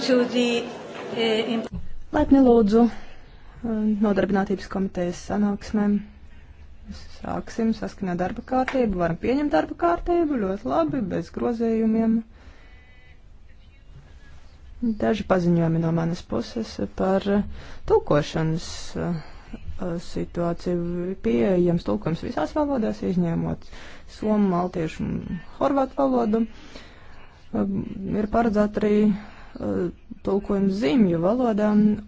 The... Eh, Laipni lūdzu eh, nodarbinātības komitejas sanāksmēm. Sāksim saskaņā darba kārtību. Varam pieņemt darba kārtību ļoti labi, bez grozējumiem. Daži paziņojumi no manas puses par eh, tulkošanas Uh, situāciju. Pieejams tulkums visās valodās, izņemot somu, maltiešu un horvātu valodu. Um, ir paredzēta arī uh, tulkojums zīmju valodā un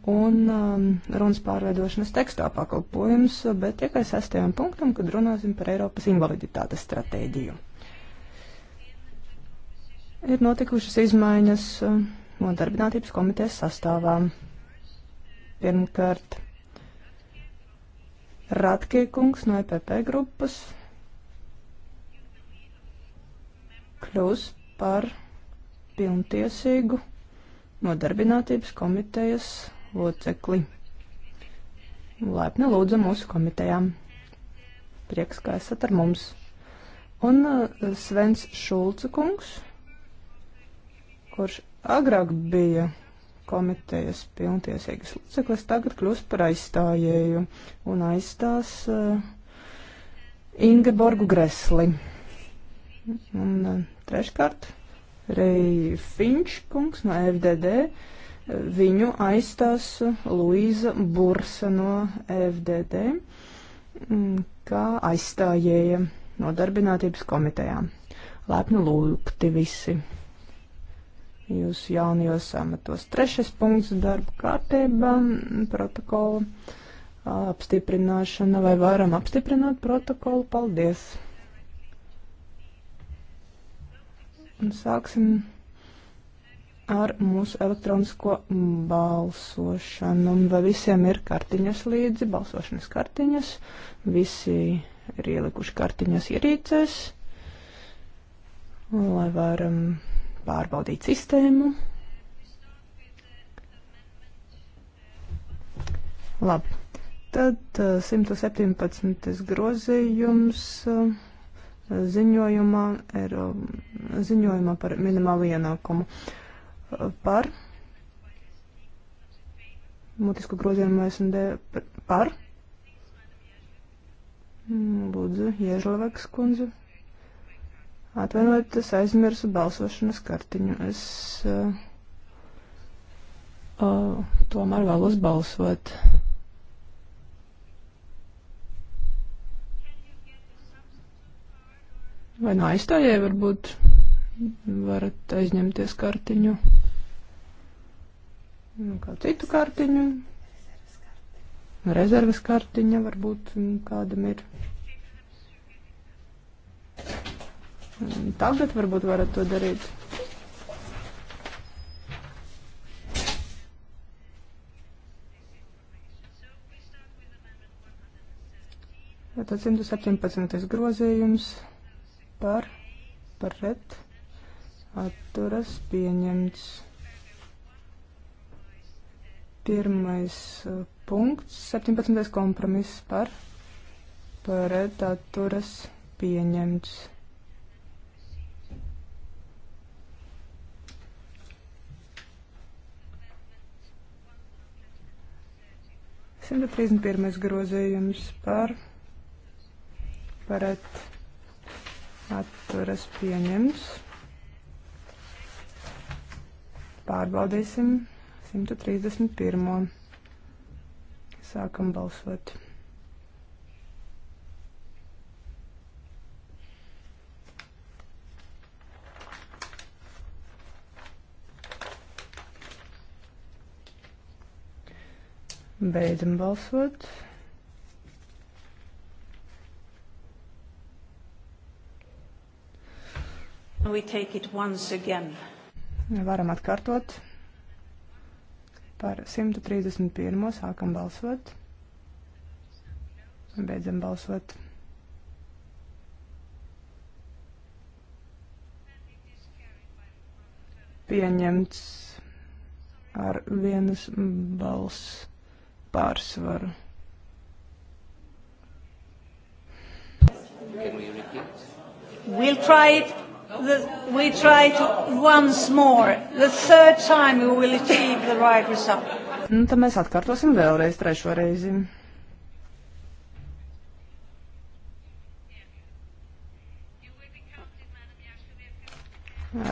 um, runas pārveidošanas tekstā pakalpojums, bet tikai sestajam punktam, kad runāsim par Eiropas invaliditātes stratēģiju. Ir notikušas izmaiņas uh, nodarbinātības komitejas sastāvā. Pirmkārt, Ratkie kungs no EPP grupas kļūs par pilntiesīgu nodarbinātības komitejas locekli. Laipni lūdzu mūsu komitejām. Prieks, ka esat ar mums. Un uh, Svens Šulca kungs, kurš agrāk bija komitejas pilntiesīgas loceklis tagad kļūst par aizstājēju un aizstās uh, Ingeborgu Gresli. Un uh, treškārt Rei Finč kungs no FDD, eh, viņu aizstās Luīza Bursa no FDD, mm, kā aizstājēja nodarbinātības komitejām. Lepni lūgti visi! jūsu jaunajos amatos. Trešais punkts darba kārtībā - protokola apstiprināšana. Vai varam apstiprināt protokolu? Paldies! Un sāksim ar mūsu elektronisko balsošanu. Vai visiem ir kartiņas līdzi, balsošanas kartiņas? Visi ir ielikuši kartiņas ierīcēs, lai varam. Um, pārbaudīt sistēmu. Labi. Tad 117. Uh, grozījums uh, ziņojumā, ir, er, um, ziņojumā par minimālu ienākumu. Uh, par mutisku grozījumu SND par. Mm, lūdzu, Ježlaveks kundze. Atvainojiet, es aizmirsu balsošanas kartiņu. Es uh, uh, tomēr vēlos balsot. Vai no aizstājēji varbūt varat aizņemties kartiņu? Nu, kā citu kartiņu? Rezerves kartiņa varbūt kādam ir. Thank you. Mm, Tagad varbūt varat to darīt. Tātad 117. grozījums par, par ret, atturas pieņemts. Pirmais uh, punkts, 17. kompromiss par, par ret, atturas pieņemts. 131. grozījums par pret atturas pieņems. Pārbaudīsim 131. Sākam balsot. Beidzam balsot. We take it once again. Varam atkārtot. Par 131. sākam balsot. Beidzam balsot. Pieņemts ar vienas balss pārsvaru. We'll try it. The, we try it once more. The third time we will achieve the right result. Nu, tad mēs atkārtosim vēlreiz trešo reizi.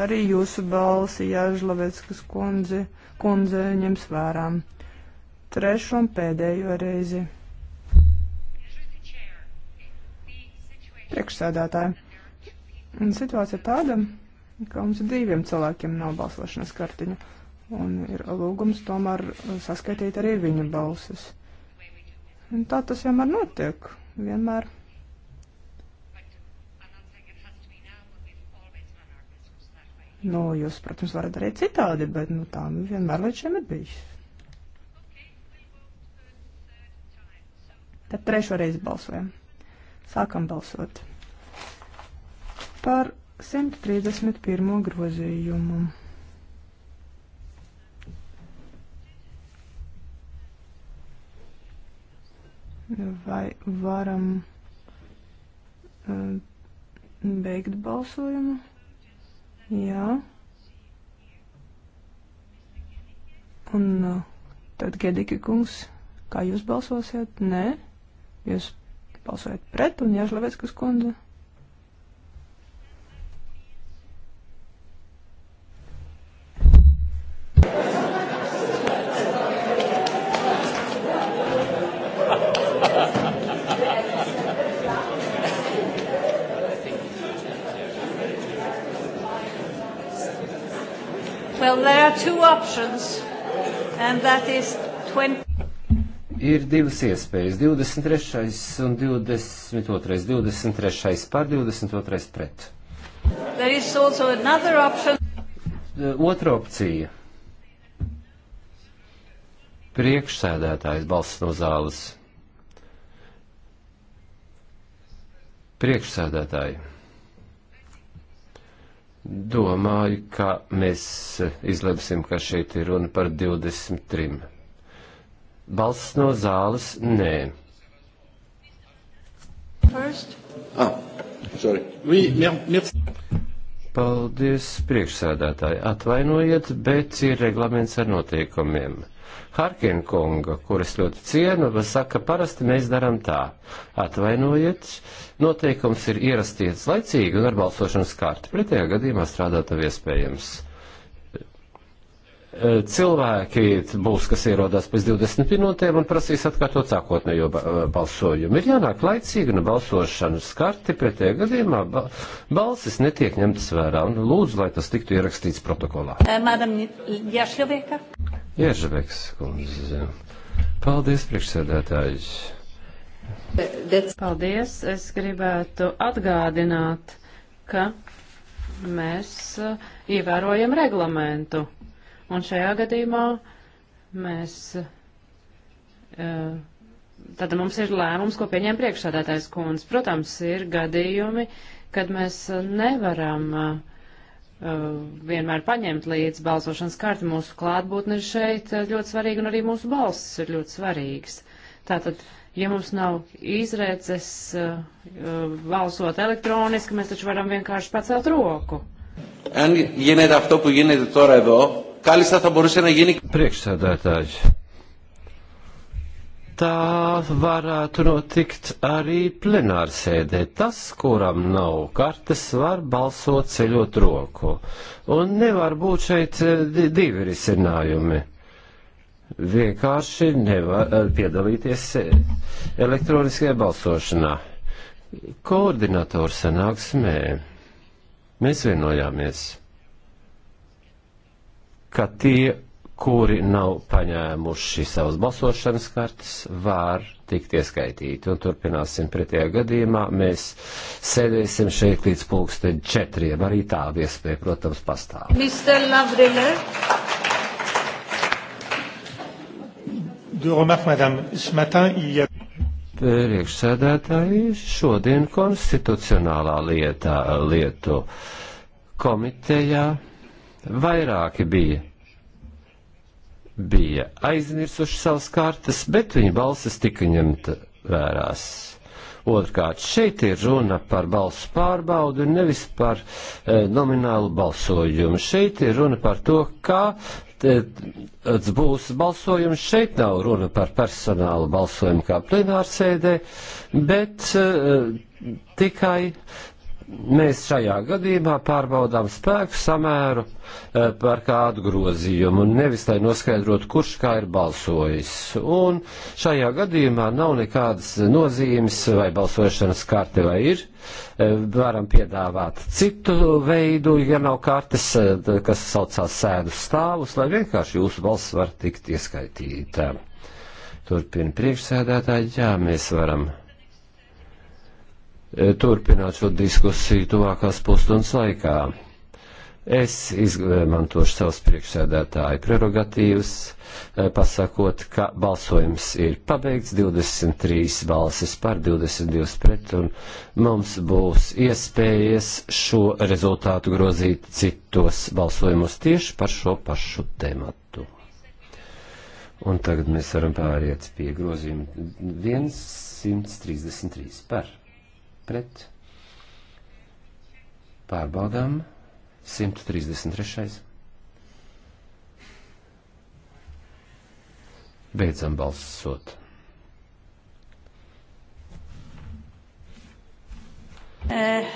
Arī jūsu balsi, Jāžlaveckas kundze, kundze ņems vērām trešo un pēdējo reizi. Priekšsēdētāji, situācija ir tāda, ka mums diviem cilvēkiem nav balsošanas kartiņa, un ir lūgums tomēr saskaitīt arī viņa balsis. Un tā tas vienmēr notiek, vienmēr. Nu, jūs, protams, varat darīt citādi, bet nu, tā vienmēr līdz šim ir bijis. Tad trešo reizi balsojam. Sākam balsot. Par 131. grozījumu. Vai varam eh, beigt balsojumu? Jā. Un eh, tad Gediki kungs, kā jūs balsosiet? Nē. Jūs balsojat pret un Jāžlaveckas kundze. Well, there are two options, and that is 20. Ir divas iespējas - 23. un 22. 23. pār 22. pret. Otra opcija. Priekšsēdētājs balsts no zāles. Priekšsēdētāji. Domāju, ka mēs izlemsim, ka šeit ir runa par 23 Balsts no zāles nē. First. Ah, sorry. Oui, merci. Paldies, priekšsēdētāji. Atvainojiet, bet ir reglaments ar noteikumiem. Harkina kunga, kuras ļoti cienu, saka, parasti mēs darām tā. Atvainojiet, noteikums ir ierasties laicīgi un ar balsošanas kārti. Pretējā gadījumā strādāt nav iespējams. E, cilvēki būs, kas ierodās pēc 20 minūtēm un prasīs atkārtot sākotnējo e, balsojumu. Ir jānāk laicīgi un balsošanas karti, pretējā gadījumā balsis netiek ņemtas vērā un lūdzu, lai tas tiktu ierakstīts protokolā. E, madam Jašļovieka. Ježaveks, kundze. Paldies, priekšsēdētājs. Paldies. Es gribētu atgādināt, ka mēs ievērojam reglamentu Un šajā gadījumā mēs. E, tad mums ir lēmums, ko pieņem priekšsādātājs kundze. Protams, ir gadījumi, kad mēs nevaram e, e, vienmēr paņemt līdz balsošanas karti. Mūsu klātbūtne ir šeit ļoti svarīga un arī mūsu balss ir ļoti svarīgs. Tātad, ja mums nav izredzes balsot elektroniski, mēs taču varam vienkārši pacelt roku. Αν γίνεται αυτό που γίνεται τώρα εδώ, Κάλλιστα θα μπορούσε να γίνει. Priekšsēdētāji. Tā varētu notikt arī plenārsēdē. Tas, kuram nav kartes, var balsot ceļot roku. Un nevar būt šeit eh, divi risinājumi. Vienkārši nevar eh, piedalīties eh, elektroniskajā balsošanā. Koordinatoru sanāksmē mēs vienojāmies ka tie, kuri nav paņēmuši savas balsošanas kartes, var tikt ieskaitīti. Un turpināsim pretējā gadījumā. Mēs sēdēsim šeit līdz pulksten četriem. Arī tāda iespēja, protams, pastāv. Mr. Lavrile. Priekšsēdētāji šodien konstitucionālā lietā, lietu komitejā Vairāki bija bija aizmirsuši savas kartes, bet viņu balsis tika ņemta vērās. Otrkārt, šeit ir runa par balsu pārbaudu, nevis par e, nominālu balsojumu. Šeit ir runa par to, kā te, būs balsojums. Šeit nav runa par personālu balsojumu kā plenārsēdē, bet e, tikai mēs šajā gadījumā pārbaudām spēku samēru eh, par kādu grozījumu, un nevis lai noskaidrotu, kurš kā ir balsojis. Un šajā gadījumā nav nekādas nozīmes, vai balsošanas karte vai ir. Eh, varam piedāvāt citu veidu, ja nav kartes, eh, kas saucās sēdu stāvus, lai vienkārši jūsu balss var tikt ieskaitīta. Turpin priekšsēdētāji, jā, mēs varam E, turpināt šo diskusiju tuvākās pusstundas laikā. Es izmantošu savus priekšsēdētāju prerogatīvas, e, pasakot, ka balsojums ir pabeigts, 23 balsis par, 22 pret, un mums būs iespējas šo rezultātu grozīt citos balsojumos tieši par šo pašu tematu. Un tagad mēs varam pāriet pie grozījuma 133 par pret pārbaudām 133. Beidzam balsot. Uh,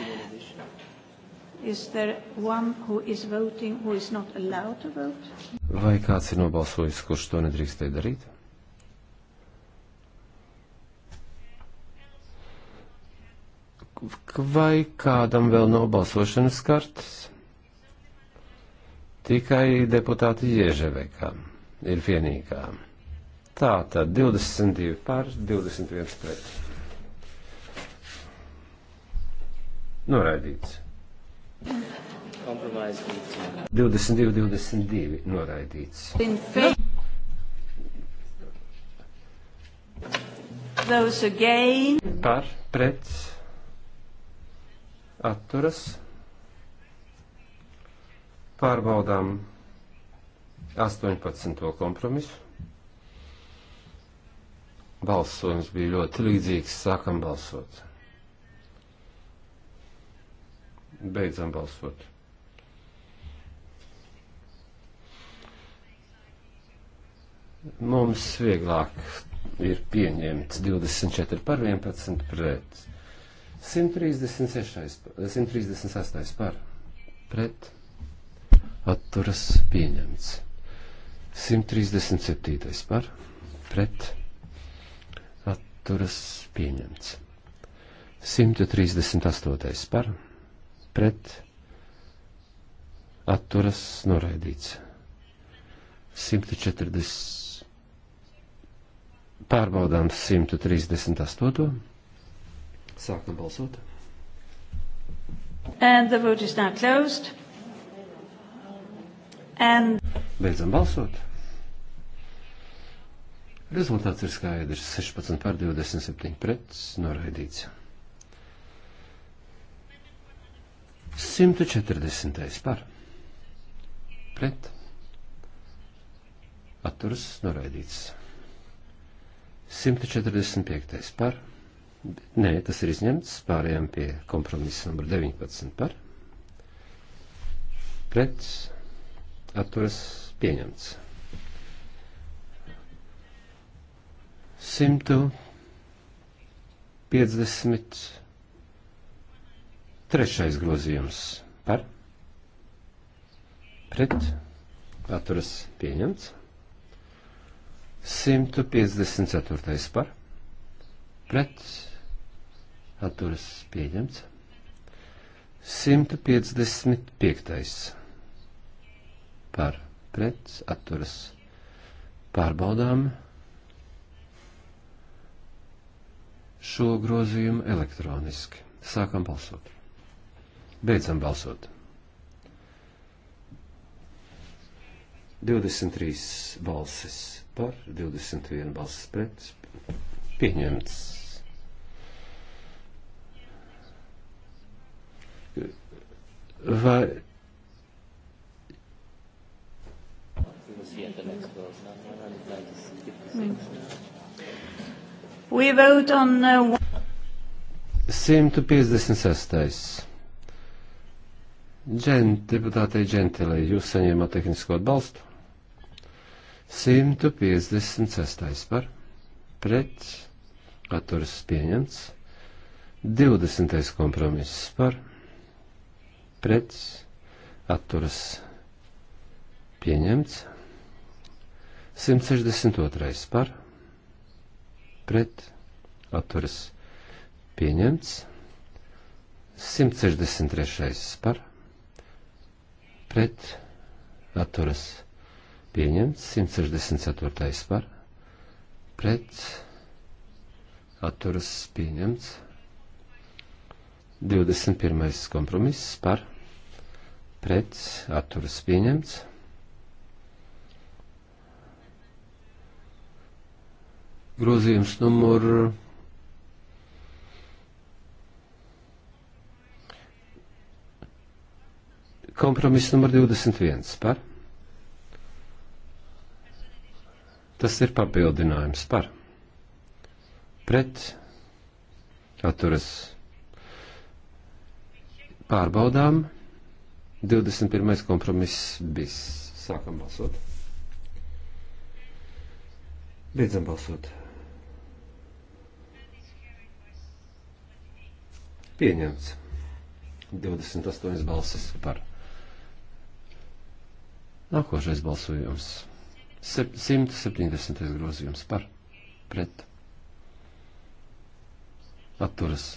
is there one who is voting who is not allowed to vote? Vai kāds ir nobalsojis, kurš to nedrīkstēja darīt? vai kādam vēl nav balsošanas kartes? Tikai deputāti Ježevekam ir vienīgā. Tā tad 22 pār 21 pret. Noraidīts. 22, 22 noraidīts. Par, pret, atturas pārbaudām 18. kompromisu. Balsojums bija ļoti līdzīgs, sākam balsot. Beidzam balsot. Mums vieglāk ir pieņemts 24 par 11 pret 136, 138 par pret atturas pieņemts. 137 par pret atturas pieņemts. 138 par pret atturas noraidīts. 140 pārbaudām 138 Sākam balsot. And the vote is now closed. And... Beidzam balsot. Rezultāts ir skaidrs. 16 pār 27 pret noraidīts. 140. par. Pret. Atturas noraidīts. 145. par Nē, tas ir izņemts. Pārējām pie kompromisa numur 19 par. Pret atturas pieņemts. 153. grozījums par. Pret atturas pieņemts. 154. par. Pret atturas pieņemts. 155. par pret atturas pārbaudām šo grozījumu elektroniski. Sākam balsot. Beidzam balsot. 23 balsis par, 21 balsis pret, pieņemts. Vai We vote on uh, 156. Džent, deputātei Džentelē, jūs saņēmāt tehnisko atbalstu. 156. par pret atturas pieņemts. 20. kompromiss par pret pret atturas pieņemts. 162. par pret atturas pieņemts. 163. par pret atturas pieņemts. 164. par pret atturas pieņemts. 21. kompromiss par pret atturas pieņemts. Grozījums numur kompromiss numur 21 par. Tas ir papildinājums par. Pret atturas pārbaudām 21. kompromiss bis. Sākam balsot. Beidzam balsot. Pieņemts. 28 balsis par. Nākošais balsojums. 170. grozījums par. Pret. Atturas.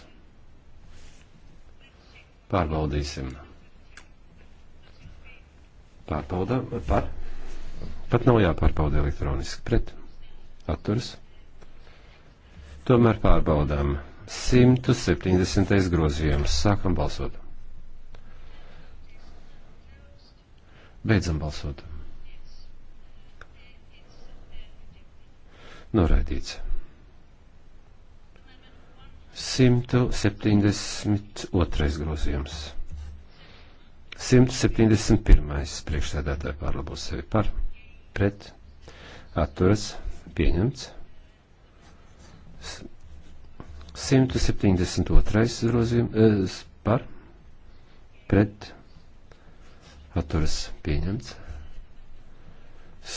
Pārbaudīsim. Pārbaudām par. Pat nav jāpārbauda elektroniski pret. Atturs. Tomēr pārbaudām. 170. grozījums. Sākam balsot. Beidzam balsot. Noraidīts. 172. grozījums. 171. priekšsēdētāji pārlabo sevi par, pret, atturas, pieņemts. 172. grozījums eh, par, pret, atturas, pieņemts.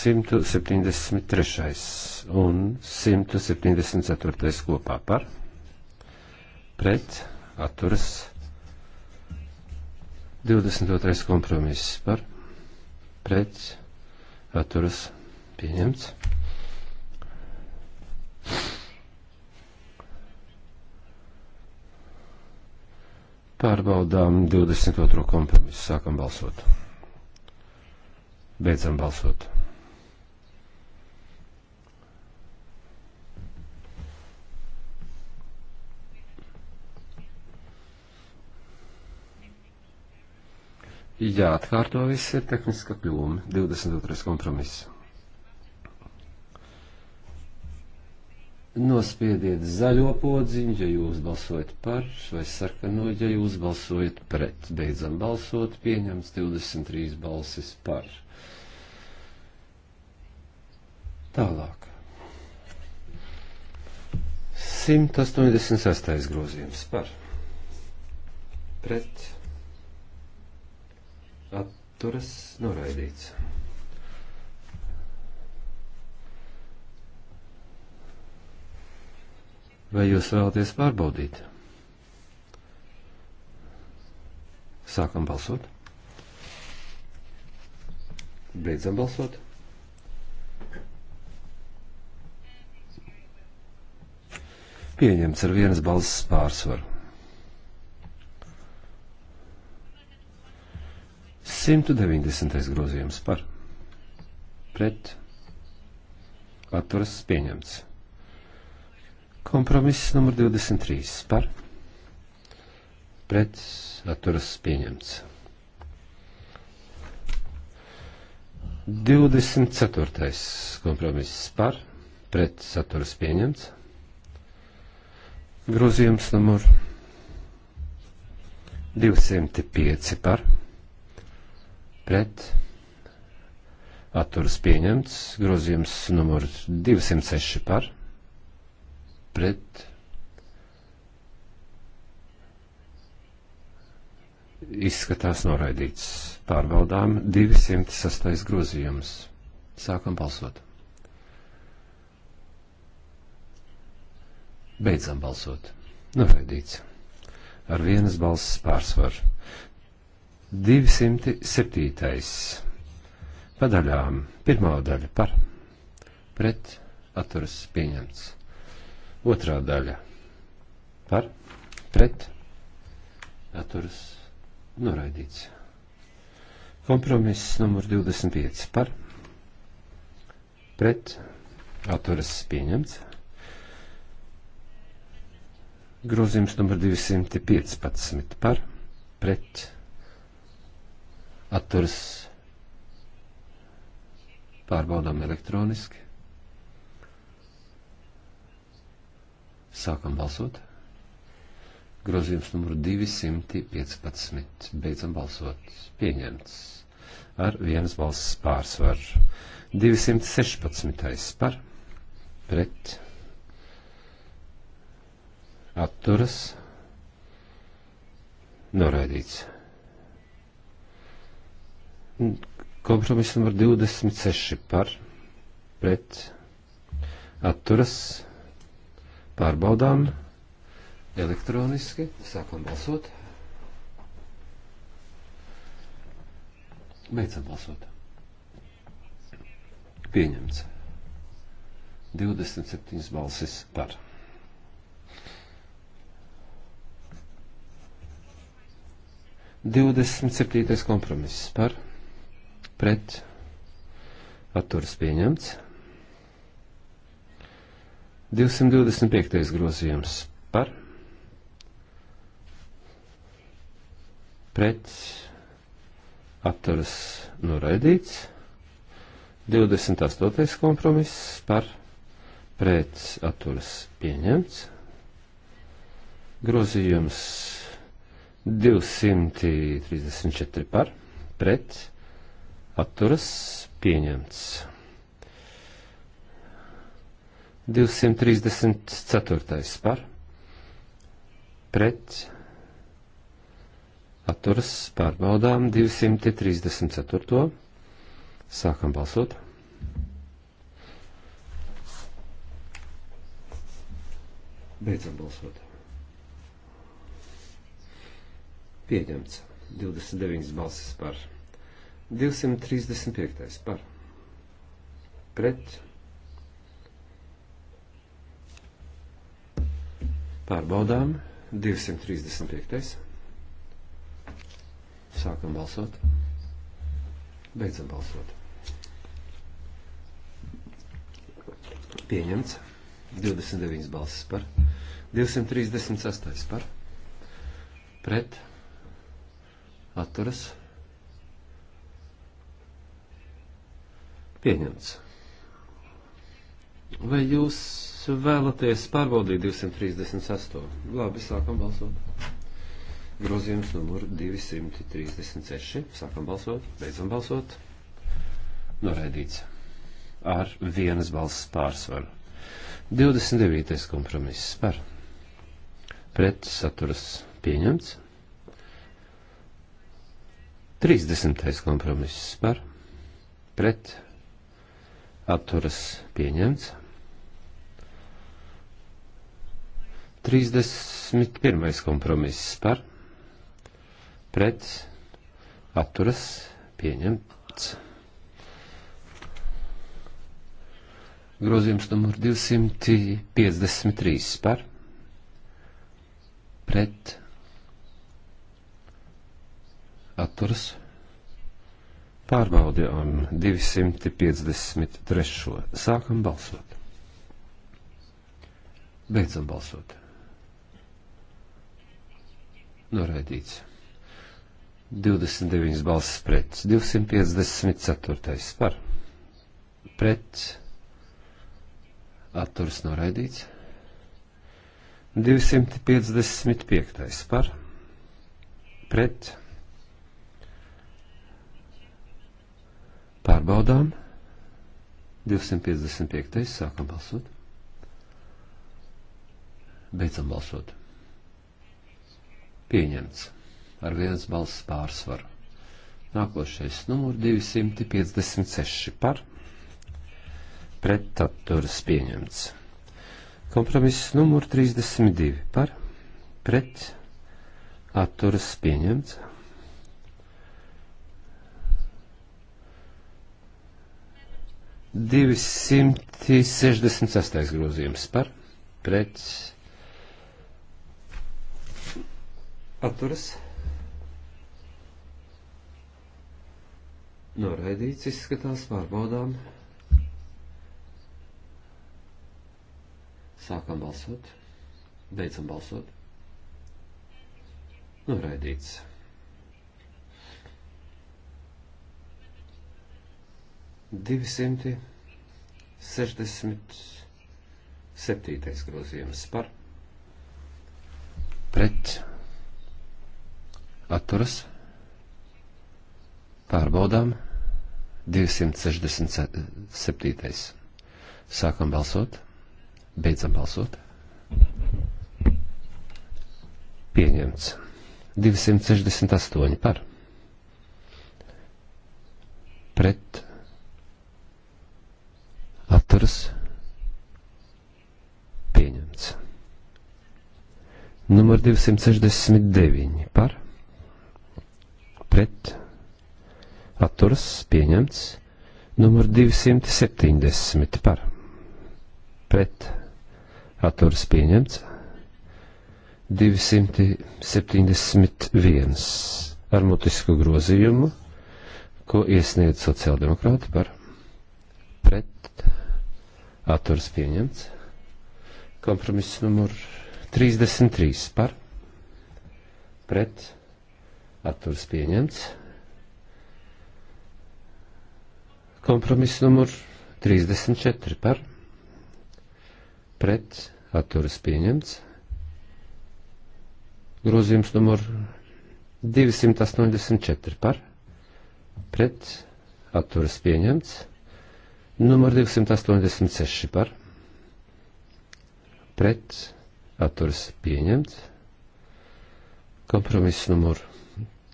173. un 174. kopā par, pret, atturas, pieņemts 22. kompromiss par pret atturas pieņemts. Pārbaudām 22. kompromisu. Sākam balsot. Beidzam balsot. jāatkārto viss ir tehniska kļūme. 22. kompromiss. Nospiediet zaļo podziņu, ja jūs balsojat par, vai sarkano, ja jūs balsojat pret. Beidzam balsot, pieņems 23 balsis par. Tālāk. 186. grozījums par. Pret atturas noraidīts. Vai jūs vēlaties pārbaudīt? Sākam balsot. Beidzam balsot. Pieņemts ar vienas balss pārsvaru. 190. grozījums par pret atturas pieņemts. Kompromiss numur 23 par pret atturas pieņemts. 24. kompromiss par pret saturas pieņemts. Grozījums numur 205 par pret pret atturas pieņemts, grozījums numur 206 par pret izskatās noraidīts. Pārbaudām 206 grozījums. Sākam balsot. Beidzam balsot. Noraidīts. Ar vienas balss pārsvaru. 207. Padaļām. Pirmā daļa par pret atturas pieņemts. Otrā daļa par pret atturas noraidīts. Kompromiss numur 25 par pret atturas pieņemts. Grozījums numur 215 par pret atturas pārbaudām elektroniski. Sākam balsot. Grozījums numuru 215. Beidzam balsot. Pieņemts. Ar vienas balss pārsvaru. 216. par pret atturas noraidīts. Kompromiss numur 26 par pret atturas pārbaudām elektroniski. Sākam balsot. Beidzam balsot. Pieņemts. 27 balsis par. Divdesmit septītais kompromiss par pret atturas pieņemts. 225. grozījums par pret atturas noraidīts. 28. kompromiss par pret atturas pieņemts. Grozījums 234 par pret atturas atturas pieņemts. 234. par pret atturas pārbaudām 234. Sākam balsot. Beidzam balsot. Pieņemts 29 balsis par pret 235. par pret pārbaudām 235. Sākam balsot. Beidzam balsot. Pieņemts. 29 balsis par. 236 par. Pret. Atturas. Pieņemts. Vai jūs vēlaties pārbaudīt 238? Labi, sākam balsot. Grozījums numur 236. Sākam balsot, beidzam balsot. Noraidīts. Ar vienas balss pārsvaru. 29. kompromiss par. Pret saturas pieņemts. 30. kompromiss par. Pret atturas pieņemts. 31. kompromiss par pret atturas pieņemts. Grozījums numur 253 par pret atturas pieņemts. Pārbaudījām 253. Sākam balsot. Beidzam balsot. Noraidīts. 29 balsis pret, 254 par. Pret. Atturs noraidīts. 255 par. Pret Pārbaudām. 255. sākam balsot. Beidzam balsot. Pieņemts. Ar viens balss pārsvaru. Nākošais numur 256 par. Pretaturas pieņemts. Kompromiss numur 32 par. Pret. Atturas pieņemts. 268. grozījums par pret atturas noraidīts izskatās pārbaudām. Sākam balsot, beidzam balsot. Noraidīts. 267. grozījums par pret atturas pārbaudām 267. Sākam balsot, beidzam balsot. Pieņemts. 268 par. Pret atturas pieņemts. Numur 269 par pret atturas pieņemts. Numur 270 par pret atturas pieņemts. 271 ar mutisku grozījumu, ko iesniedz sociāldemokrāti par pret Atturs pieņemts. Kompromiss numur 33 par. Pret. Atturs pieņemts. Kompromiss numur 34 par. Pret. Atturs pieņemts. Grozījums numur 284 par. Pret. Atturas pieņemts. Numur 286 par pret atturas pieņemts. Kompromiss numur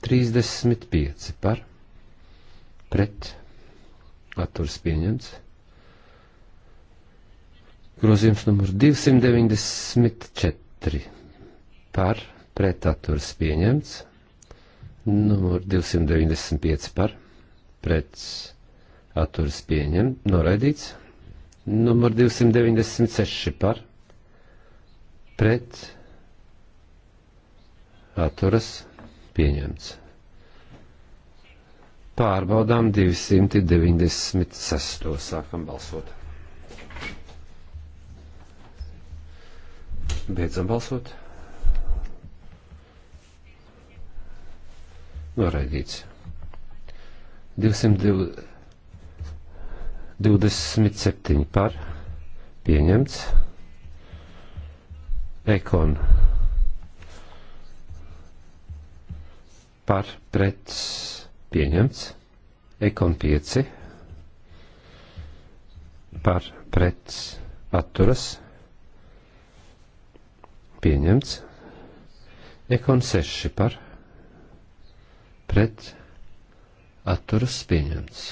35 par pret atturas pieņemts. Grozījums numur 294 par pret atturas pieņemts. Numur 295 par pret atturas pieņemts atturas pieņem, noraidīts. Numur 296 par, pret, atturas pieņemts. Pārbaudām 296. sākam balsot. Beidzam balsot. Noraidīts. 202. 27 par pieņemts. Ekon par pret pieņemts. Ekon 5 par pret atturas pieņemts. Ekon 6 par pret atturas pieņemts.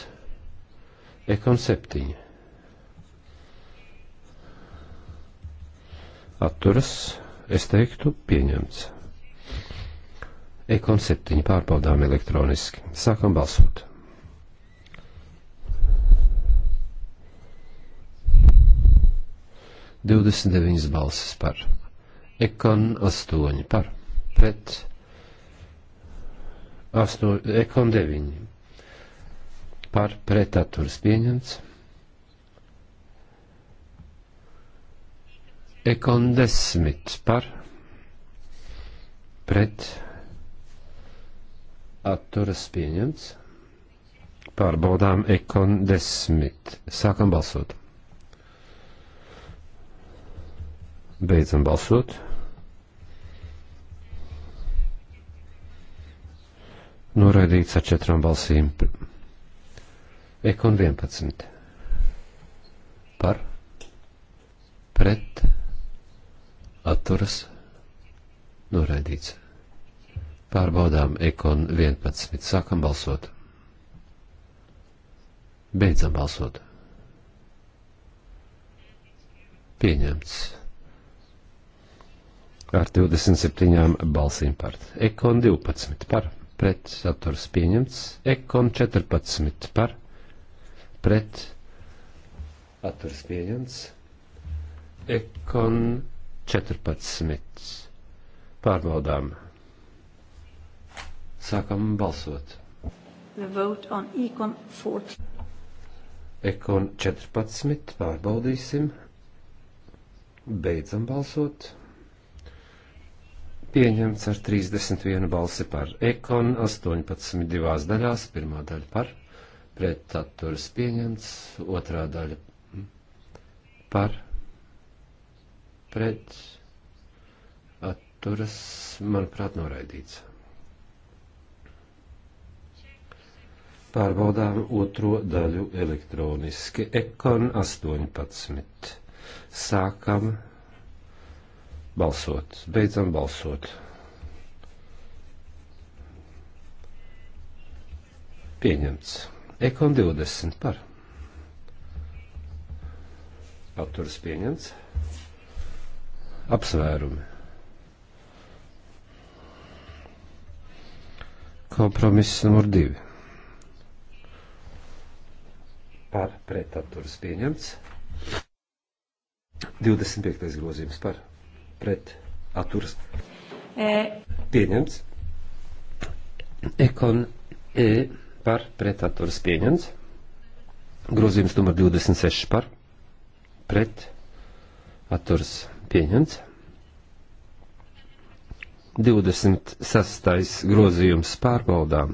Ekon 7. Atturas, es teiktu, pieņemts. Ekon 7 pārbaudām elektroniski. Sākam balsot. Divdesmit deviņas balsis par. Ekon astoņi par. Pret. Asto, ekon deviņi par pretaturas pieņemts. Ekon desmit par pret atturas pieņemts. Pārbaudām ekon desmit. Sākam balsot. Beidzam balsot. Noraidīts ar četrām balsīm Ekon 11. Par, pret, atturas, noraidīts. Pārbaudām Ekon 11. Sākam balsot. Beidzam balsot. Pieņemts. Ar 27 balsīm par. Ekon 12 par. Pret saturs pieņemts. Ekon 14 par pret atturas pieņemts. Ekon 14. Pārbaudām. Sākam balsot. The vote on Econ 14. Ekon 14. Pārbaudīsim. Beidzam balsot. Pieņemts ar 31 balsi par Ekon, 18 divās daļās, pirmā daļa par pret atturas pieņemts, otrā daļa par pret atturas, manuprāt, noraidīts. Pārbaudām otro daļu elektroniski. Ekon 18. Sākam balsot. Beidzam balsot. Pieņemts. Ekon 20 par. Apturas pieņemts. Apsvērumi. Kompromiss numur 2. Par pretapturas pieņemts. 25. grozījums par pret atturas. E. Pieņemts. Ekon E par pretaturas pieņemts. Grozījums numur 26 par pretaturas pieņemts. 26. grozījums pārbaudām.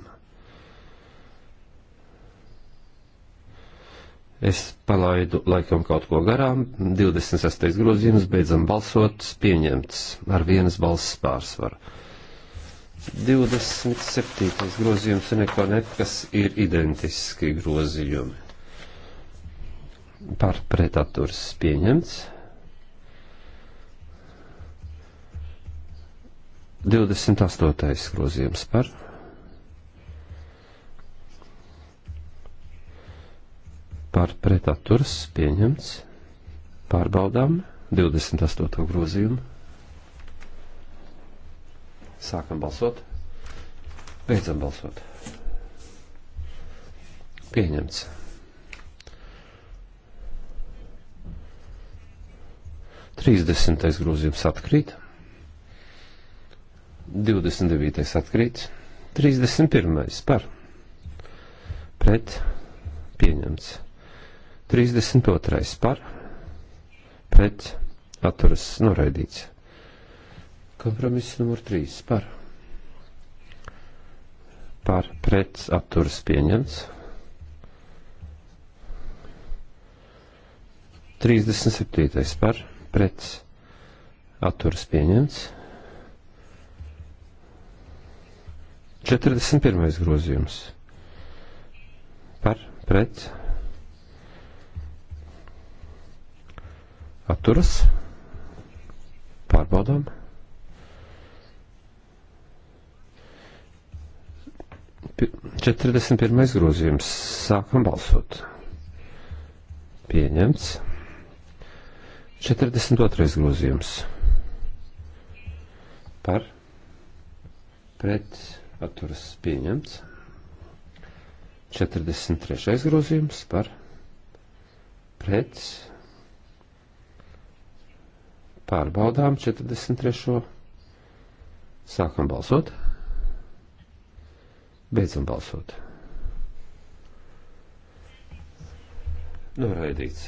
Es palaidu laikam kaut ko garām. 26. grozījums beidzam balsot, pieņemts ar vienas balss pārsvaru. 27. grozījums un ekonef, kas ir identiski grozījumi. Par pretaturs pieņemts. 28. grozījums par par pretaturas pieņemts pārbaudām 28. grozījumu. Sākam balsot. Beidzam balsot. Pieņemts. Trīsdesmitais grozījums atkrīt. 29. atkrīt. 31. par. Pret. Pieņemts. 32. par. Pret. Atturas noraidīts. Kompromiss numur 3 par. Par pret apturas pieņemts. 37. par pret atturas pieņemts. 41. grozījums par pret atturas pārbaudām. 41. grozījums. Sākam balsot. Pieņemts. 42. grozījums. Par. Pret. Atturas pieņemts. 43. grozījums par. Pret. Pārbaudām 43. Sākam balsot. Beidzam balsot. Noraidīts.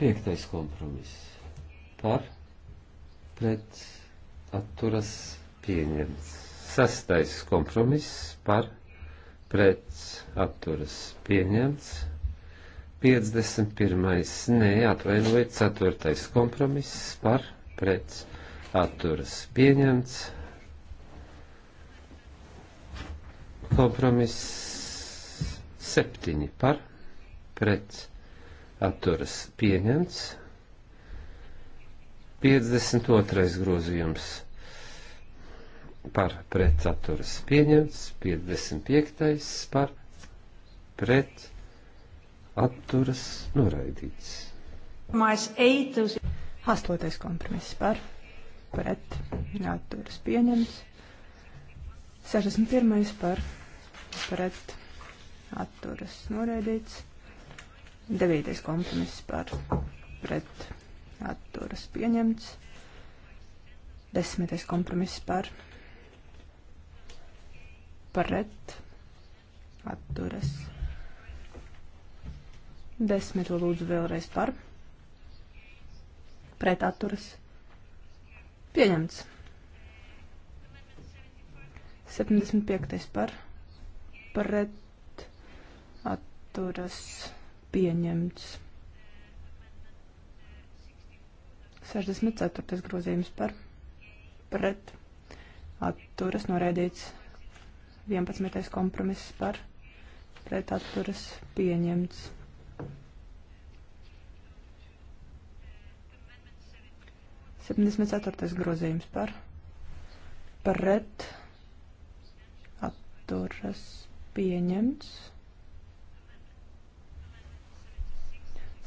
Piektais kompromiss. Par, pret, atturas, pieņemts. Sastais kompromiss par, pret, atturas, pieņemts. 51. Nē, atvainojiet, 4. kompromiss par, pret, atturas, pieņemts. Kompromiss septiņi par pret atturas pieņemts. 52. grozījums par pretsaturas pieņemts, 55. par pret atturas noraidīts. Mājas 8. kompromiss par pret atturas pieņemts, 61. par pret pret atturas noraidīts. Devītais kompromiss par pret atturas pieņemts. Desmitais kompromiss par pret atturas. Desmit lūdzu vēlreiz par pret atturas pieņemts. 75. par pret pret atturas pieņemts. 64. grozījums par pret atturas noraidīts. 11. kompromiss par pret atturas pieņemts. 74. grozījums par pret atturas pieņemts.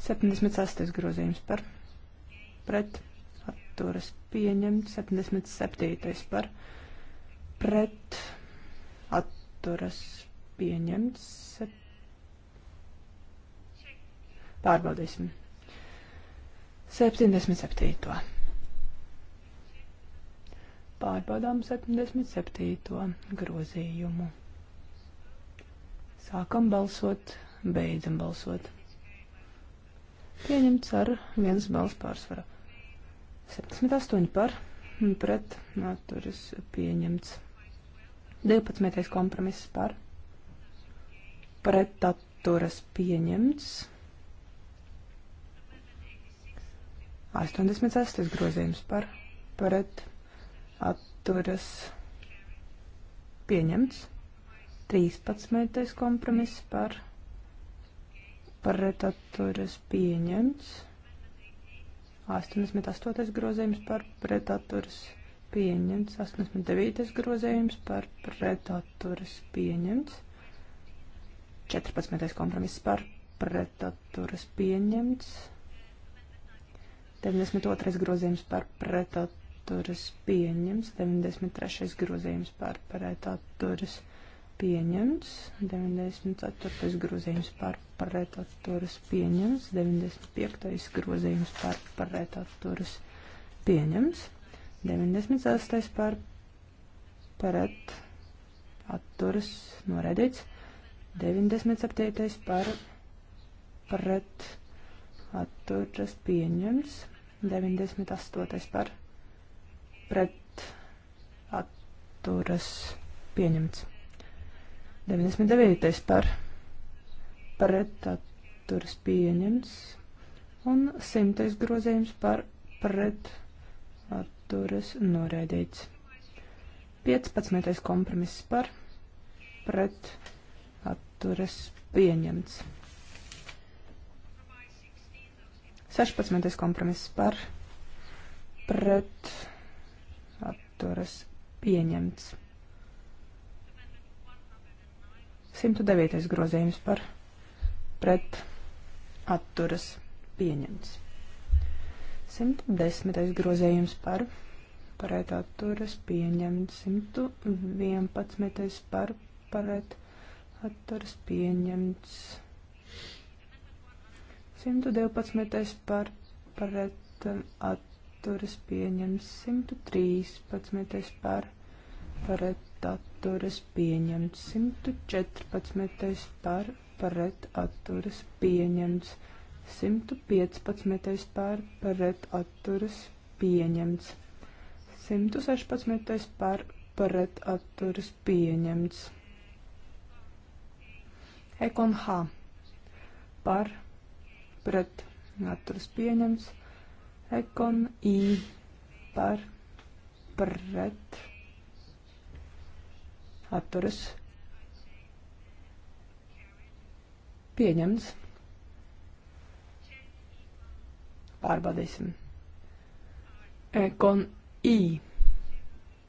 76. grozījums par pret atturas pieņemts. 77. par pret atturas pieņemts. Pārbaudīsim. 77. Pārbaudām 77. grozījumu. Sākam balsot, beidzam balsot. Pieņemts ar vienas balss pārsvaru. 78 par, pret, atturis pieņemts. 12. kompromiss par, pret atturas pieņemts. 86. grozījums par, pret atturas pieņemts. 13. kompromiss par pretaturas pieņemts. 88. grozījums par pretaturas pieņemts. 89. grozījums par pretaturas pieņemts. 14. kompromiss par pretaturas pieņemts. 92. grozījums par pretaturas pieņemts. 93. grozījums par pretaturas pieņemts pieņemts, 94. grozījums par pretatturas pieņemts, 95. grozījums par pretatturas pieņemts, 96. par pretatturas noredīts, 97. par pretatturas pieņemts, 98. par pretatturas pieņemts. 99. par pretaturas pieņems. Un 100. grozījums par pretaturas noraidīts. 15. kompromiss par pretaturas pieņemts. 16. kompromiss par pret atturas pieņemts. 109. grozījums par pret atturas pieņemts. 110. grozījums par pret atturas pieņemts. 111. par pret atturas pieņemts. 112. par pret atturas pieņemts. 113. par pret atturas pieņemts. 114. par pret atturas pieņemts. 115. par pret atturas pieņemts. 116. par pret atturas pieņemts. Ekon H par pret atturas pieņemts. Ekon I par pret atturas pieņemts atturas pieņemts. Pārbaudīsim. Ekon I.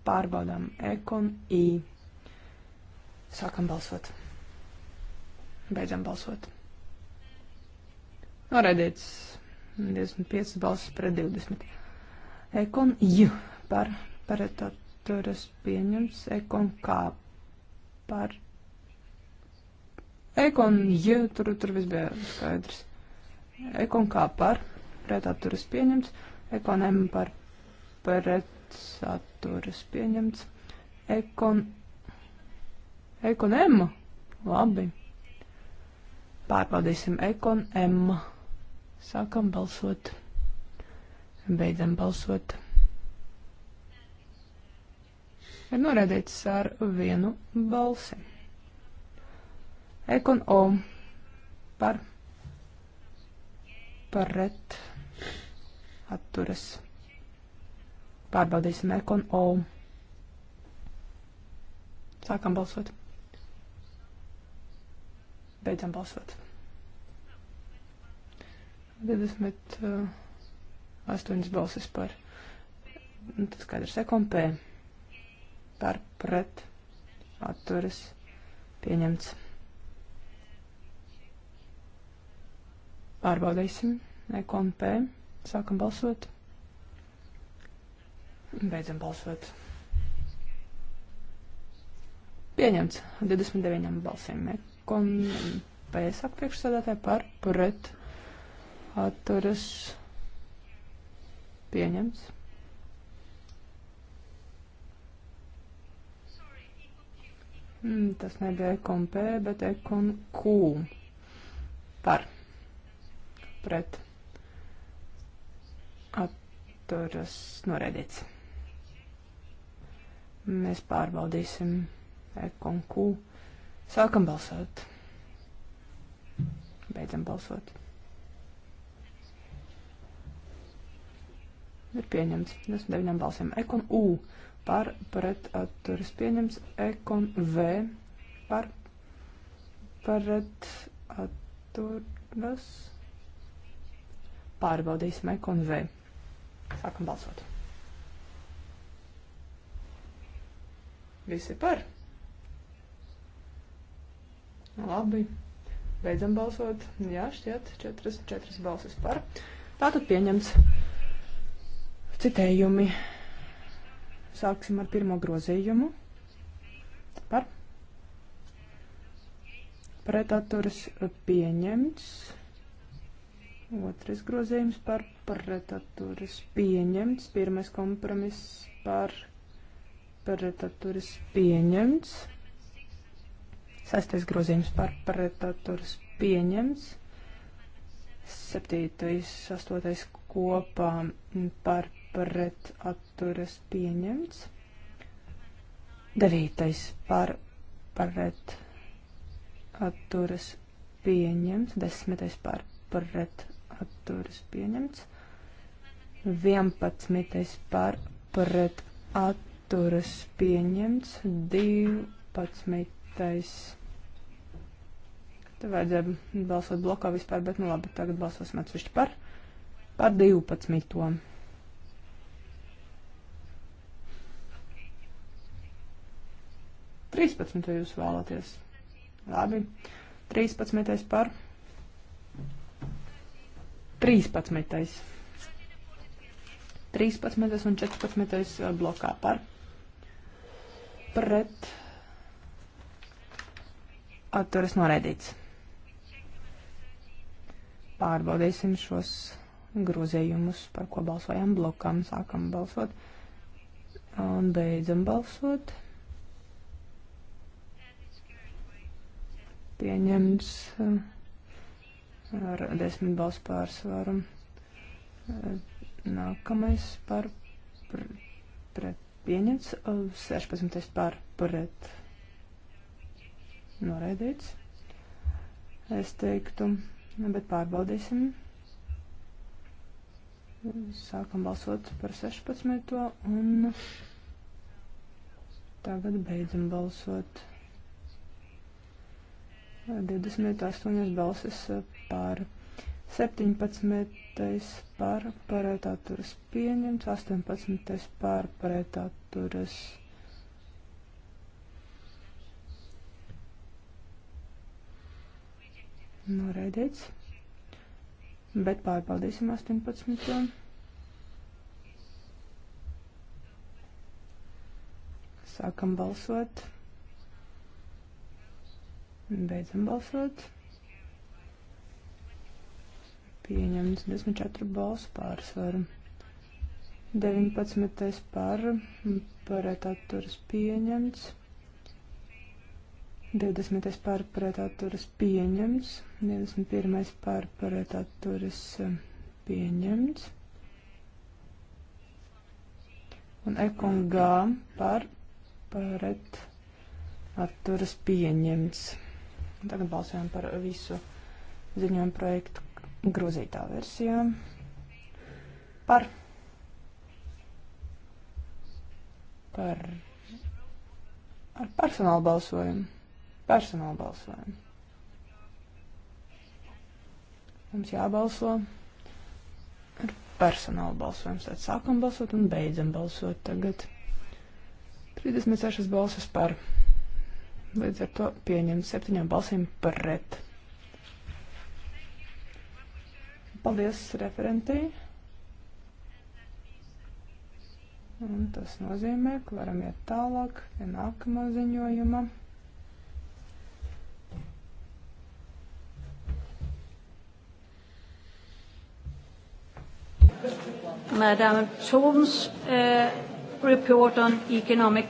Pārbaudām Ekon I. Sākam balsot. Beidzam balsot. Noraidīts 25 balsis pret 20. Ekon J par paretoturas pieņems. Ekon K par ekonu, ja tur, tur viss bija skaidrs. Ekonu kā par, pret atturas pieņemts, ekonēm par pret atturas pieņemts, ekon, ekonēma, labi. Pārbaudīsim ekon M. Sākam balsot. Beidzam balsot. ir norādīts ar vienu balsi. Ekon O par paret atturas. Pārbaudīsim Ekon O. Sākam balsot. Beidzam balsot. 28 eh, balsis par. Nu, tas skaidrs, ekompē par pret atturas pieņemts. Pārbaudīsim, ekon P, sākam balsot, beidzam balsot. Pieņemts 29 balsīm. Ekon P saka priekšsēdētāji par pret atturas pieņemts. Mm, tas nebija ekon P, bet ekon Q. Par. Pret. Atturas noraidīts. Mēs pārbaudīsim ekon Q. Sākam balsot. Beidzam balsot. Ir pieņemts 29 balsiem. Ekon U par pret atturas pieņems. Ekon V par pret atturas. Pārbaudīsim Ekon V. Sākam balsot. Visi par. Labi. Beidzam balsot. Jā, šķiet, 4, 4 balsis par. Tātad pieņems citējumi. Sāksim ar pirmo grozījumu. Par. Pretaturas eh, pieņemts. Otrais grozījums par pretaturas pieņemts. Pirmais kompromiss par pretaturas pieņemts. Sestais grozījums par pretaturas pieņemts. Septītais, astotais kopā par pret atturas pieņemts. Devītais par pret atturas pieņemts. Desmitais par pret atturas pieņemts. Vienpadsmitais par pret atturas pieņemts. Divpadsmitais. Te vajadzēja balsot blokā vispār, bet nu labi, tagad balsosim atsevišķi par. Par divpadsmito. 13. ja jūs vēlaties. Labi. 13. par. 13. 13. un 14. Eh, blokā par. Pret. Atturas noraidīts. Pārbaudīsim šos grozījumus, par ko balsojam blokam. Sākam balsot un beidzam balsot. pieņems eh, ar desmit balsu pārsvaru. Eh, nākamais par pret, pret pieņemts, 16 eh, par pret noraidīts, es teiktu, bet pārbaudīsim. Sākam balsot par 16 un tagad beidzam balsot. 28 balsis eh, pār. 17. pār paretāturas pieņemts, 18. pār paretāturas noraidīts, bet pārbaudīsim 18. Sākam balsot. Beidzam balsot. Pieņemts 24 balsu pārsvaru. 19. par pret atturas pieņemts. 20. par pret atturas pieņemts. 21. Eh, par pret atturas pieņemts. Un ekongā par pret atturas pieņemts. Tagad balsojam par visu ziņojumu projektu grozītā versijā. Par. Par. Ar personālu balsojumu. Personālu balsojumu. Mums jābalso ar personālu balsojumu. Tad sākam balsot un beidzam balsot tagad. 36 balsas par. Līdz ar to pieņemts septiņām balsīm pret. Paldies referentī. Un tas nozīmē, ka varam iet tālāk pie nākamā ziņojuma. Madam Toms, uh, eh, report on economic.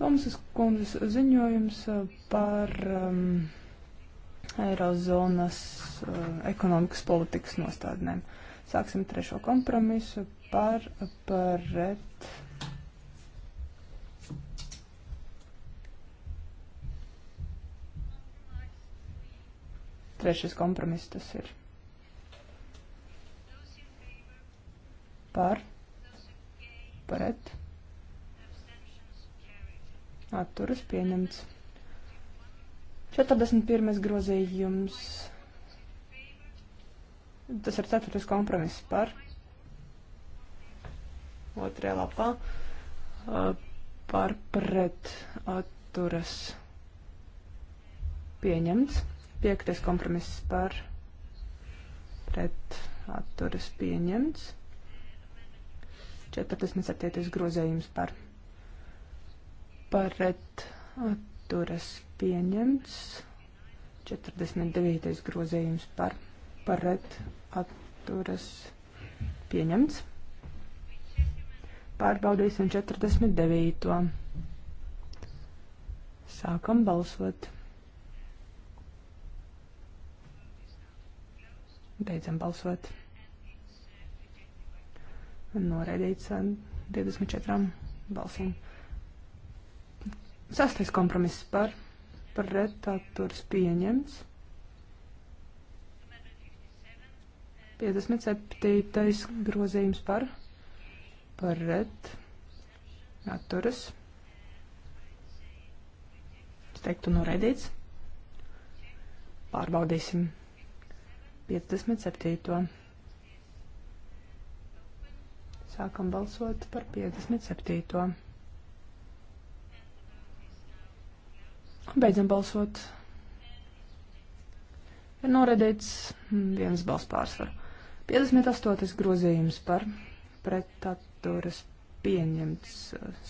Tomasas kundzes ziņojums uh, par um, Eirozonas uh, ekonomikas politikas nostādnēm. Sāksim trešo kompromisu par pret. Trešais kompromiss tas ir. Par, pret, atturas pieņemts. 41. grozījums. Tas ir ceturtais kompromiss par otrajā lapā par pret atturas pieņemts. Piektais kompromiss par pret atturas pieņemts. 47. grozējums par pret pret atturas pieņemts. 49. grozījums par pret atturas pieņemts. Pārbaudīsim 49. Sākam balsot. Beidzam balsot. Noraidīts 24 balsīm. Sastais kompromiss par pretaturs pieņems. 57. grozījums par pret atturas. Es teiktu noraidīts. Nu, Pārbaudīsim. 57. Sākam balsot par 57. Beidzam balsot. Ir noraidīts vienas balss pārsvaru. 58. grozījums par pretaturas pieņemts.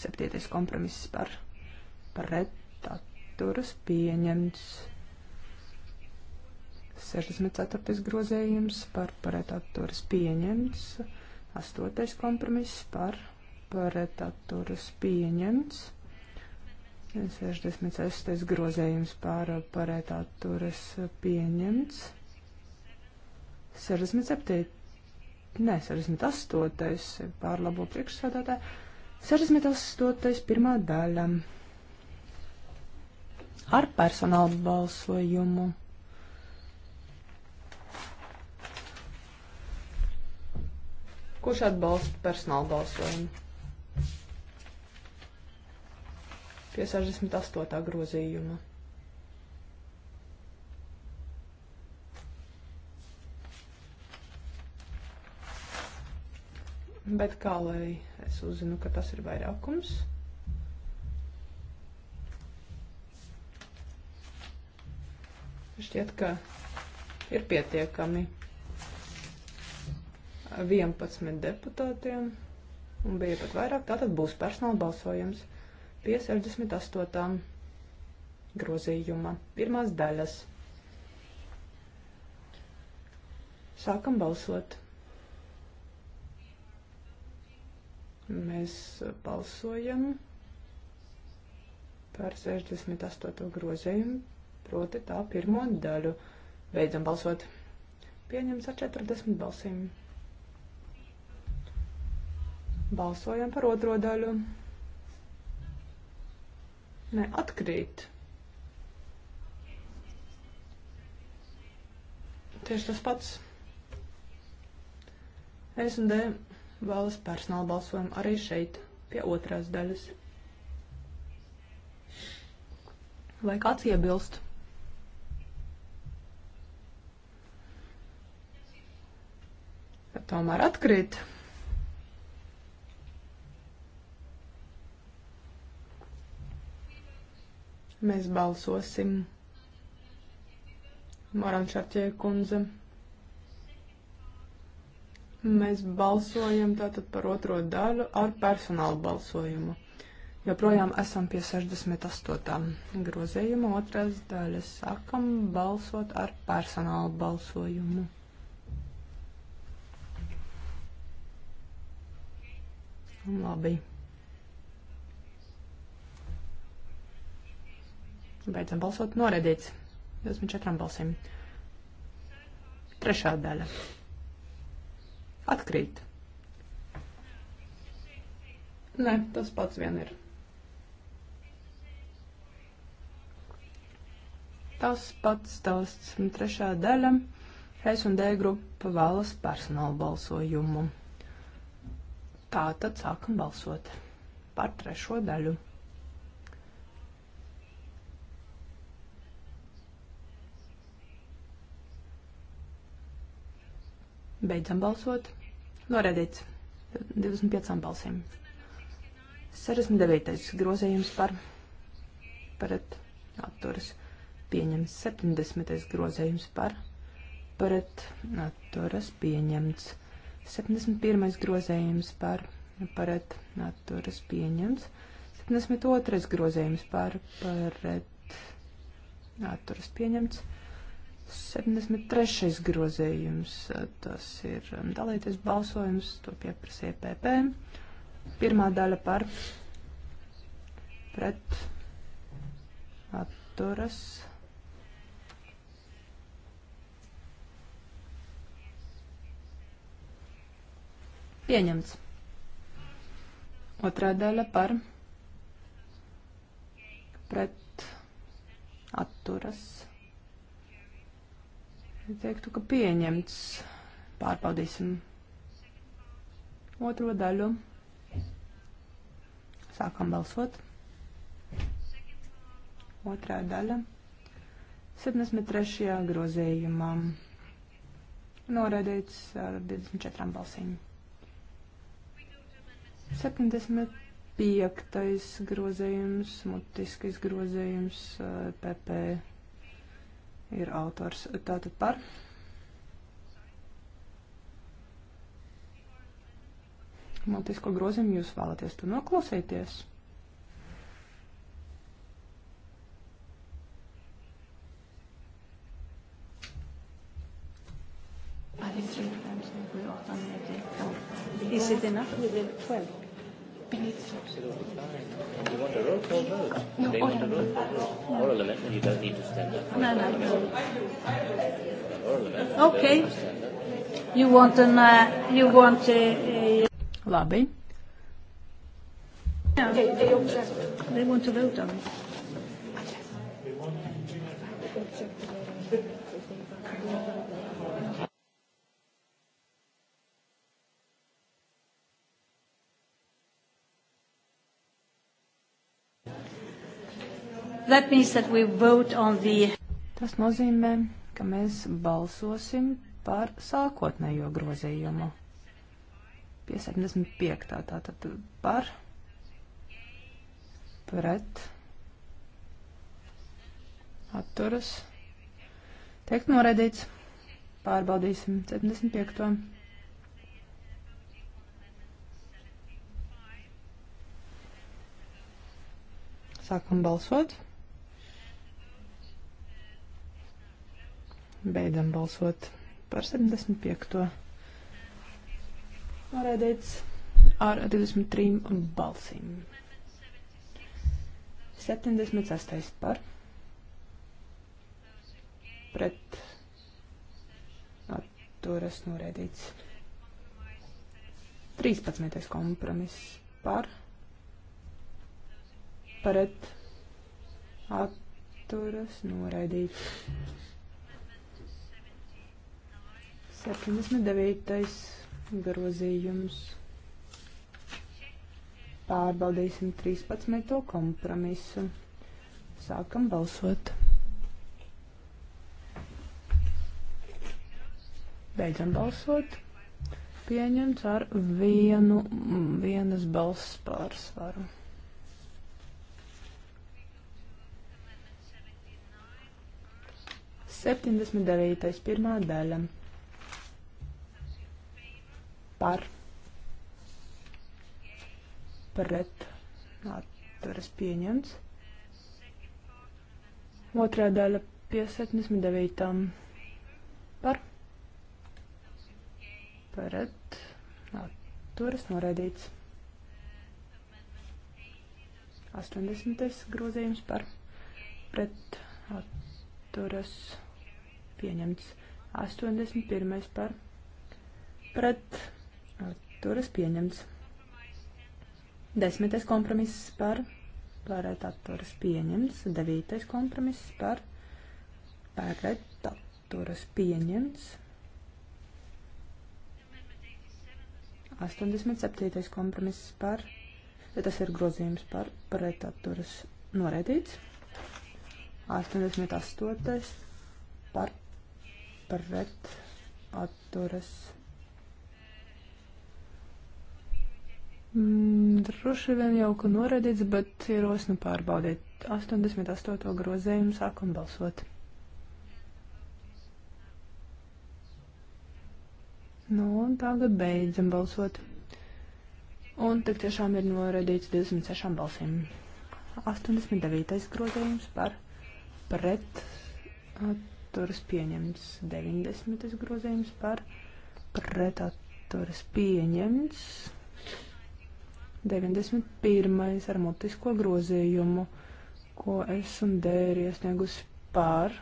7. kompromiss par pretaturas pieņemts. 64. grozījums par pretaturas pieņemts. 8. kompromiss par pretaturas pieņemts. 66. grozējums pār parētā turas pieņemts. 67. Nē, 68. pārlabo priekšsādātāju. 68. pirmā daļa ar personālu balsojumu. Kurš atbalsta personālu balsojumu? pie 68. grozījuma. Bet kā lai es uzzinu, ka tas ir vairākums? Šķiet, ka ir pietiekami 11 deputātiem, un bija pat vairāk, tātad būs personāla balsojums pie 68. grozījuma pirmās daļas. Sākam balsot. Mēs balsojam par 68. grozījumu, proti tā pirmo daļu. Beidzam balsot. Pieņems ar 40 balsīm. Balsojam par otro daļu. Nē, atkrīt. Tieši tas pats. Es un D vēlas personāla balsojumu arī šeit, pie otrās daļas. Vai kāds iebilst? Bet tomēr atkrīt. Mēs balsosim. Marančārķie kundze. Mēs balsojam tātad par otro daļu ar personālu balsojumu. Joprojām esam pie 68. grozījuma otras daļas. Sākam balsot ar personālu balsojumu. Labi. Beidzam balsot. Noredīts. 24 balsīm. Trešā daļa. Atkrīt. Nē, tas pats vien ir. Tas pats stāsts. Trešā daļa. Es un D grupa vēlas personālu balsojumu. Tātad sākam balsot par trešo daļu. Beidzam balsot. Noredīts 25 balsīm. 69. grozījums par pret atturas. Pieņemts 70. grozījums par pret atturas. Pieņemts 71. grozījums par pret atturas. Pieņemts 72. grozījums par pret atturas. Pieņemts 73. grozījums, eh, tas ir um, dalīties balsojums, to pieprasīja PP. Pirmā daļa par pret atturas. Pieņemts. Otrā daļa par pret atturas teiktu, ka pieņemts. Pārbaudīsim otro daļu. Sākam balsot. Otrā daļa. 73. grozījumā. Noraidīts ar 24 balsīm. 75. grozījums, mutiskais grozījums PP eh, ir autors. Tātad par. Multisko grozījumu jūs vēlaties tur noklausīties. Is it enough with the 12? You want a roll call vote? No, they want a roll call vote. No. Oral amendment, you don't need to stand up. No, no. Oral amendment. Okay. You want an, uh, you want a, a... Labi. Yeah. They, they, they want to vote on it. The... Tas nozīmē, ka mēs balsosim par sākotnējo grozījumu. Pie 75. tātad par, pret, atturas, teikt noredīts, pārbaudīsim 75. Sākam balsot. Beidzam balsot par 75. Norēdīts ar 23 balsīm. 76. par pret atturas norēdīts. 13. kompromiss par pret atturas norēdīts. 79. grozījums. Pārbaudīsim 13. kompromisu. Sākam balsot. Beidzam balsot. Pieņemts ar vienu, vienas balss pārsvaru. Septiņdesmit devītais pirmā daļa par pret atturas pieņemts. Otrā daļa pie 79. par pret atturas noraidīts. 80. grozījums par pret atturas pieņemts. 81. par pret atturas atturas pieņemts. Desmitais kompromiss par pērēt atturas pieņemts. Devītais kompromiss par pērēt atturas pieņemts. 87. kompromiss par, ja tas ir grozījums par pret atturas noraidīts. 88. par pret atturas noraidīts Mm, droši vien jau, ka noraidīts, bet ir osnu pārbaudīt. 88. grozījumu sākam balsot. Nu, un tagad beidzam balsot. Un tik tiešām ir noraidīts 26 balsīm. 89. grozījums par pret atturas pieņemts. 90. grozījums par pret atturas pieņemts. 91. ar mutisko grozījumu, ko es un D ir iesniegusi pār.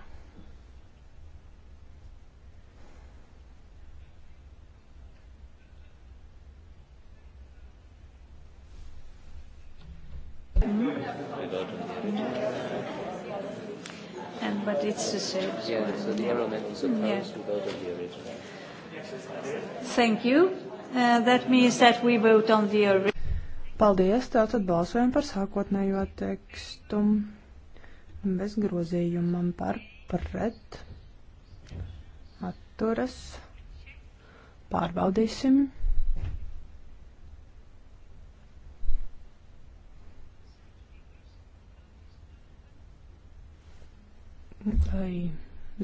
And but it's the same. Yeah, so the error man is opposed mm, yeah. vote on the original. Thank you. Uh, that means that we vote on the original. Paldies, tātad balsojam par sākotnējo tekstu bez grozījumam par pret. Atturas. Pārbaudīsim. Lai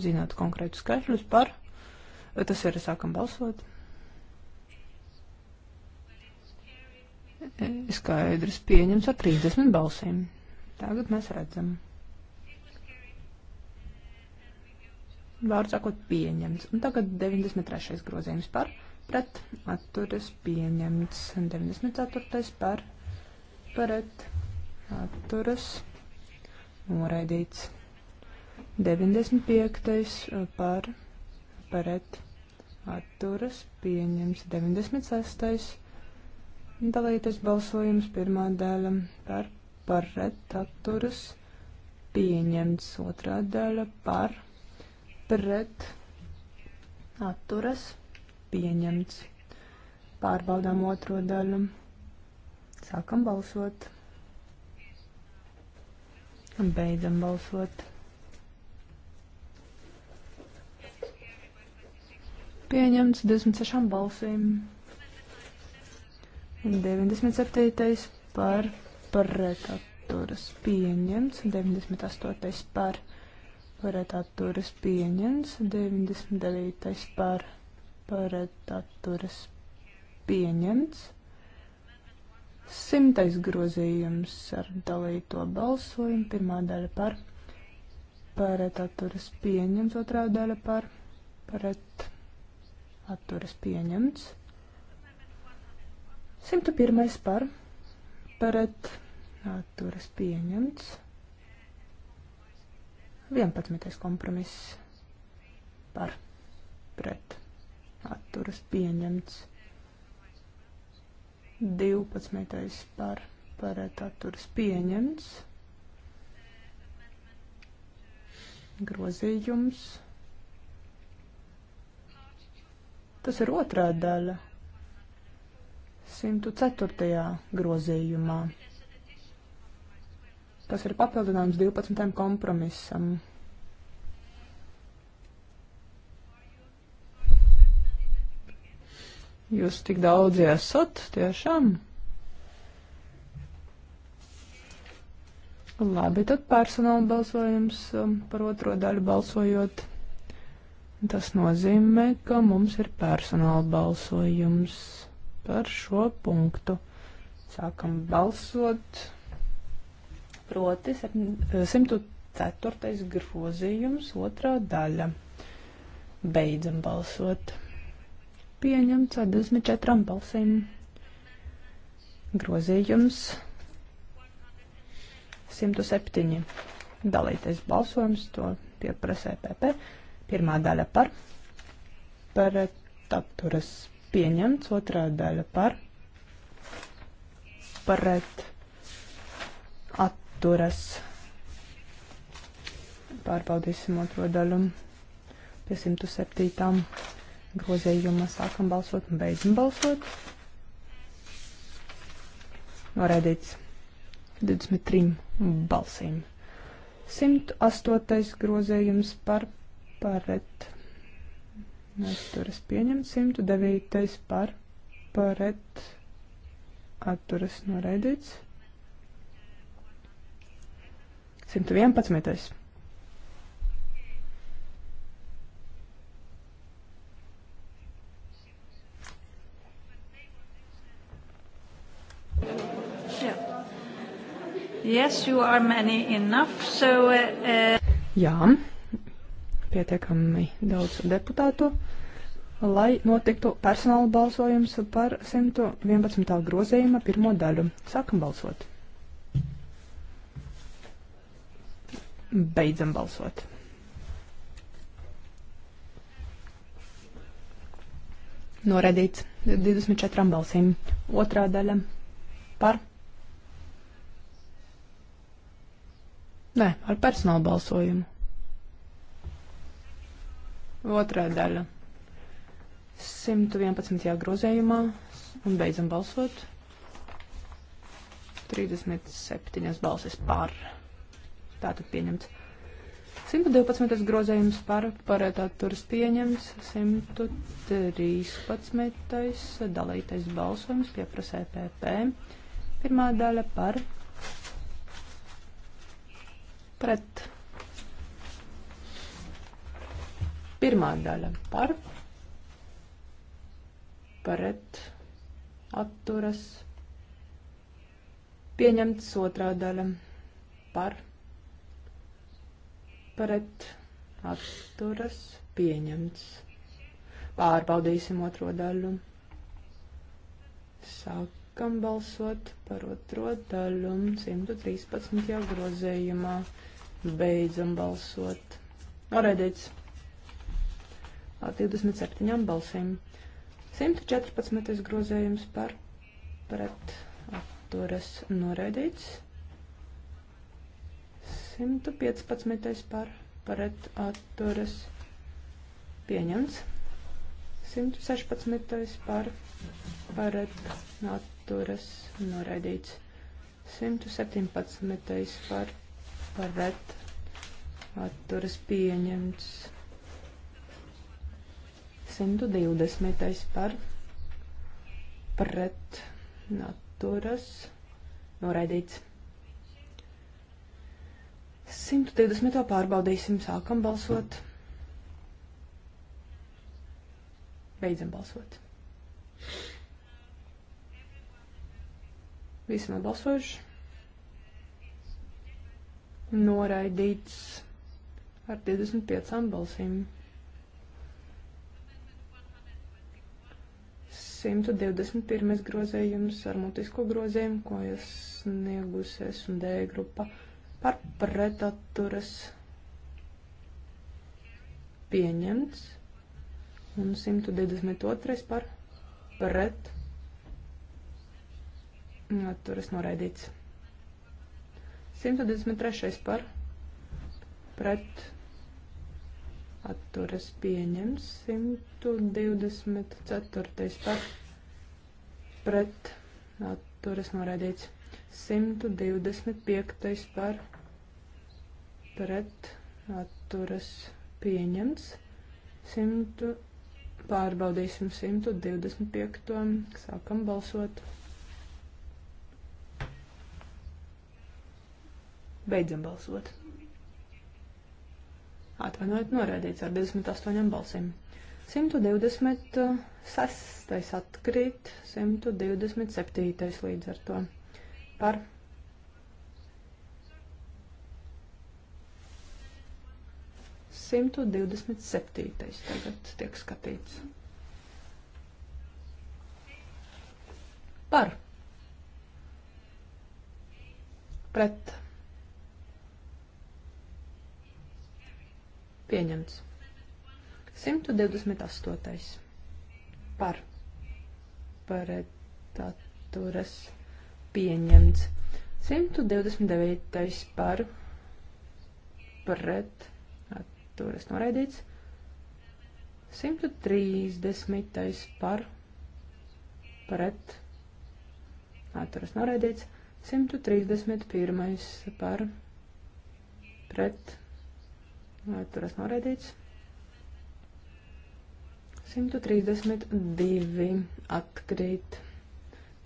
zinātu konkrētu skaitļus par, tas ir sākam balsot. skaidrs pieņems ar 30 balsīm. Tagad mēs redzam. Vārds sakot pieņemts. Un tagad 93. grozījums par pret atturas pieņemts. 94. par pret atturas noraidīts. 95. par pret atturas pieņemts. 96. Dalīties balsojums pirmā daļa par par pretaturas pieņemts, otrā daļa par pret atturas pieņemts. Pārbaudām otro daļu. Sākam balsot. Un beidzam balsot. Pieņemts 26 balsīm. 97. par pretatturas pieņemts, 98. par pretatturas pieņemts, 99. par pretatturas pieņemts. Simtais grozījums ar dalīto balsojumu, pirmā daļa par pretatturas pieņemts, otrā daļa par pretatturas pieņemts. 101. par pret atturas pieņemts. 11. kompromiss par pret atturas pieņemts. 12. par pret atturas pieņemts. Grozījums. Tas ir otrā daļa. 104. grozījumā. Tas ir papildinājums 12. kompromisam. Jūs tik daudz esat, tiešām. Labi, tad personāla balsojums um, par otro daļu balsojot. Tas nozīmē, ka mums ir personāla balsojums par šo punktu. Sākam balsot. Proti 104. Eh, grozījums, otrā daļa. Beidzam balsot. Pieņemts ar 24 balsīm. Grozījums 107. Dalīties balsojums, to pieprasa PP. E Pirmā daļa par pret eh, atturas pieņemts, otrā daļa par, pret, atturas, pārbaudīsim otro daļu pie 107. grozējuma, sākam balsot un beidzam balsot. Noraidīts 23 balsīm. 108. grozējums par, pret, atturas pieņemts, 109. par pret atturas noraidīts, 111. Yes, you are many enough, so... Uh, uh... Jā pietiekami daudz deputātu, lai notiktu personāla balsojums par 111. grozījuma pirmo daļu. Sākam balsot. Beidzam balsot. Noredīts 24 balsīm. Otrā daļa par. Nē, ar personālu balsojumu. Otrā daļa. 111. grozējumā un beidzam balsot. 37 balsis par. Tātad pieņemts. 112. grozējums par parētā turas pieņems, 113. dalītais balsojums pieprasa EPP, pirmā daļa par pret Pirmā daļa par, paret, atturas, pieņemts otrā daļa par, paret, atturas, pieņemts. Pārbaudīsim otro daļu. Sākam balsot par otro daļu 113. grozējumā. Beidzam balsot. Noraidīts. 27 balsīm. 114. grozējums par pret atturas noraidīts. 115. par pret atturas pieņemts. 116. par pret atturas noraidīts. 117. par pret atturas pieņemts. 120. par pret naturas noraidīts. 120. pārbaudīsim, sākam balsot. Beidzam balsot. Visi nobalsojuši. Noraidīts ar 25 balsīm. 121. grozējums ar mutisko grozījumu, ko es sniegusi S un D grupa par pretaturas pieņemts un 122. par pret atturas noraidīts. 123. par pret atturas pieņems 124. par pret atturas noraidīts 125. par pret atturas pieņems 100 pārbaudīsim 125. sākam balsot. Beidzam balsot. Atvainojiet, noraidīts ar 28 balsīm. 126. atkrīt, 127. līdz ar to. Par. Simtu divdesmit septītais tagad tiek skatīts. Par. Pret. Pieņemts. 128. Par. Paretaturas. Pieņemts. 129. Par. Pret. Atturas noraidīts. 130. Par. Pret. Atturas noraidīts. 131. Par. Pret Atturas noraidīts. 132 atkrīt.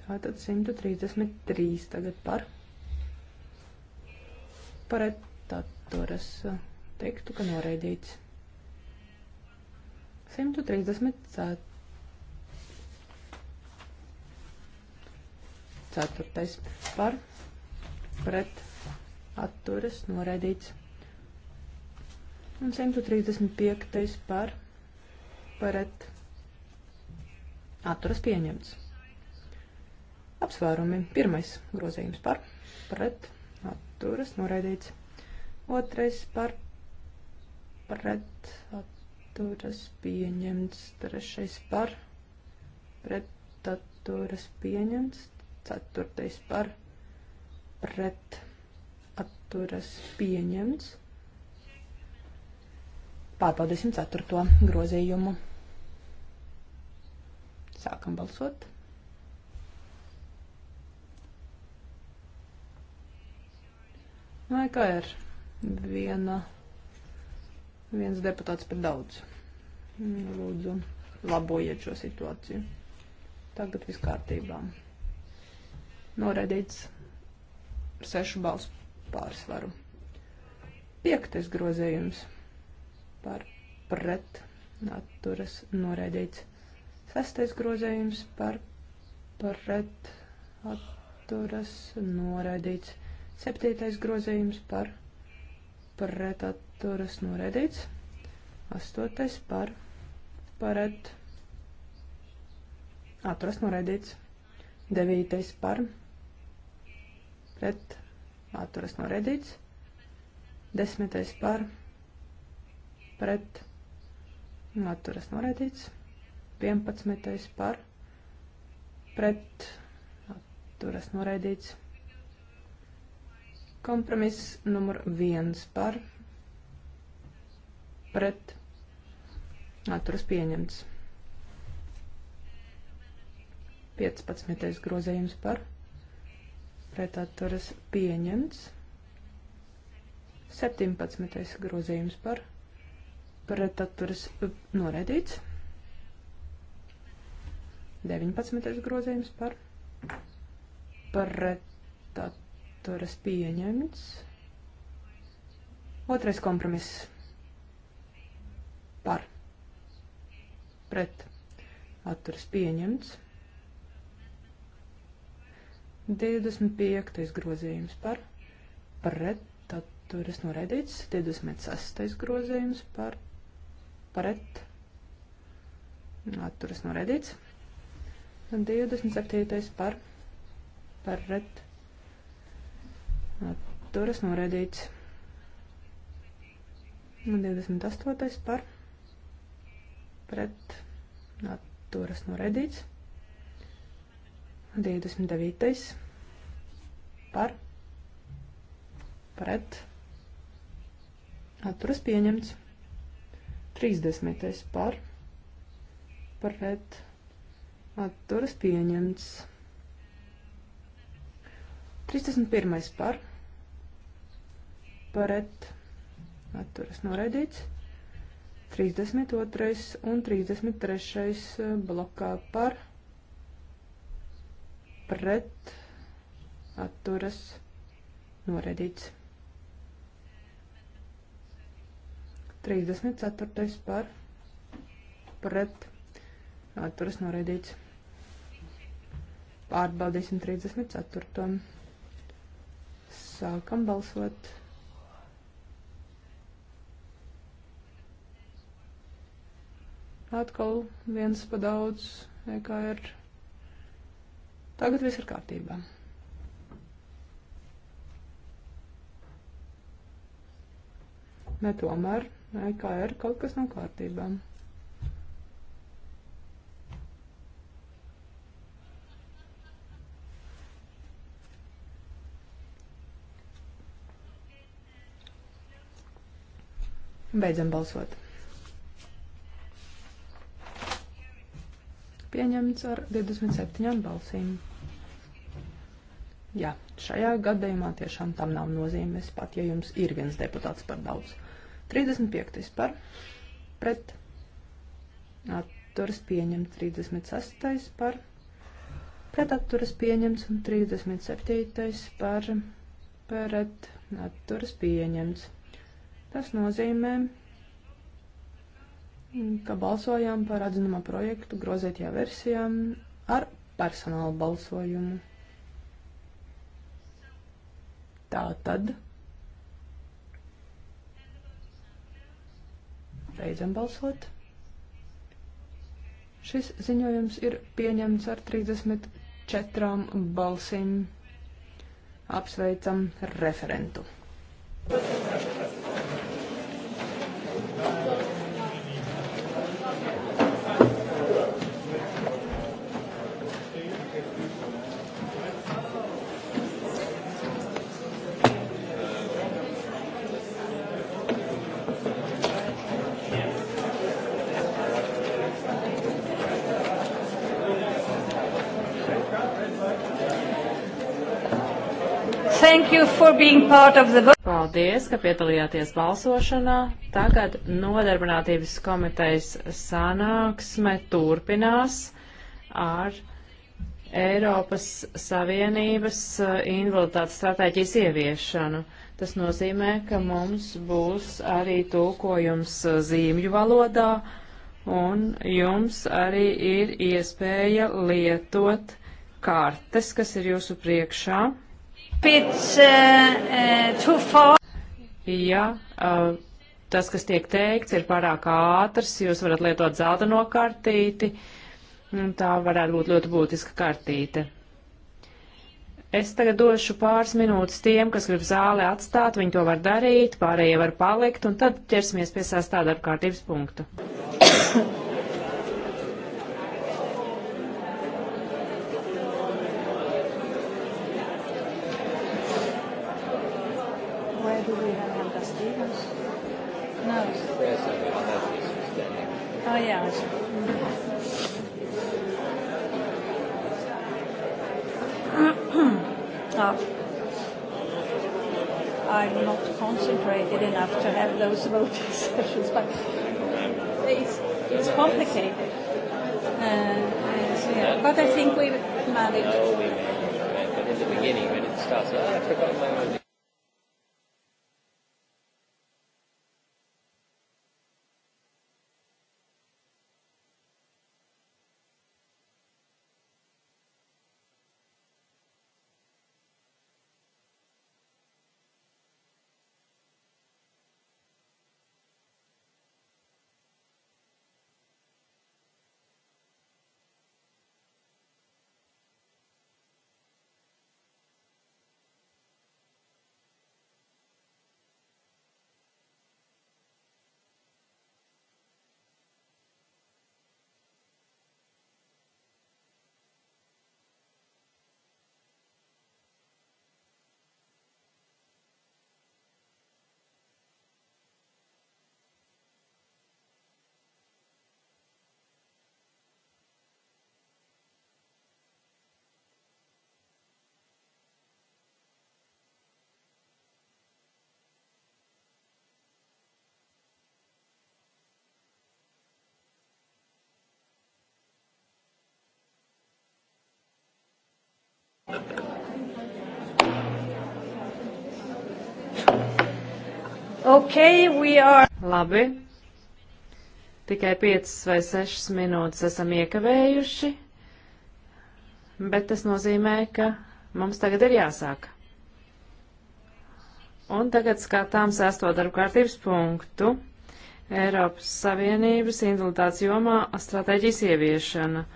Tātad 133 tagad par. Pret atturas eh, teiktu, ka noraidīts. 134. Ceturtais par pret atturas noraidīts. Un 135. par paret atturas pieņemts. Apsvērumi. Pirmais grozījums par pret atturas noraidīts. Otrais par pret atturas pieņemts. Trešais par pret atturas pieņemts. Ceturtais par pret atturas pieņemts. Pārbaudīsim ceturto grozījumu. Sākam balsot. Vai kā ir viena, viens deputāts par daudz? Lūdzu, labojiet šo situāciju. Tagad viss kārtībā. Noraidīts sešu balsu pārsvaru. Piektais grozējums par pret atturas noraidīts. Sastais grozējums par pret atturas noraidīts. Septītais grozējums par pret atturas noraidīts. Astotais par pret atturas noraidīts. Devītais par pret atturas noraidīts. Desmitais par pret pret atturas noraidīts. 11. par pret atturas noraidīts. Kompromiss numur 1 par pret atturas pieņemts. 15. grozējums par pretatturas pieņemts. 17. grozījums par pretaturas uh, noraidīts. 19. grozījums par pretaturas pieņemts. Otrais kompromiss par pret atturas pieņemts. 25. grozījums par pret atturas noraidīts. 26. grozījums par pret atturas noredīts. 27. par pret atturas noredīts. 28. par pret atturas noredīts. 29. par pret atturas pieņemts. 30. par pret atturas pieņemts. 31. par pret atturas noraidīts. 32. un 33. Eh, blokā par pret atturas noraidīts. 34. par pret atturas noraidīts. Pārbaudīsim 34. Sākam balsot. Atkal viens pa daudz, e kā ir. Tagad viss ir kārtībā. Ne tomēr. EKR kaut kas nav kārtībā. Beidzam balsot. Pieņemts ar 27 balsīm. Jā, šajā gadījumā tiešām tam nav nozīmes, pat ja jums ir viens deputāts par daudz. 35. par pret atturas pieņemts. 36. par pret atturas pieņemts. Un 37. par pret atturas pieņemts. Tas nozīmē, ka balsojām par atzinuma projektu grozētajā versijā ar personālu balsojumu. Tā tad. Beidzam balsot. Šis ziņojums ir pieņemts ar 34 balsīm. Apsveicam referentu. Thank you. The... Paldies, ka piedalījāties balsošanā. Tagad nodarbinātības komitejas sanāksme turpinās ar Eiropas Savienības eh, invaliditātes stratēģijas ieviešanu. Tas nozīmē, ka mums būs arī tulkojums eh, zīmju valodā, un jums arī ir iespēja lietot kartes, kas ir jūsu priekšā. Eh, eh, ja eh, tas, kas tiek teikts, ir pārāk ātrs, jūs varat lietot zelta nokartīti, un tā varētu būt ļoti būtiska kartīte. Es tagad došu pāris minūtes tiem, kas grib zāli atstāt, viņi to var darīt, pārējie var palikt, un tad ķersimies pie sastā darbkārtības punktu. do we have Helga Stevens? No. There's everyone else is standing. Oh, yeah. oh. I'm not concentrated enough to have those voting sessions, but it's, it's complicated. Uh, yes, yeah. But I think we managed. No, we managed, right? But in the beginning, when it starts, oh, I forgot my voting Okay, we are. Labi. Tikai 5 vai 6 minūtes esam iekavējuši, bet tas nozīmē, ka mums tagad ir jāsāk. Un tagad skatām sesto darbu kārtības punktu. Eiropas Savienības invaliditātes jomā stratēģijas ieviešana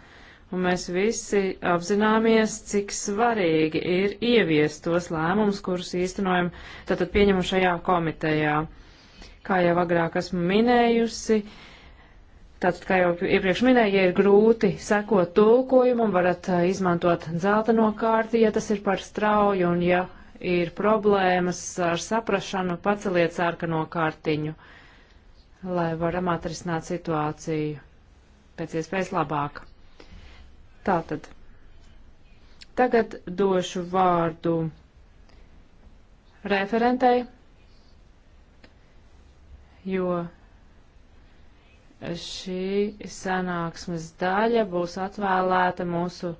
un mēs visi apzināmies, cik svarīgi ir ieviest tos lēmumus, kurus īstenojam, tātad pieņemam šajā komitejā. Kā jau agrāk esmu minējusi, tātad, kā jau iepriekš minēju, ja ir grūti sekot tulkojumam, varat izmantot dzelteno kārti, ja tas ir par strauju, un ja ir problēmas ar saprašanu, paceliet sarkano kārtiņu, lai varam atrisināt situāciju pēc iespējas labāk. Tātad, tagad došu vārdu referentei, jo šī sanāksmes daļa būs atvēlēta mūsu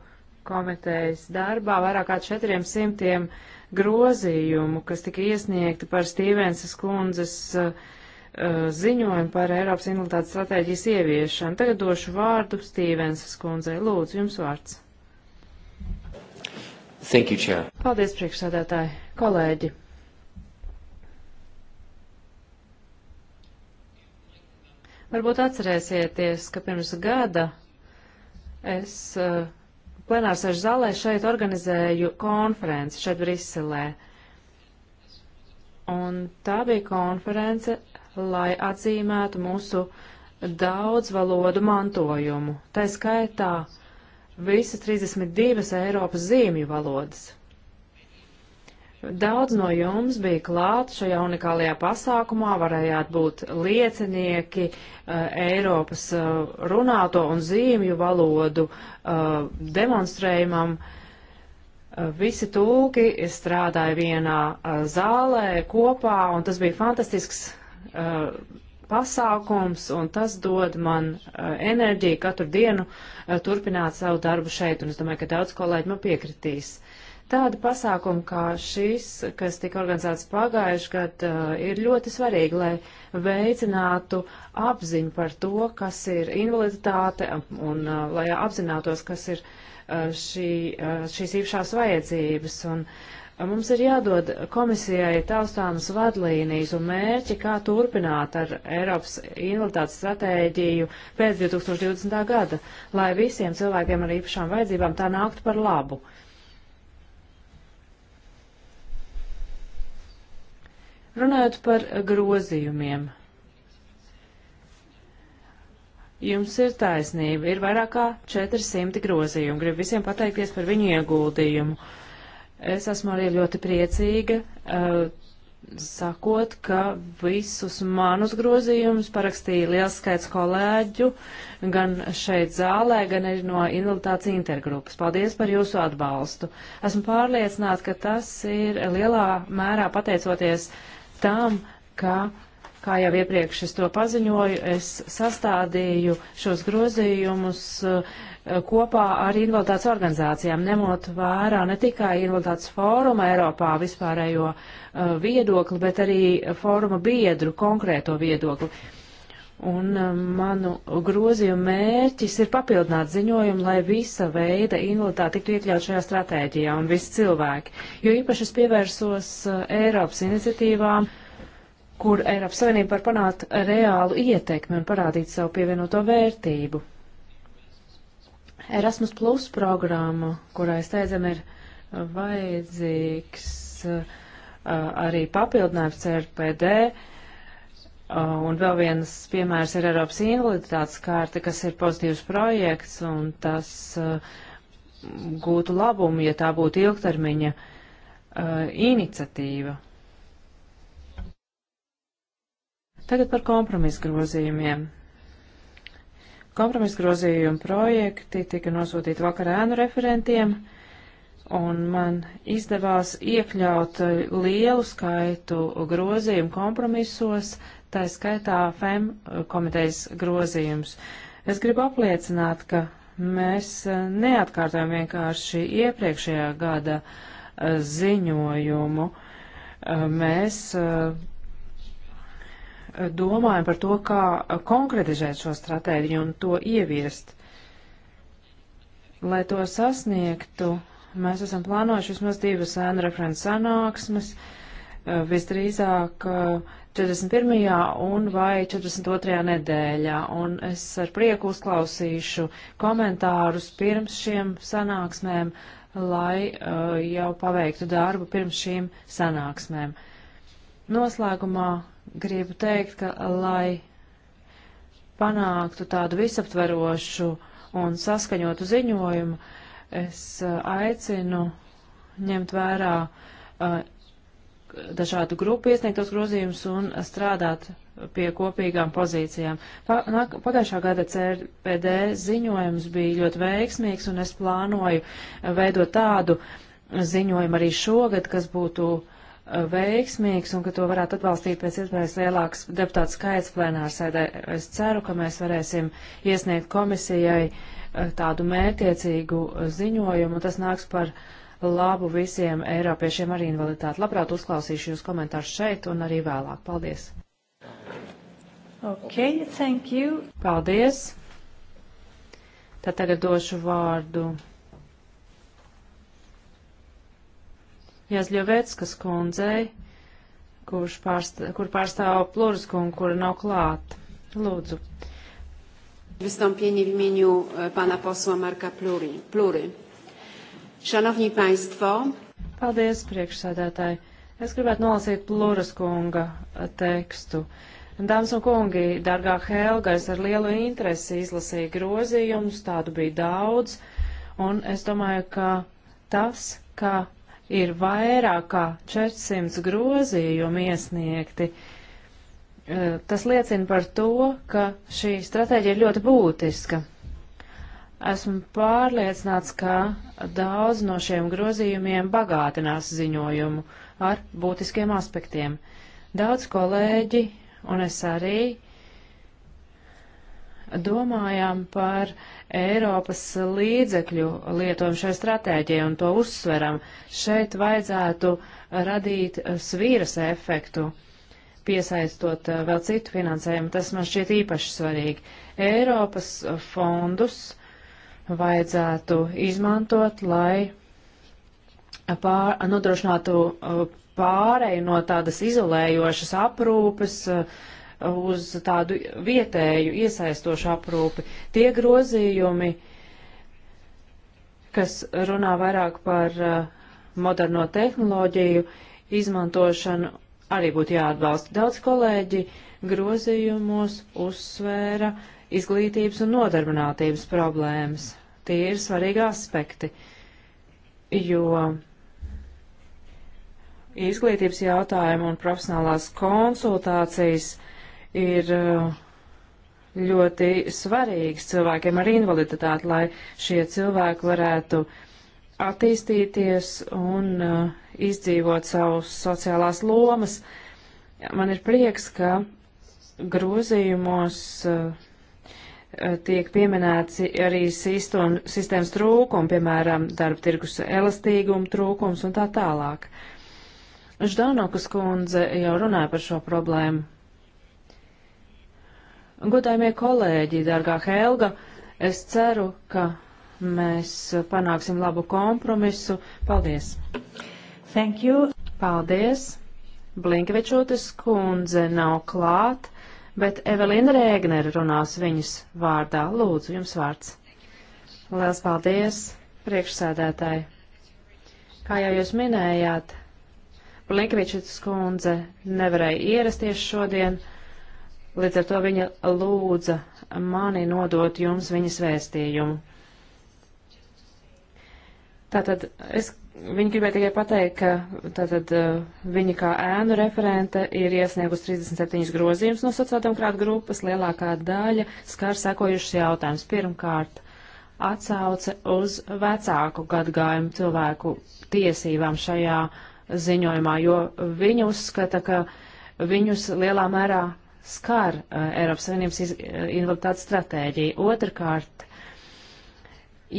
komitejas darbā vairāk kā 400 grozījumu, kas tika iesniegti par Stīvensas kundzes uh, Uh, ziņojumu par Eiropas invaliditātes stratēģijas ieviešanu. Tagad došu vārdu Stīvensas kundzei. Lūdzu, jums vārds. Thank you, Chair. Paldies, priekšsādātāji, kolēģi. Varbūt atcerēsieties, ka pirms gada es uh, plenārsēžu zālē šeit organizēju konferenci šeit Briselē. Un tā bija konference lai atzīmētu mūsu daudzvalodu mantojumu, tā skaitā visas 32 Eiropas zīmju valodas. Daudz no jums bija klāt šajā unikālajā pasākumā, varējāt būt liecinieki uh, Eiropas uh, runāto un zīmju valodu uh, demonstrējumam. Visi tūki strādāja vienā zālē kopā, un tas bija fantastisks uh, pasākums, un tas dod man uh, enerģiju katru dienu uh, turpināt savu darbu šeit, un es domāju, ka daudz kolēģi man piekritīs. Tāda pasākuma kā šis, kas tika organizēts pagājuši gadu, uh, ir ļoti svarīgi, lai veicinātu apziņu par to, kas ir invaliditāte, un uh, lai apzinātos, kas ir uh, šī, uh, šīs īpašās vajadzības. Un, uh, Mums ir jādod komisijai taustāmas vadlīnijas un mērķi, kā turpināt ar Eiropas invaliditātes stratēģiju pēc 2020. gada, lai visiem cilvēkiem ar īpašām vajadzībām tā nāktu par labu. Runājot par grozījumiem. Jums ir taisnība, ir vairāk kā 400 grozījumu. Gribu visiem pateikties par viņu ieguldījumu. Uh, Es esmu arī ļoti priecīga, eh, sakot, ka visus manus grozījumus parakstīja liels skaits kolēģu, gan šeit zālē, gan arī no invaliditātes intergrupas. Paldies par jūsu atbalstu. Esmu pārliecināta, ka tas ir lielā mērā pateicoties tam, ka uh, Kā jau iepriekš es to paziņoju, es sastādīju šos grozījumus eh, kopā ar invaliditātes organizācijām, nemot vērā ne tikai invaliditātes fóruma Eiropā vispārējo eh, viedokli, bet arī fóruma biedru konkrēto viedokli. Un eh, manu grozījumu mērķis ir papildināt ziņojumu, lai visa veida invaliditāte tiktu iekļaut šajā stratēģijā un visi cilvēki. Jo īpaši es pievērsos Eiropas iniciatīvām. Uh, kur Eiropas Savienība var panākt reālu ietekmi un parādīt savu pievienoto vērtību. Erasmus Plus programma, kurā es teicam, ir vajadzīgs uh, arī papildinājums CRPD, uh, un vēl viens piemērs ir Eiropas invaliditātes kārta, kas ir pozitīvs projekts, un tas uh, gūtu labumu, ja tā būtu ilgtermiņa iniciatīva. Tagad par kompromisu grozījumiem. Kompromisu grozījumu projekti tika nosūtīti vakar ēnu referentiem, un man izdevās iekļaut lielu skaitu grozījumu kompromisos, tā skaitā FEM komitejas grozījums. Es gribu apliecināt, ka mēs neatkārtojam vienkārši iepriekšējā gada ziņojumu. Mēs domājam par to, kā konkretizēt šo stratēģiju un to ieviest. Lai to sasniegtu, mēs esam plānojuši vismaz divas ēnu referents sanāksmes, eh, visdrīzāk 41. Eh, un vai 42. nedēļā, un es ar prieku uzklausīšu komentārus pirms šiem sanāksmēm, lai eh, jau paveiktu darbu pirms šīm sanāksmēm. Noslēgumā gribu teikt, ka lai panāktu tādu visaptverošu un saskaņotu ziņojumu, es uh, aicinu ņemt vērā uh, dažādu grupu iesniegtos grozījumus un strādāt pie kopīgām pozīcijām. Pagājušā gada CRPD ziņojums bija ļoti veiksmīgs, un es plānoju veidot tādu ziņojumu arī šogad, kas būtu uh, veiksmīgs un ka to varētu atbalstīt pēc iespējas lielāks deputātu skaits plenārsēdē. Es ceru, ka mēs varēsim iesniegt komisijai eh, tādu mētiecīgu eh, ziņojumu, un tas nāks par labu visiem eiropiešiem ar invaliditāti. Labprāt uzklausīšu jūs komentārus šeit un arī vēlāk. Paldies! Okay, thank you. Paldies! Tad tagad došu vārdu Jāzļovēckas kundzei, kurš pārstāv, kur pārstāv Pluriskungu, kura nav klāta. Lūdzu. Wystąpienie w imieniu e, pana posła Marka Plury. Plury. Szanowni Państwo. Paldies, priekšsādātāji. Es gribētu nolasīt Pluras kunga e, tekstu. Dāmas un kungi, dargā Helga, es ar lielu interesi izlasīju grozījumus, tādu bija daudz, un es domāju, ka tas, ka ir vairāk kā 400 grozījumi iesniegti. Eh, tas liecina par to, ka šī stratēģija ir ļoti būtiska. Esmu pārliecināts, ka daudz no šiem grozījumiem bagātinās ziņojumu ar būtiskiem aspektiem. Daudz kolēģi, un es arī, uh, domājām par Eiropas līdzekļu lietojumu šai stratēģijai un to uzsveram. Šeit vajadzētu radīt svīras efektu, piesaistot eh, vēl citu finansējumu. Tas man šķiet īpaši svarīgi. Eiropas fondus vajadzētu izmantot, lai pār, nodrošinātu eh, pārēju no tādas izolējošas aprūpes, uh, uz tādu vietēju iesaistošu aprūpi. Tie grozījumi, kas runā vairāk par uh, moderno tehnoloģiju izmantošanu, arī būtu jāatbalsta. Daudz kolēģi grozījumos uzsvēra izglītības un nodarbinātības problēmas. Tie ir svarīgi aspekti, jo izglītības jautājumi un profesionālās konsultācijas – ir uh, ļoti svarīgs cilvēkiem ar invaliditāti, lai šie cilvēki varētu attīstīties un uh, izdzīvot savus sociālās lomas. Man ir prieks, ka grozījumos uh, tiek pieminēti arī sistēmas trūkumi, piemēram, darba tirgus elastīguma trūkums un tā tālāk. Ždanokas kundze jau runāja par šo problēmu. Godājumie kolēģi, dārgā Helga, es ceru, ka mēs panāksim labu kompromisu. Paldies! Thank you! Paldies! Blinkvečūtes kundze nav klāt, bet Evelina Rēgnere runās viņas vārdā. Lūdzu, jums vārds. Lielas paldies, priekšsēdētāji! Kā jau jūs minējāt, Blinkvečūtes kundze nevarēja ierasties šodien Līdz ar to viņa lūdza mani nodot jums viņas vēstījumu. Tātad es viņu gribēju tikai pateikt, ka tātad uh, viņa kā ēnu referente ir iesniegusi 37 grozījumus no sociāldemokrāta grupas. Lielākā daļa skar sekojušas jautājumus. Pirmkārt, atsauce uz vecāku gadgājumu cilvēku tiesībām šajā ziņojumā, jo viņa uzskata, ka viņus lielā mērā skar uh, Eiropas Savienības iz, uh, invaliditātes stratēģiju. Otrakārt,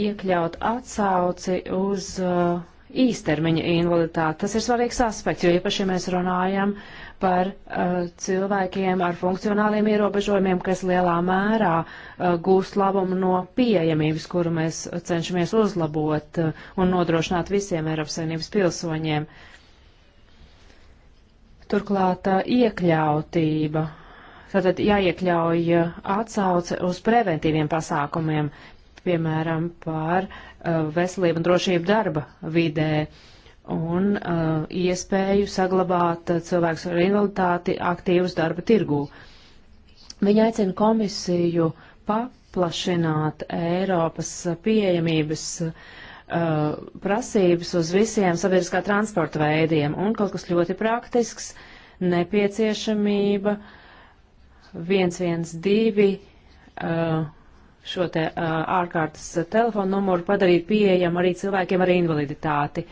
iekļaut atsauci uz uh, īstermiņa invaliditāti. Tas ir svarīgs aspekts, jo īpaši ja mēs runājam par uh, cilvēkiem ar funkcionāliem ierobežojumiem, kas lielā mērā uh, gūst labumu no pieejamības, kuru mēs cenšamies uzlabot uh, un nodrošināt visiem Eiropas Savienības pilsoņiem. Turklāt uh, iekļautība Tātad jāiekļauj uh, atsauce uz preventīviem pasākumiem, piemēram, par uh, veselību un drošību darba vidē un uh, iespēju saglabāt uh, cilvēkus ar invaliditāti aktīvus darba tirgū. Viņa aicina komisiju paplašināt Eiropas pieejamības uh, prasības uz visiem sabiedriskā transporta veidiem un kaut kas ļoti praktisks - nepieciešamība uh, 112 šo te ārkārtas telefonu numuru padarīt pieejam arī cilvēkiem ar invaliditāti.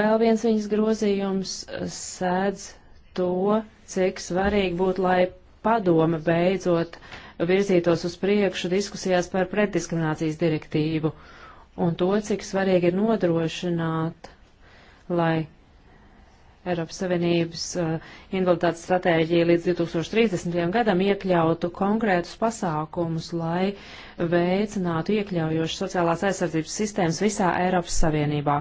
Vēl viens viņas grozījums sēdz to, cik svarīgi būtu, lai padome beidzot virzītos uz priekšu diskusijās par pretdiskriminācijas direktīvu un to, cik svarīgi ir nodrošināt, lai Eiropas Savienības uh, invaliditātes stratēģija līdz 2030. gadam iekļautu konkrētus pasākumus, lai veicinātu iekļaujošu sociālās aizsardzības sistēmas visā Eiropas Savienībā.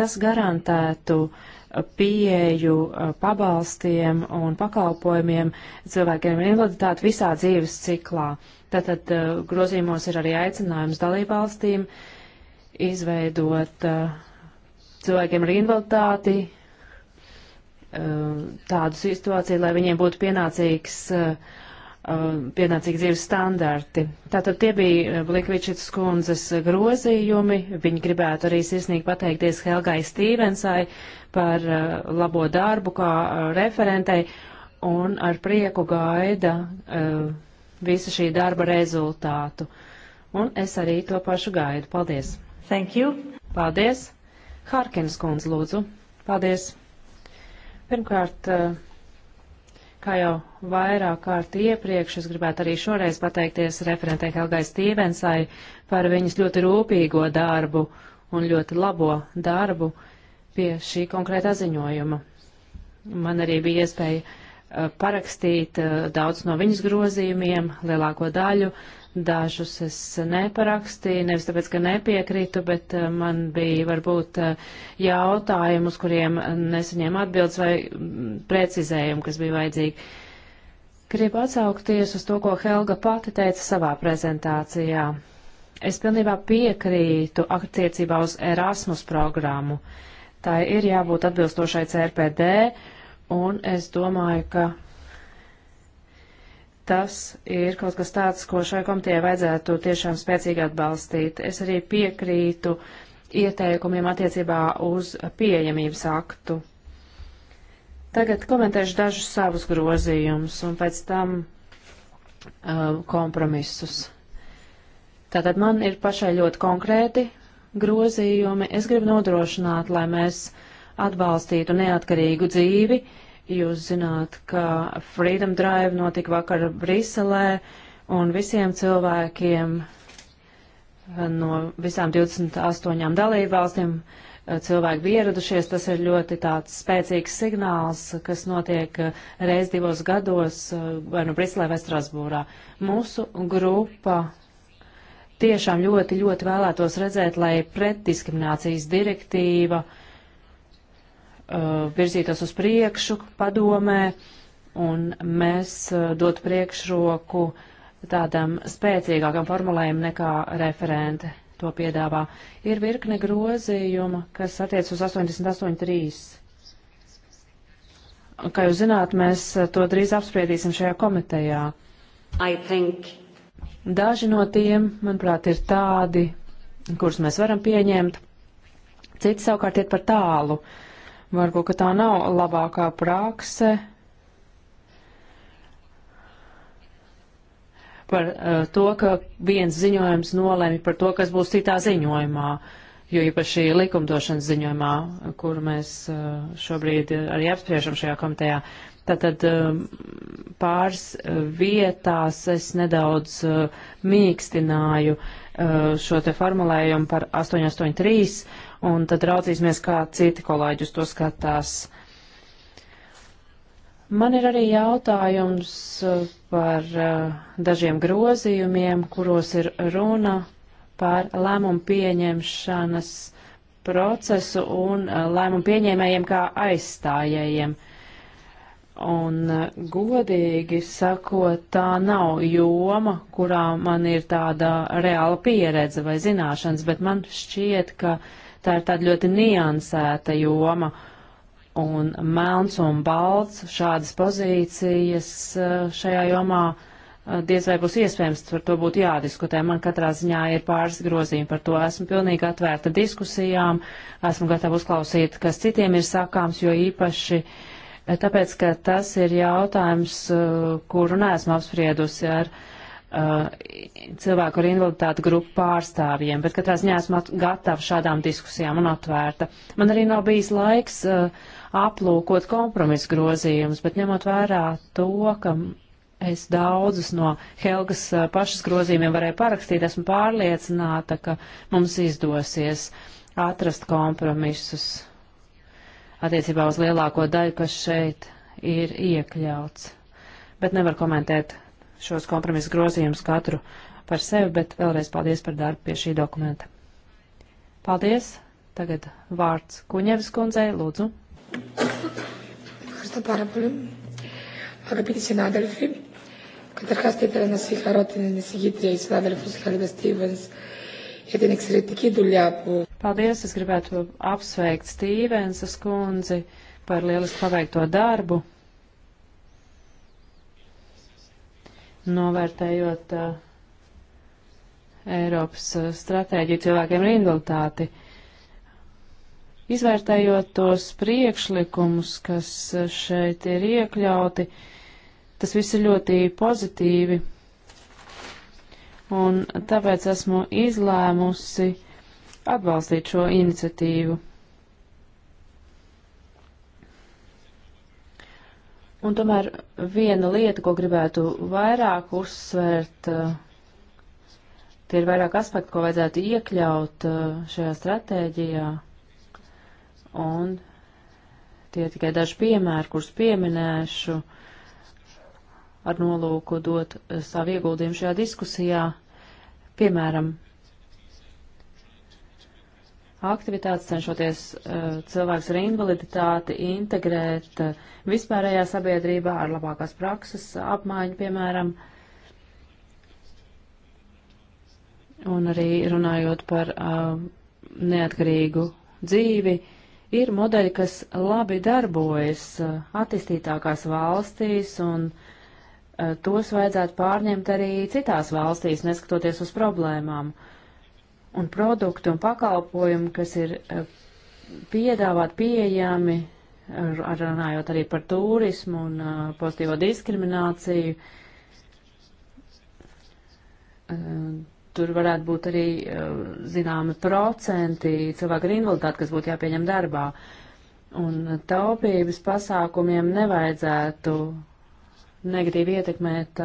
Tas garantētu eh, pieeju uh, pabalstiem un pakalpojumiem cilvēkiem ar invaliditāti visā dzīves ciklā. Tātad uh, grozījumos ir arī aicinājums dalībvalstīm izveidot cilvēkiem ar invaliditāti Eh, tādu situāciju, lai viņiem būtu pienācīgs, eh, eh, pienācīgi dzīves standarti. Tātad tie bija Blikvičits kundzes grozījumi. Viņi gribētu arī sirsnīgi pateikties Helgai Stīvensai par labo darbu kā referentei un ar prieku gaida visa šī darba rezultātu. Un es arī to pašu gaidu. Paldies! Thank you! Paldies! Harkins kundze, lūdzu! Paldies! Pirmkārt, eh, kā jau vairāk kārt iepriekš, es gribētu arī šoreiz pateikties referentē Helgai Stīvensai par viņas ļoti rūpīgo darbu un ļoti labo darbu pie šī konkrētā ziņojuma. Man arī bija iespēja eh, parakstīt eh, daudz no viņas grozījumiem, lielāko daļu. Dažus es neparakstīju, nevis tāpēc, ka nepiekrītu, bet eh, man bija varbūt eh, jautājumi, uz kuriem nesaņēmu atbildes vai mm, precizējumu, kas bija vajadzīgi. Gribu atsaukties uz to, ko Helga pati teica savā prezentācijā. Es pilnībā piekrītu attiecībā uz Erasmus programmu. Tā ir jābūt atbilstošai CRPD, un es domāju, ka tas ir kaut kas tāds, ko šai komitejai vajadzētu tiešām spēcīgi atbalstīt. Es arī piekrītu ieteikumiem attiecībā uz pieejamības aktu. Tagad komentēšu dažus savus grozījumus un pēc tam uh, kompromisus. Tātad man ir pašai ļoti konkrēti grozījumi. Es gribu nodrošināt, lai mēs atbalstītu neatkarīgu dzīvi uh, Jūs zināt, ka Freedom Drive notika vakar Briselē, un visiem cilvēkiem eh, no visām 28 dalībvalstīm eh, cilvēki bija ieradušies. Tas ir ļoti tāds spēcīgs signāls, kas notiek eh, reiz divos gados, vai nu no Briselē vai Strasbūrā. Mūsu grupa tiešām ļoti, ļoti vēlētos redzēt, lai pretdiskriminācijas direktīva uh, Uh, virzītos uz priekšu padomē, un mēs uh, dotu priekšroku tādam spēcīgākam formulējumam nekā referente to piedāvā. Ir virkne grozījuma, kas attiec uz 88.3. Kā jūs zināt, mēs uh, to drīz apspriedīsim šajā komitejā. Daži no tiem, manuprāt, ir tādi, kurus mēs varam pieņemt. Citi savukārt iet par tālu. Uh, Varbūt, ka tā nav labākā prakse par uh, to, ka viens ziņojums nolēma par to, kas būs citā ziņojumā, jo īpaši likumdošanas ziņojumā, kur mēs uh, šobrīd arī apspriežam šajā komitejā. Tātad eh, pāris vietās es nedaudz mīkstināju šo te formulējumu par 883 un tad raudzīsimies, kā citi kolēģi uz to skatās. Man ir arī jautājums uh, par uh, dažiem grozījumiem, kuros ir runa par lēmumu pieņemšanas procesu un uh, lēmumu pieņēmējiem kā aizstājējiem. Un godīgi sakot, tā nav joma, kurā man ir tāda reāla pieredze vai zināšanas, bet man šķiet, ka uh, tā ir tāda ļoti niansēta joma. Un melns un balts šādas pozīcijas eh, šajā jomā eh, diez vai būs iespējams, par to būtu jādiskutē. Man katrā ziņā ir pāris grozījumi par to. Esmu pilnīgi atvērta diskusijām, esmu gatava uzklausīt, kas citiem ir sakāms, jo īpaši eh, tāpēc, ka tas ir jautājums, kuru neesmu apspriedusi ar. Uh, Uh, cilvēku ar invaliditāti grupu pārstāvjiem, bet katrā ziņā esmu gatava šādām diskusijām un atvērta. Man arī nav bijis laiks uh, aplūkot kompromisu grozījumus, bet ņemot vērā to, ka es daudzus no Helgas uh, pašas grozījumiem varēju parakstīt, esmu pārliecināta, ka mums izdosies atrast kompromisus attiecībā uz lielāko daļu, kas šeit ir iekļauts. Bet nevar komentēt šos kompromisu grozījumus katru par sevi, bet vēlreiz paldies par darbu pie šī dokumenta. Paldies! Tagad vārds Kuņevas kundzei, lūdzu. Ευχαριστώ πάρα πολύ. Αγαπητοί συνάδελφοι, καταρχάς θα ήθελα να συγχαρώ την εισηγήτρια η συνάδελφος Χαλίδα Στίβενς για την εξαιρετική δουλειά που... Paldies, es gribētu apsveikt Stīvensas kundzi par lielisku paveikto darbu. novērtējot uh, Eiropas uh, stratēģiju cilvēkiem ar invaliditāti. Izvērtējot tos priekšlikumus, kas uh, šeit ir iekļauti, tas viss ir ļoti pozitīvi. Un tāpēc esmu izlēmusi atbalstīt šo iniciatīvu. Un tomēr viena lieta, ko gribētu vairāk uzsvērt, eh, tie ir vairāk aspekti, ko vajadzētu iekļaut eh, šajā stratēģijā. Un tie ir tikai daži piemēri, kurus pieminēšu ar nolūku dot eh, savu ieguldījumu šajā diskusijā. Piemēram, aktivitātes, cenšoties uh, cilvēks ar invaliditāti integrēt uh, vispārējā sabiedrībā ar labākās prakses apmaiņu, piemēram. Un arī runājot par uh, neatkarīgu dzīvi, ir modeļi, kas labi darbojas uh, attīstītākās valstīs un uh, tos vajadzētu pārņemt arī citās valstīs, neskatoties uz problēmām. Uh, un produktu un pakalpojumu, kas ir eh, piedāvāt pieejami, ar, runājot arī par turismu un eh, pozitīvo diskrimināciju. Eh, tur varētu būt arī zināmi procenti cilvēku ar invaliditāti, kas būtu jāpieņem darbā. Un taupības pasākumiem nevajadzētu negatīvi ietekmēt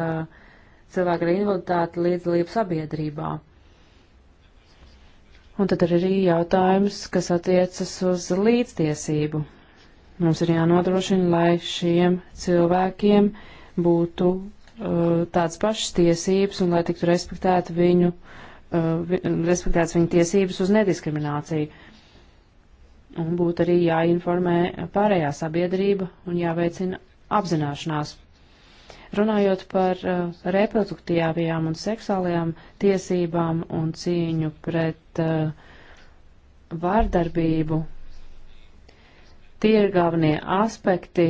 cilvēku ar invaliditāti līdzdalību sabiedrībā. Un tad ir arī jautājums, kas attiecas uz līdztiesību. Mums ir jānodrošina, lai šiem cilvēkiem būtu uh, tādas pašas tiesības un lai tiktu respektēta viņu, uh, vi, respektēts viņu tiesības uz nediskrimināciju. Un būtu arī jāinformē pārējā sabiedrība un jāveicina apzināšanās Runājot par uh, reproduktīvajām un seksuālajām tiesībām un cīņu pret uh, vārdarbību, tie ir galvenie aspekti,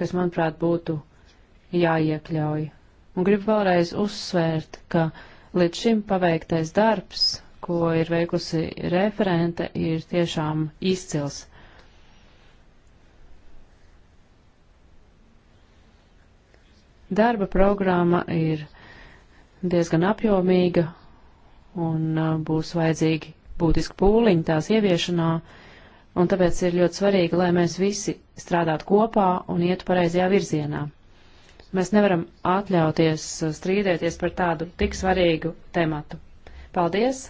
kas, manuprāt, būtu jāiekļauj. Un gribu vēlreiz uzsvērt, ka līdz šim paveiktais darbs, ko ir veikusi referente, ir tiešām izcils. Darba programma ir diezgan apjomīga un uh, būs vajadzīgi būtiski pūliņi tās ieviešanā, un tāpēc ir ļoti svarīgi, lai mēs visi strādātu kopā un ietu pareizajā virzienā. Mēs nevaram atļauties uh, strīdēties par tādu tik svarīgu tematu. Paldies!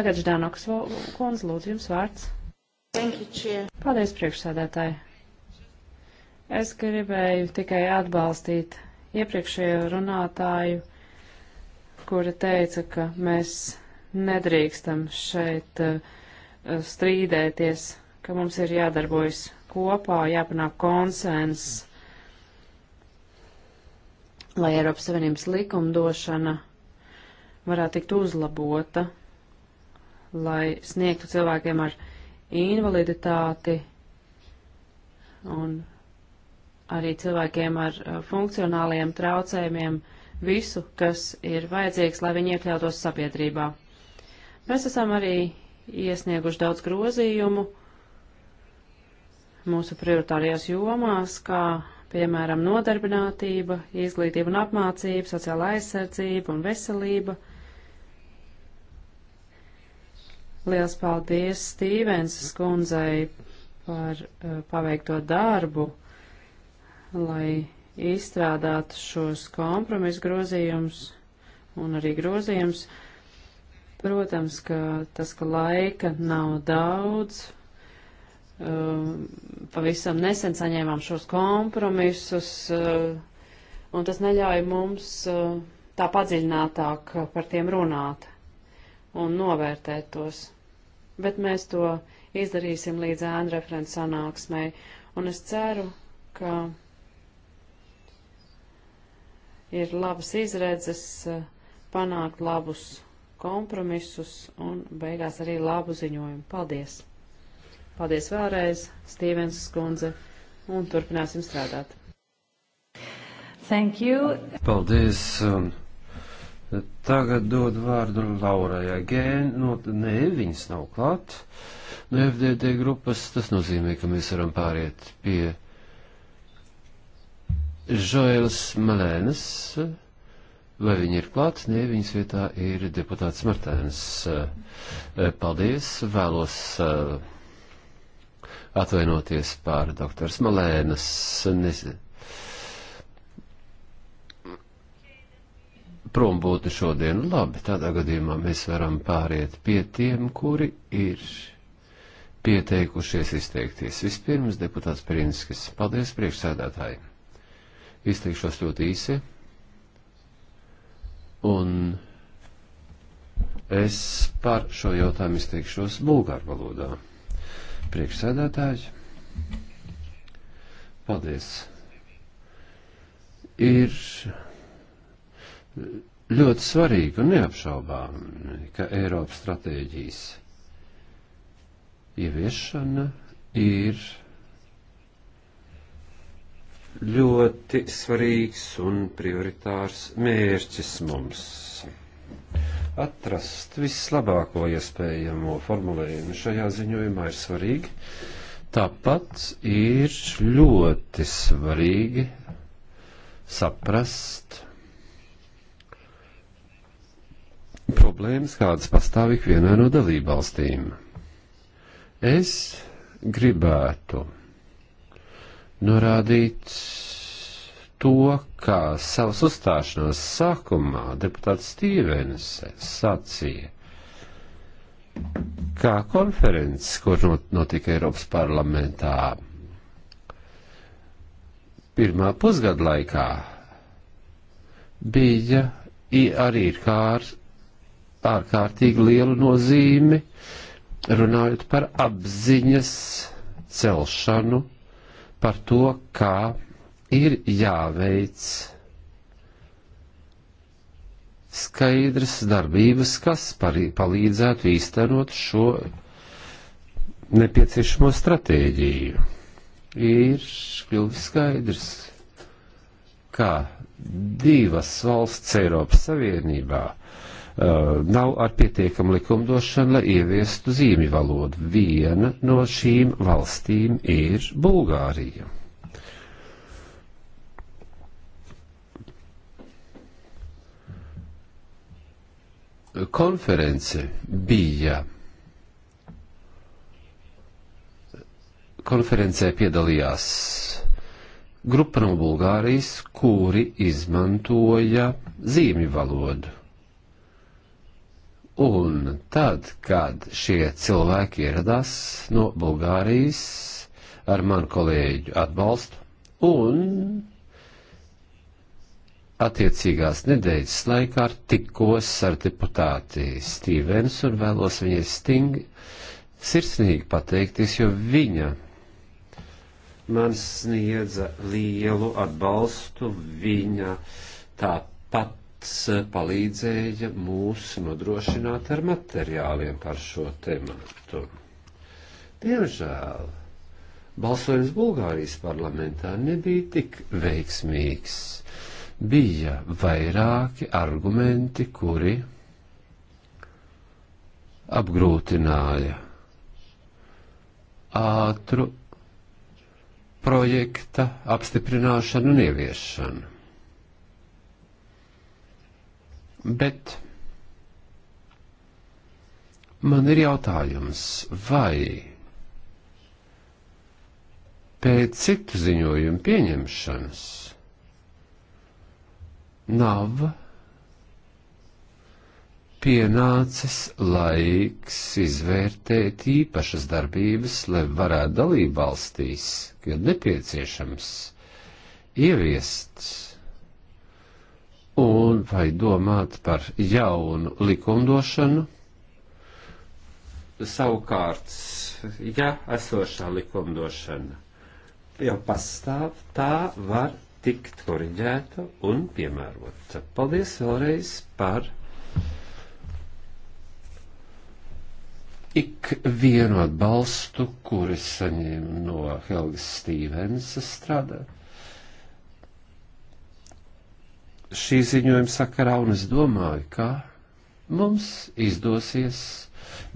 Tagad Ždānoks kundze, lūdzu jums vārds. Paldies, priekšsēdētāji! Es gribēju tikai atbalstīt iepriekšējo runātāju, kura teica, ka mēs nedrīkstam šeit eh, strīdēties, ka mums ir jādarbojas kopā, jāpanāk konsens, lai Eiropas Savienības likumdošana varētu tikt uzlabota, lai sniegtu cilvēkiem ar invaliditāti un arī cilvēkiem ar uh, funkcionāliem traucējumiem visu, kas ir vajadzīgs, lai viņi iekļautos sabiedrībā. Mēs esam arī iesnieguši daudz grozījumu mūsu prioritārajās jomās, kā piemēram nodarbinātība, izglītība un apmācība, sociāla aizsardzība un veselība. Liels paldies Stīvens skundzei par uh, paveikto darbu lai izstrādātu šos kompromisu grozījumus un arī grozījumus. Protams, ka tas, ka laika nav daudz, um, pavisam nesen saņēmām šos kompromisus, uh, un tas neļauj mums uh, tā padziļinātāk par tiem runāt un novērtēt tos. Bet mēs to izdarīsim līdz ēnreferents sanāksmai, un es ceru, ka ir labas izredzes eh, panākt labus kompromisus un beigās arī labu ziņojumu. Paldies! Paldies vēlreiz, Stīvens skundze, un turpināsim strādāt. Thank you. Paldies. Tagad dod vārdu Laurajai Gēn. No, nu, nē, viņas nav klāt. No FDD grupas tas nozīmē, ka mēs varam pāriet pie Žoēls Melēnas, vai viņi ir klāt? Nē, viņas vietā ir deputāts Martēns. Eh, paldies, vēlos eh, atvainoties par doktors Malēnas. Nes... Prom būtu šodien labi, tādā gadījumā mēs varam pāriet pie tiem, kuri ir pieteikušies izteikties. Vispirms deputāts Pirinskis. Paldies priekšsēdētāji! Izteikšos ļoti īsi. Un es par šo jautājumu izteikšos bulgāru valodā. Priekšsēdētāji, paldies. Ir ļoti svarīgi un neapšaubām, ka Eiropas stratēģijas ieviešana ir ļoti svarīgs un prioritārs mērķis mums. Atrast vislabāko iespējamo formulējumu šajā ziņojumā ir svarīgi. Tāpat ir ļoti svarīgi saprast problēmas, kādas pastāv ikvienā no dalībvalstīm. Es gribētu norādīt to, kā savas uzstāšanās sākumā deputāts Stīvens sacīja, kā konferences, kur notika Eiropas parlamentā pirmā pusgada laikā, bija arī ir kār, ārkārtīgi lielu nozīmi, runājot par apziņas celšanu par to, kā ir jāveic skaidras darbības, kas palīdzētu īstenot šo nepieciešamo stratēģiju. Ir kļuvis skaidrs, kā divas valsts Eiropas Savienībā Eh, nav ar pietiekamu likumdošanu, lai ieviestu zīmju valodu. Viena no šīm valstīm ir Bulgārija. konference bija. Konferencē piedalījās grupa no Bulgārijas, kuri izmantoja zīmju valodu. Un tad, kad šie cilvēki ieradās no Bulgārijas ar manu kolēģu atbalstu un attiecīgās nedēļas laikā tikos ar deputāti Stīvens un vēlos viņai stingri sirsnīgi pateikties, jo viņa man sniedza lielu atbalstu, viņa tāpat pats eh, palīdzēja mūs nodrošināt ar materiāliem par šo tematu. Diemžēl balsojums Bulgārijas parlamentā nebija tik veiksmīgs. Bija vairāki argumenti, kuri apgrūtināja ātru projekta apstiprināšanu un ieviešanu Bet man ir jautājums, vai pēc citu ziņojumu pieņemšanas nav pienācis laiks izvērtēt īpašas darbības, lai varētu dalībvalstīs, kad nepieciešams, ieviest un vai domāt par jaunu likumdošanu. Savukārt, ja esošā likumdošana jau pastāv, tā var tikt koriģēta un piemērota. Paldies vēlreiz par ik vienu atbalstu, kuri saņēma no Helgas Stīvensa strādāt šī ziņojuma sakarā, un es domāju, ka mums izdosies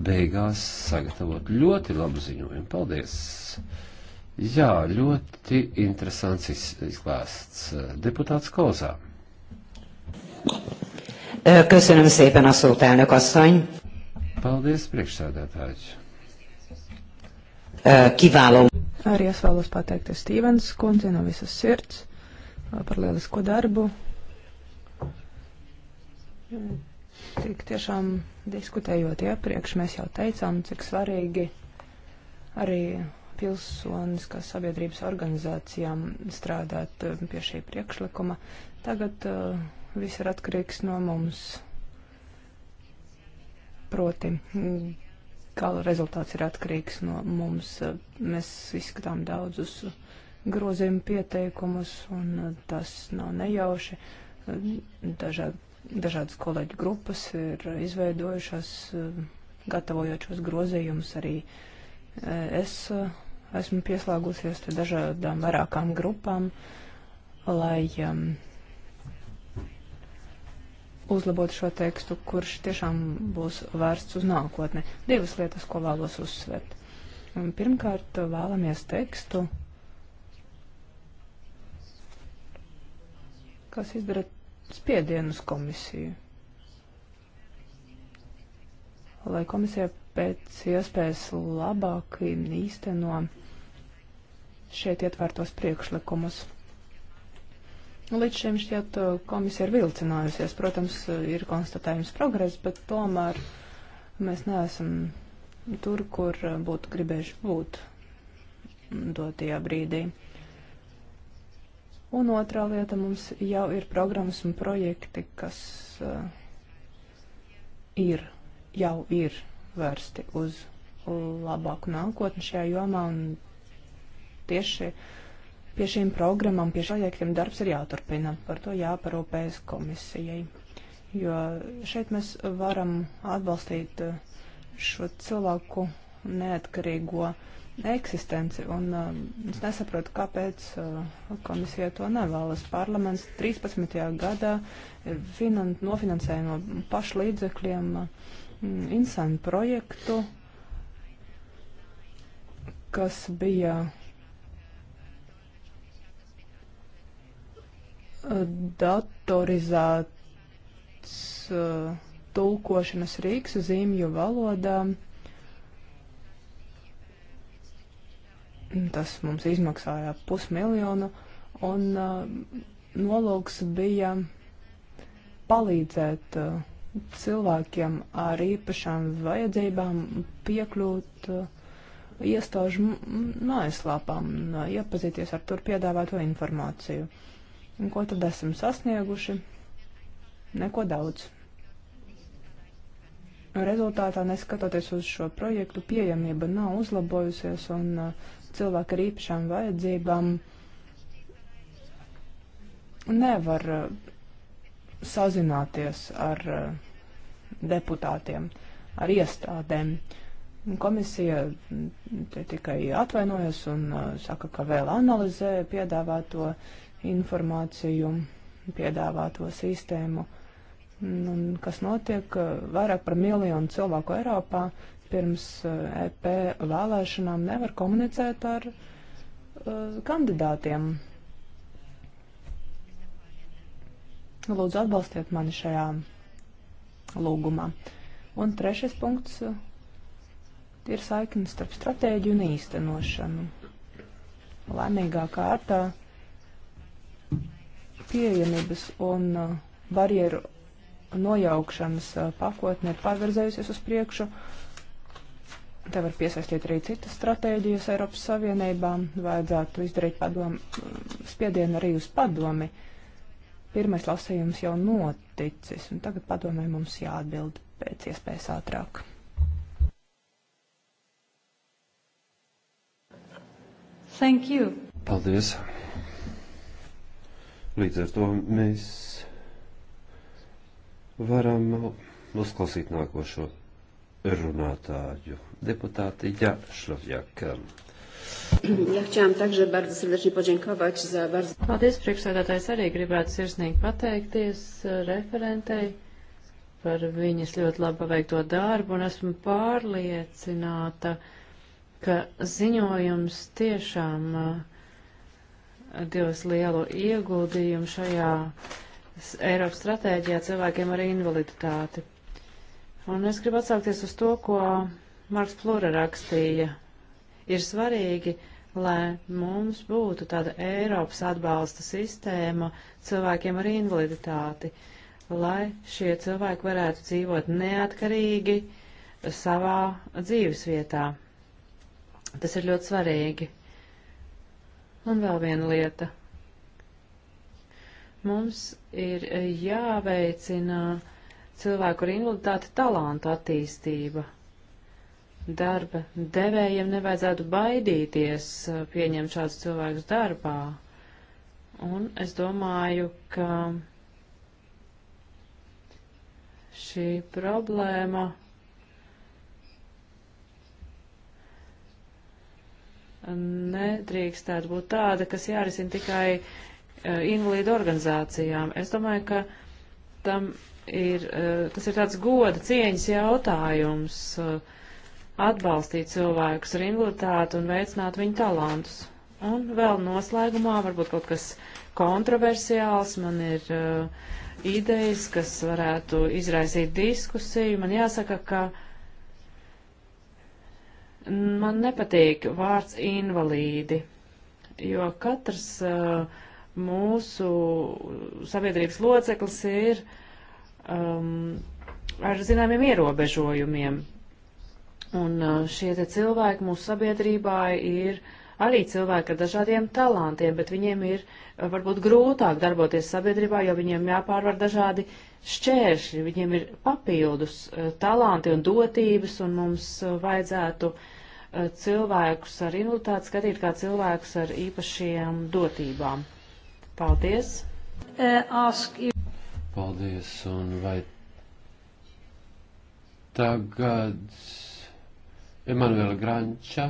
beigās sagatavot ļoti labu ziņojumu. Paldies! Jā, ļoti interesants izklāsts. Eh, deputāts Kozā. Köszönöm szépen a szót, elnök asszony. Paldies, priekšsēdētājs. Kiváló. Arī es vēlos pateikties Stīvens kundzi no visas sirds par lielisko darbu, Tik tiešām diskutējot iepriekš, mēs jau teicām, cik svarīgi arī pilsoniskās sabiedrības organizācijām strādāt eh, pie šī priekšlikuma. Tagad uh, viss ir atkarīgs no mums. Proti, gala rezultāts ir atkarīgs no mums. Mēs izskatām daudzus grozījumu pieteikumus, un tas nav nejauši. Dažādi dažādas kolēģu grupas ir izveidojušās, eh, gatavojot šos grozījumus. Arī eh, es eh, esmu pieslēgusies dažādām vairākām grupām, lai um, uzlabotu šo tekstu, kurš tiešām būs vērsts uz nākotni. Divas lietas, ko vēlos uzsvērt. Pirmkārt, vēlamies tekstu, kas izdara spiedienu uz komisiju, lai komisija pēc iespējas labāk īsteno šeit ietvērtos priekšlikumus. Līdz šim šķiet uh, komisija ir vilcinājusies. Protams, uh, ir konstatējums progress, bet tomēr mēs neesam tur, kur uh, būtu gribējuši būt dotajā brīdī. Un otrā lieta mums jau ir programmas un projekti, kas uh, ir, jau ir vērsti uz labāku nākotni šajā jomā. Un tieši pie šīm programmām, pie projektiem darbs ir jāturpina. Par to jāparūpējas komisijai. Jo šeit mēs varam atbalstīt eh, šo cilvēku neatkarīgo uh, eksistenci, un uh, es nesaprotu, kāpēc uh, komisija to nevēlas. Parlaments 13. gadā ir finan nofinansēja no pašlīdzekļiem uh, mm, insanu projektu, kas bija uh, datorizēts uh, tulkošanas rīks zīmju valodām Tas mums izmaksāja pusmiljonu, un uh, nolūks bija palīdzēt uh, cilvēkiem ar īpašām vajadzībām piekļūt uh, iestāžu mājaslapām un uh, iepazīties ar tur piedāvāto informāciju. Un ko tad esam sasnieguši? Neko daudz. Rezultātā, neskatoties uz šo projektu, pieejamība nav uzlabojusies un uh, cilvēki ar īpašām vajadzībām nevar uh, sazināties ar uh, deputātiem, ar iestādēm. Komisija mm, tikai atvainojas un uh, saka, ka vēl analizē piedāvāto informāciju, piedāvāto sistēmu. Un kas notiek? Vairāk par miljonu cilvēku Eiropā pirms EP eh, e vēlēšanām nevar komunicēt ar uh, kandidātiem. Lūdzu, atbalstiet mani šajā lūgumā. Un trešais punkts eh, ir saiknes starp stratēģiju un īstenošanu. Lēmīgā kārtā pieejamības un barjeru nojaukšanas pakotne ir pārverzējusies uz priekšu. Uh, Te var piesaistīt arī citas stratēģijas Eiropas Savienībām. Vajadzētu izdarīt padomu, spiedienu arī uz padomi. Pirmais lasījums jau noticis, un tagad padomē mums jāatbild pēc iespējas ātrāk. Thank you. Paldies. Līdz ar to mēs varam uzklausīt nākošo runātāju deputāti Jašlovjaka. Ja chciałam także bardzo serdecznie podziękować za bardzo... Paldies, priekšsēdētājs arī gribētu sirsnīgi pateikties e, referentei par viņas ļoti labi paveikto darbu, un esmu pārliecināta, ka ziņojums tiešām e, dos lielu ieguldījumu šajā Eiropas stratēģijā cilvēkiem ar invaliditāti. Un es gribu atsaukties uz to, ko Marks Flora rakstīja, ir svarīgi, lai mums būtu tāda Eiropas atbalsta sistēma cilvēkiem ar invaliditāti, lai šie cilvēki varētu dzīvot neatkarīgi savā dzīves vietā. Tas ir ļoti svarīgi. Un vēl viena lieta. Mums ir jāveicina cilvēku ar invaliditāti talantu attīstība darba devējiem nevajadzētu baidīties eh, pieņemt šādus cilvēkus darbā. Un es domāju, ka šī problēma eh, nedrīkstētu būt tāda, kas jārisina tikai uh, invalīdu organizācijām. Es domāju, ka tam ir, uh, tas ir tāds goda cieņas jautājums. Uh, atbalstīt cilvēkus ar invaliditāti un veicināt viņu talantus. Un vēl noslēgumā varbūt kaut kas kontroversiāls. Man ir uh, idejas, kas varētu izraisīt diskusiju. Man jāsaka, ka man nepatīk vārds invalīdi, jo katrs uh, mūsu sabiedrības loceklis ir um, ar zināmiem ierobežojumiem. Un uh, šie te cilvēki mūsu sabiedrībā ir arī cilvēki ar dažādiem talantiem, bet viņiem ir uh, varbūt grūtāk darboties sabiedrībā, jo viņiem jāpārvar dažādi šķēršļi, viņiem ir papildus uh, talanti un dotības, un mums vajadzētu cilvēkus ar invaliditāti nu, skatīt kā cilvēkus ar īpašiem dotībām. Paldies! Paldies, un vai tagad Emanuela Granča.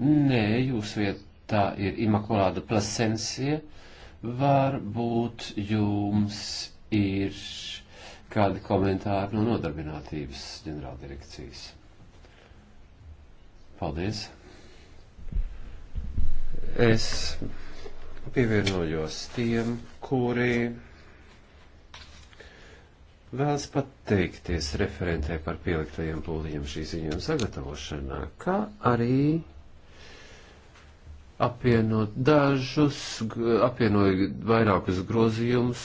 Nē, jūs vietā ir Imakulāda Plasensie. Varbūt jums ir kādi komentāri no nodarbinātības ģenerāldirekcijas. Paldies! Es pievienojos tiem, kuri vēlas pateikties referentē par pieliktajiem pūlījiem šī ziņojuma sagatavošanā, kā arī apvienot dažus, apvienoja vairākus grozījumus,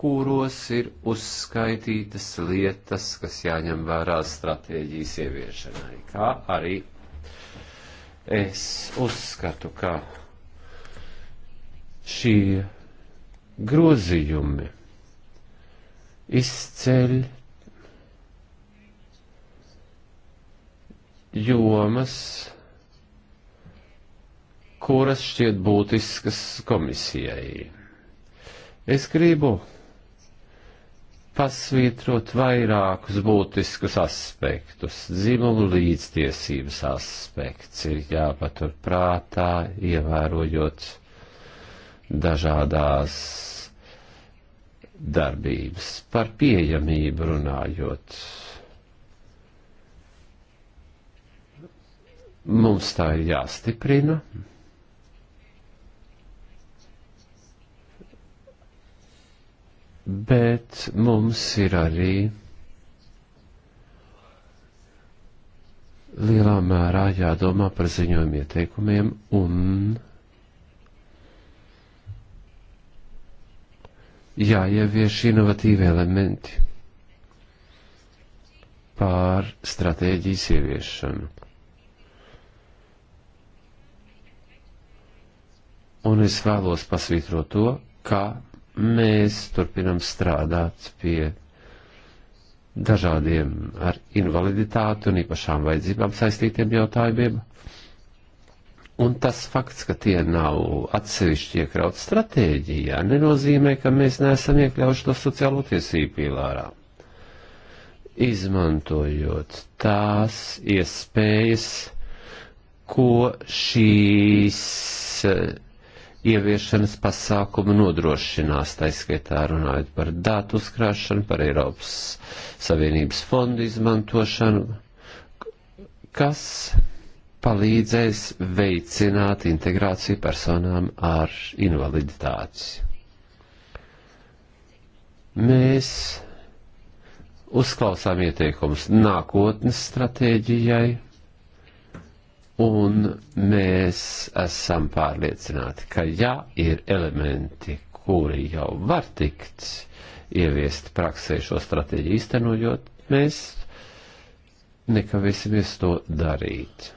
kuros ir uzskaitītas lietas, kas jāņem vērā stratēģijas ieviešanai, kā arī es uzskatu, ka šie grozījumi izceļ jomas, kuras šķiet būtiskas komisijai. Es gribu pasvītrot vairākus būtiskus aspektus. Dzimumu līdztiesības aspekts ir jāpatur prātā, ievērojot dažādās darbības. Par pieejamību runājot. Mums tā ir jāstiprina. Bet mums ir arī lielā mērā jādomā par ziņojumu ieteikumiem un jāievieš inovatīvi elementi pār stratēģijas ieviešanu. Un es vēlos pasvītrot to, kā mēs turpinam strādāt pie dažādiem ar invaliditāti un īpašām vajadzībām saistītiem jautājumiem Un tas fakts, ka tie nav atsevišķi iekrauti stratēģijā, nenozīmē, ka mēs neesam iekļaujuši to sociālo tiesību pīlārā. Izmantojot tās iespējas, ko šīs eh, ieviešanas pasākumu nodrošinās, taiskaitā runājot par datu uzkrāšanu, par Eiropas Savienības fondu izmantošanu, kas palīdzēs veicināt integrāciju personām ar invaliditāti. Mēs uzklausām ieteikumus nākotnes stratēģijai, un mēs esam pārliecināti, ka ja ir elementi, kuri jau var tikt ieviest praksē šo stratēģiju īstenojot, mēs nekavēsimies to darīt.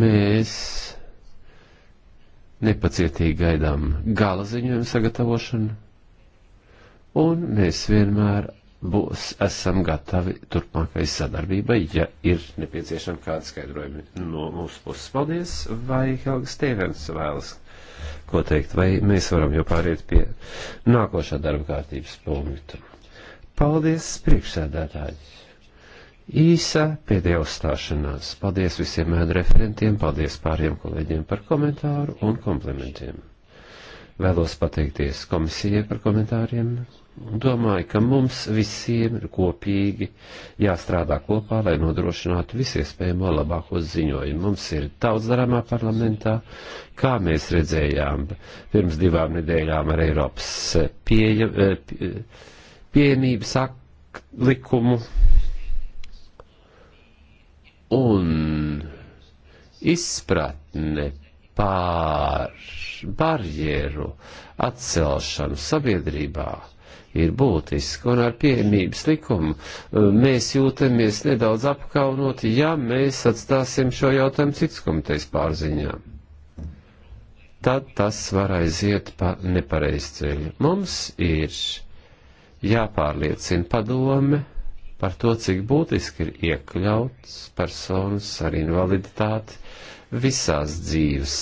Mēs nepacietīgi gaidām gala ziņojumu sagatavošanu, un mēs vienmēr būs, esam gatavi turpmākai sadarbībai, ja ir nepieciešami kādi skaidrojumi no mūsu puses. Paldies, vai Helga Stevens vēlas ko teikt, vai mēs varam jau pāriet pie nākošā darba kārtības punktu. Paldies, priekšsēdētāji! īsa pēdējā uzstāšanās. Paldies visiem ēdu referentiem, paldies pāriem kolēģiem par komentāru un komplementiem. Vēlos pateikties komisijai par komentāriem. Domāju, ka mums visiem ir kopīgi jāstrādā kopā, lai nodrošinātu visiespējamo labāko ziņojumu. Mums ir daudz darāmā parlamentā, kā mēs redzējām pirms divām nedēļām ar Eiropas pieejamības eh, pie, pie, pieejamības likumu un izpratne pār barjeru atcelšanu sabiedrībā ir būtiski, un ar pieejamības likumu e, mēs jūtamies nedaudz apkaunot, ja mēs atstāsim šo jautājumu citas komitejas pārziņā. Tad tas var aiziet pa nepareiz ceļu. Mums ir jāpārliecina padome par to, cik būtiski ir iekļauts personas ar invaliditāti visās dzīves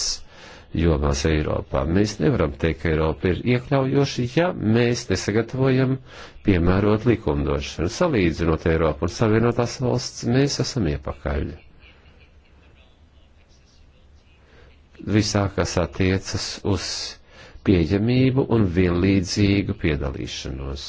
jomās Eiropā. Mēs nevaram teikt, ka Eiropa ir iekļaujoša, ja mēs nesagatavojam piemērot likumdošanu. Salīdzinot Eiropu un Savienotās valsts, mēs esam iepakaļ. Visā, kas attiecas uz pieejamību un vienlīdzīgu piedalīšanos.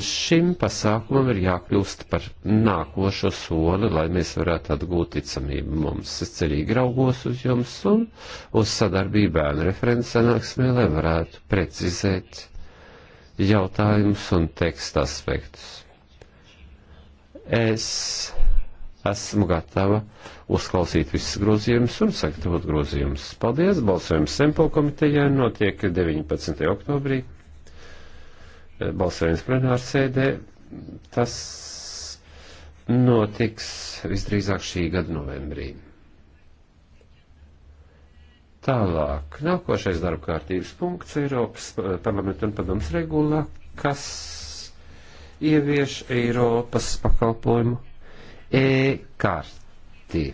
šim pasākumam ir jākļūst par nākošo soli, lai mēs varētu atgūt ticamību mums. Es cerīgi raugos uz jums un uz sadarbību bērnu referents sanāksmē, lai varētu precizēt jautājumus un teksta aspektus. Es esmu gatava uzklausīt visus grozījumus un sagatavot grozījumus. Paldies! Balsojums Sempo komitejai notiek 19. oktobrī balsojums plenārs sēdē. Tas notiks visdrīzāk šī gada novembrī. Tālāk, nākošais darba kārtības punkts Eiropas parlamenta un padoms regulā, kas ievieš Eiropas pakalpojumu e-karti.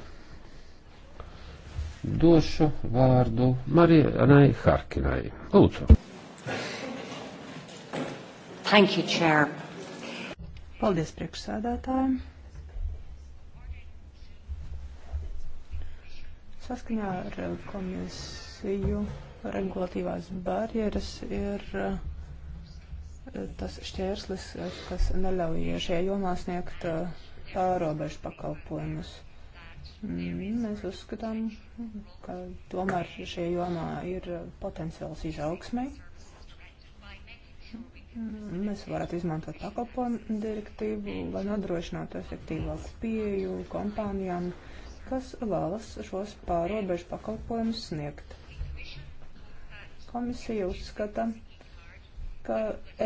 Došu vārdu Marijanai Harkinai. Lūdzu. Thank you, Chair. Paldies priekšsēdētājiem. Saskaņā ar komisiju regulatīvās barjeras ir eh, tas šķērslis, eh, kas neļauj šajā jomā sniegt eh, pārobežu pakalpojumus. Mm, mēs uzskatām, ka tomēr šajā jomā ir potenciāls izaugsmai Mm-hmm. Mēs varētu izmantot pakalpojumu direktīvu, lai nodrošinātu efektīvāku pieju kompānijām, kas vēlas šos pārobežu pakalpojumus sniegt. Komisija uzskata, ka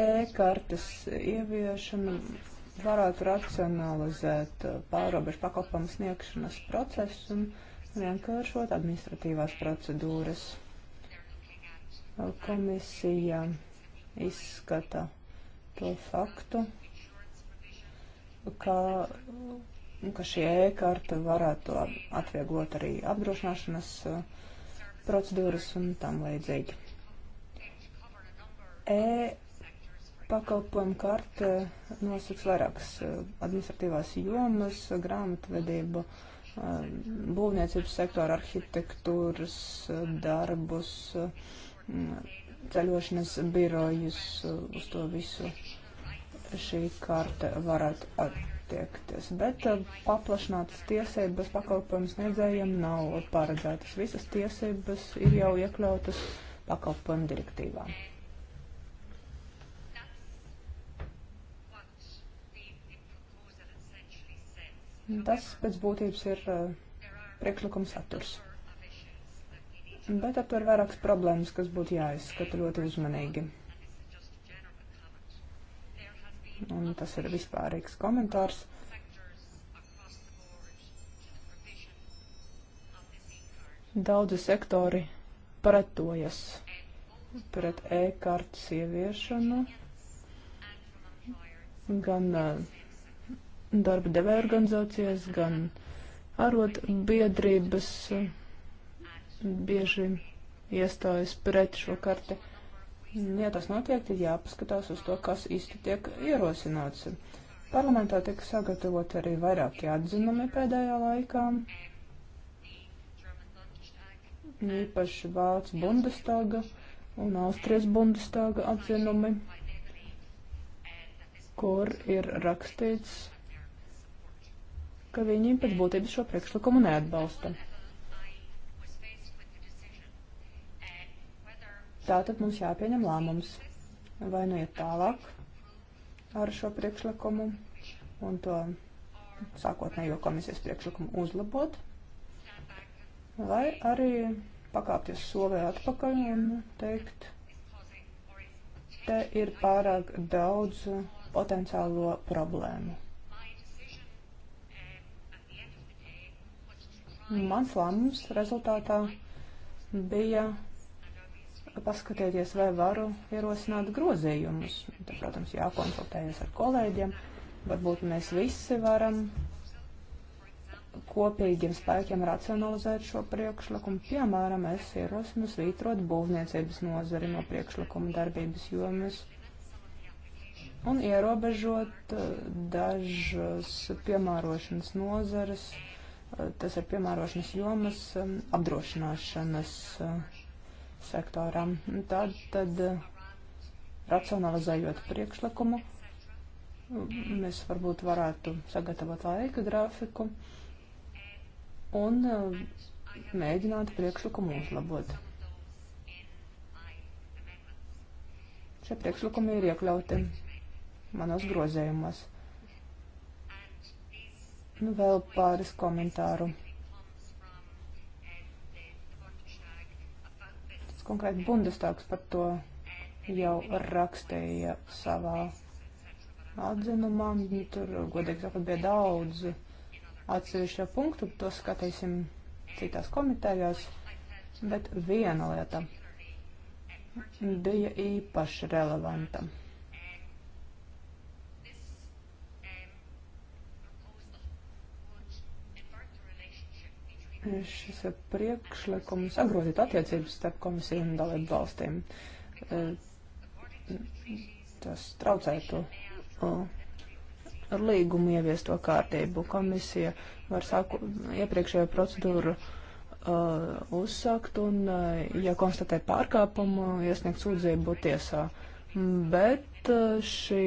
e-kartes ieviešana varētu racionalizēt pārobežu pakalpojumu sniegšanas procesu un vienkāršot administratīvās procedūras. Komisija izskata to faktu, ka, ka šī e-karta varētu atvieglot arī apdrošināšanas eh, procedūras un tam līdzīgi. E pakalpojumu karte nosaks vairākas eh, administratīvās jomas, grāmatvedību, eh, būvniecības sektora, arhitektūras darbus, ceļošanas birojus uh, uz to visu šī kārta varētu attiekties. Bet uh, paplašinātas tiesības pakalpojums niedzējiem nav paredzētas. Visas tiesības ir jau iekļautas pakalpojumu direktīvā. Tas pēc būtības ir uh, priekšlikums saturs bet ar to ir vairākas problēmas, kas būtu jāizskata ļoti uzmanīgi. Un tas ir vispārīgs komentārs. Daudzi sektori pretojas pret e-kartes ieviešanu gan eh, darba devēja organizācijas, gan arotbiedrības. biedrības bieži iestājas pret šo karti. Ja tas notiek, tad jāpaskatās uz to, kas īsti tiek ierosināts. Parlamentā tika sagatavot arī vairāki atzinumi pēdējā laikā. Īpaši Vācu Bundestaga un Austrijas Bundestaga atzinumi, kur ir rakstīts, ka viņi pēc būtības šo priekšlikumu neatbalsta. Tātad mums jāpieņem lēmums, vai nu iet tālāk ar šo priekšlikumu un to sākotnējo komisijas priekšlikumu uzlabot, vai arī pakāpties solē atpakaļ un teikt, te ir pārāk daudz potenciālo problēmu. Mans lēmums rezultātā bija paskatieties, vai varu ierosināt grozījumus. Tad, protams, jākonsultējas ar kolēģiem. Varbūt mēs visi varam kopīgiem spēkiem racionalizēt šo priekšlikumu. Piemēram, es ierosinu svītrot būvniecības nozari no priekšlikuma darbības jomas un ierobežot eh, dažas piemērošanas nozares, eh, tas ir piemērošanas jomas eh, apdrošināšanas. Uh, sektoram. Tad, tad racionalizējot priekšlikumu, mēs varbūt varētu sagatavot laika grafiku un mēģināt priekšlikumu uzlabot. Šie priekšlikumi ir iekļauti manos grozējumos. Nu, vēl pāris komentāru konkrēti Bundestags par to jau rakstīja savā atzinumā. Tur, godīgi sakot, bija daudz atsevišķo punktu, to skatīsim citās komitējās, bet viena lieta bija īpaši relevanta. šis priekšlikums agrozīt attiecības starp komisiju un dalību valstīm. E, tas traucētu ar līgumu ieviesto kārtību. Komisija var sāku iepriekšējo procedūru e, uzsākt un, e, ja konstatē pārkāpumu, iesniegt sūdzību tiesā. Bet šī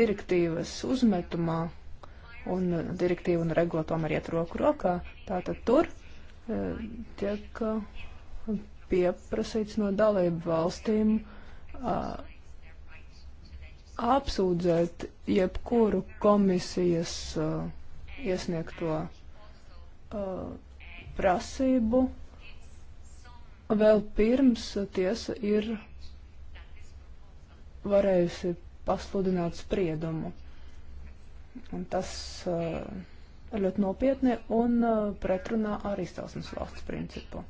direktīvas uzmetumā un direktīva un regula tomēr iet roku rokā. Tātad tur e, tiek e, pieprasīts no dalību valstīm apsūdzēt jebkuru komisijas e, iesniegto prasību vēl pirms tiesa ir varējusi pasludināt spriedumu. Un tas eh, ir ļoti nopietni un eh, pretrunā ar izcelsmes valsts principu.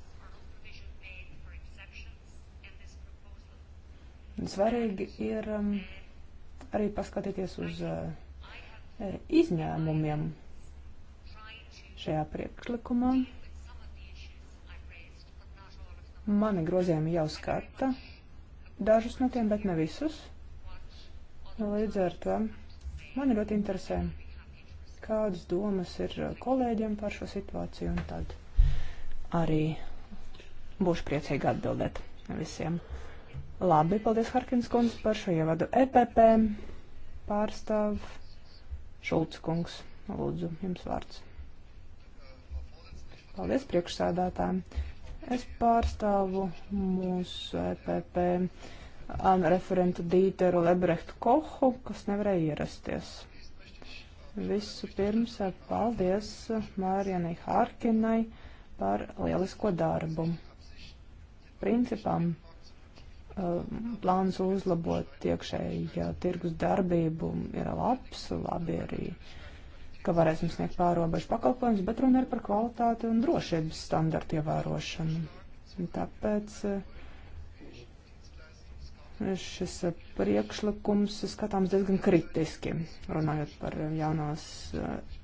Svarīgi ir um, arī paskatīties uz eh, izņēmumiem šajā priekšlikumā. Mani grozījumi jau skata dažus no tiem, bet ne visus. Līdz ar to Man ļoti interesē, kādas domas ir kolēģiem par šo situāciju, un tad arī būšu priecīgi atbildēt visiem. Labi, paldies Harkins kundze par šo ievadu EPP. Pārstāv Šulc kungs, lūdzu, jums vārds. Paldies priekšsēdētājiem. Es pārstāvu mūsu EPP referentu Dīteru Lebrehtu Kohu, kas nevarēja ierasties. Visu pirms paldies Mārijanai Hārkinai par lielisko darbu. Principam um, plāns uzlabot iekšējā tirgus darbību ir labs, labi arī, ka varēsim sniegt pārobežu pakalpojumus, bet runa ir par kvalitāti un drošības standartu ievērošanu. Tāpēc uh, šis priekšlikums skatāms diezgan kritiski, runājot par jaunās eh,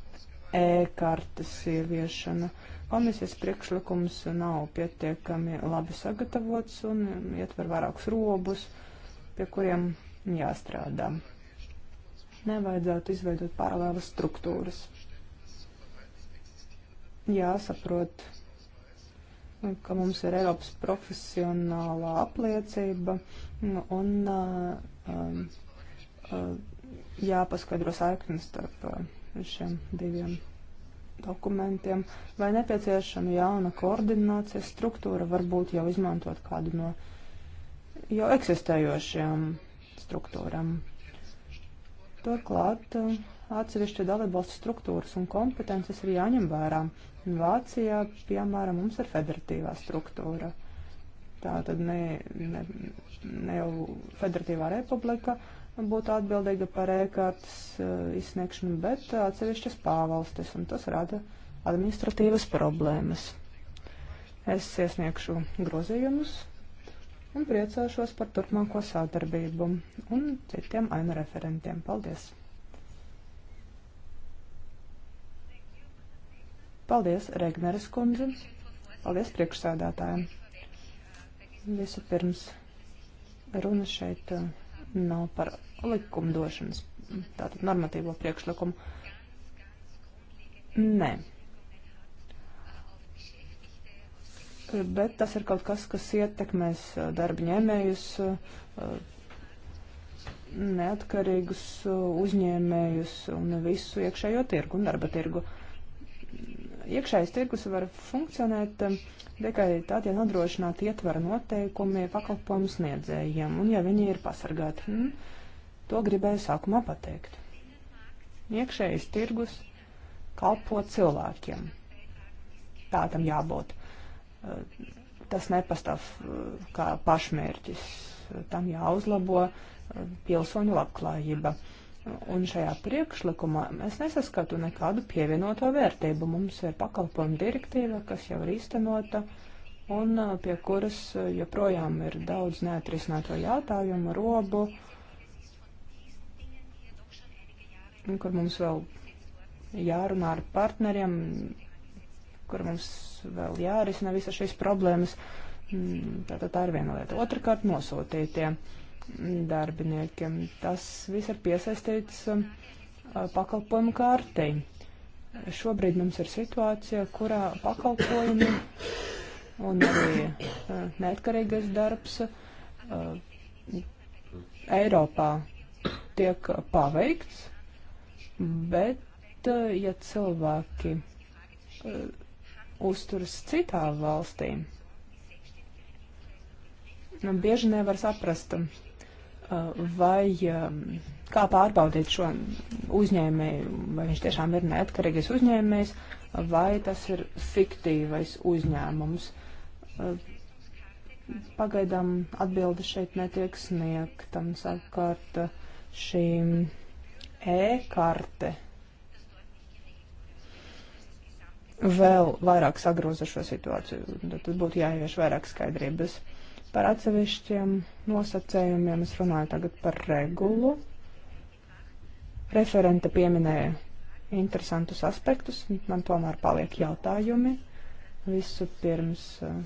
e-kartes ieviešanu. Komisijas priekšlikums nav pietiekami labi sagatavots un ietver vairākus robus, pie kuriem jāstrādā. Nevajadzētu izveidot paralēlas struktūras. Jāsaprot, ka mums ir Eiropas profesionālā apliecība, uh, Nu, un uh, um, uh, jāpaskaidro saiknes starp uh, šiem diviem dokumentiem, vai nepieciešama jauna koordinācijas struktūra, varbūt jau izmantot kādu no jau eksistējošajām struktūram. Turklāt atsevišķu dalībvalstu struktūras un kompetences ir jāņem vērā. Vācijā, piemēram, mums ir federatīvā struktūra. Tā tad ne, ne, Federatīvā republika būtu atbildīga par e-kārtas e, izsniegšanu, bet atsevišķas pāvalstis, un tas rada administratīvas problēmas. Es iesniegšu grozījumus un priecāšos par turpmāko sadarbību un citiem ainu referentiem. Paldies! Paldies, Regneres kundze! Paldies priekšsēdētājiem! Visu pirms! Runa šeit uh, nav par likumdošanas, tātad normatīvo priekšlikumu. Nē. Bet tas ir kaut kas, kas ietekmēs uh, darba ņēmējus, uh, neatkarīgus uzņēmējus un visu iekšējo tirgu un darba tirgu iekšējais tirgus var funkcionēt um, tikai tad, ja nodrošināti ietvara noteikumi pakalpojumu sniedzējiem un ja viņi ir pasargāti. Hmm. To gribēju sākumā pateikt. Iekšējais tirgus kalpo cilvēkiem. Tā tam jābūt. Uh, tas nepastāv uh, kā pašmērķis. Tam jāuzlabo uh, pilsoņu labklājība. Uh, Un šajā priekšlikumā es nesaskatu nekādu pievienoto vērtību. Mums ir pakalpojuma direktīva, kas jau ir īstenota un uh, pie kuras uh, joprojām ir daudz neatrisināto jautājumu, robu, kur mums vēl jārunā ar partneriem, kur mums vēl jārisina visas šīs problēmas. Mm, tātad tā ir viena lieta. Otrakārt nosūtītie. Ja darbiniekiem. Tas viss ir piesaistīts um, uh, pakalpojumu kārtei. Šobrīd mums ir situācija, kurā pakalpojumi un arī uh, neatkarīgais darbs uh, Eiropā tiek paveikts, bet ja cilvēki uzturas citā valstī, nu, bieži nevar saprast, vai um, kā pārbaudīt šo uzņēmēju, vai viņš tiešām ir neatkarīgais uzņēmējs, vai tas ir fiktīvais uzņēmums. Uh, pagaidām atbildi šeit netiek sniegta, un savukārt uh, šī e-karte vēl vairāk sagroza šo situāciju. Tad būtu jāievieš vairāk skaidrības. Uh, par atsevišķiem nosacējumiem. Es runāju tagad par regulu. Referente pieminēja interesantus aspektus. Man tomēr paliek jautājumi. Visu pirms. Eh,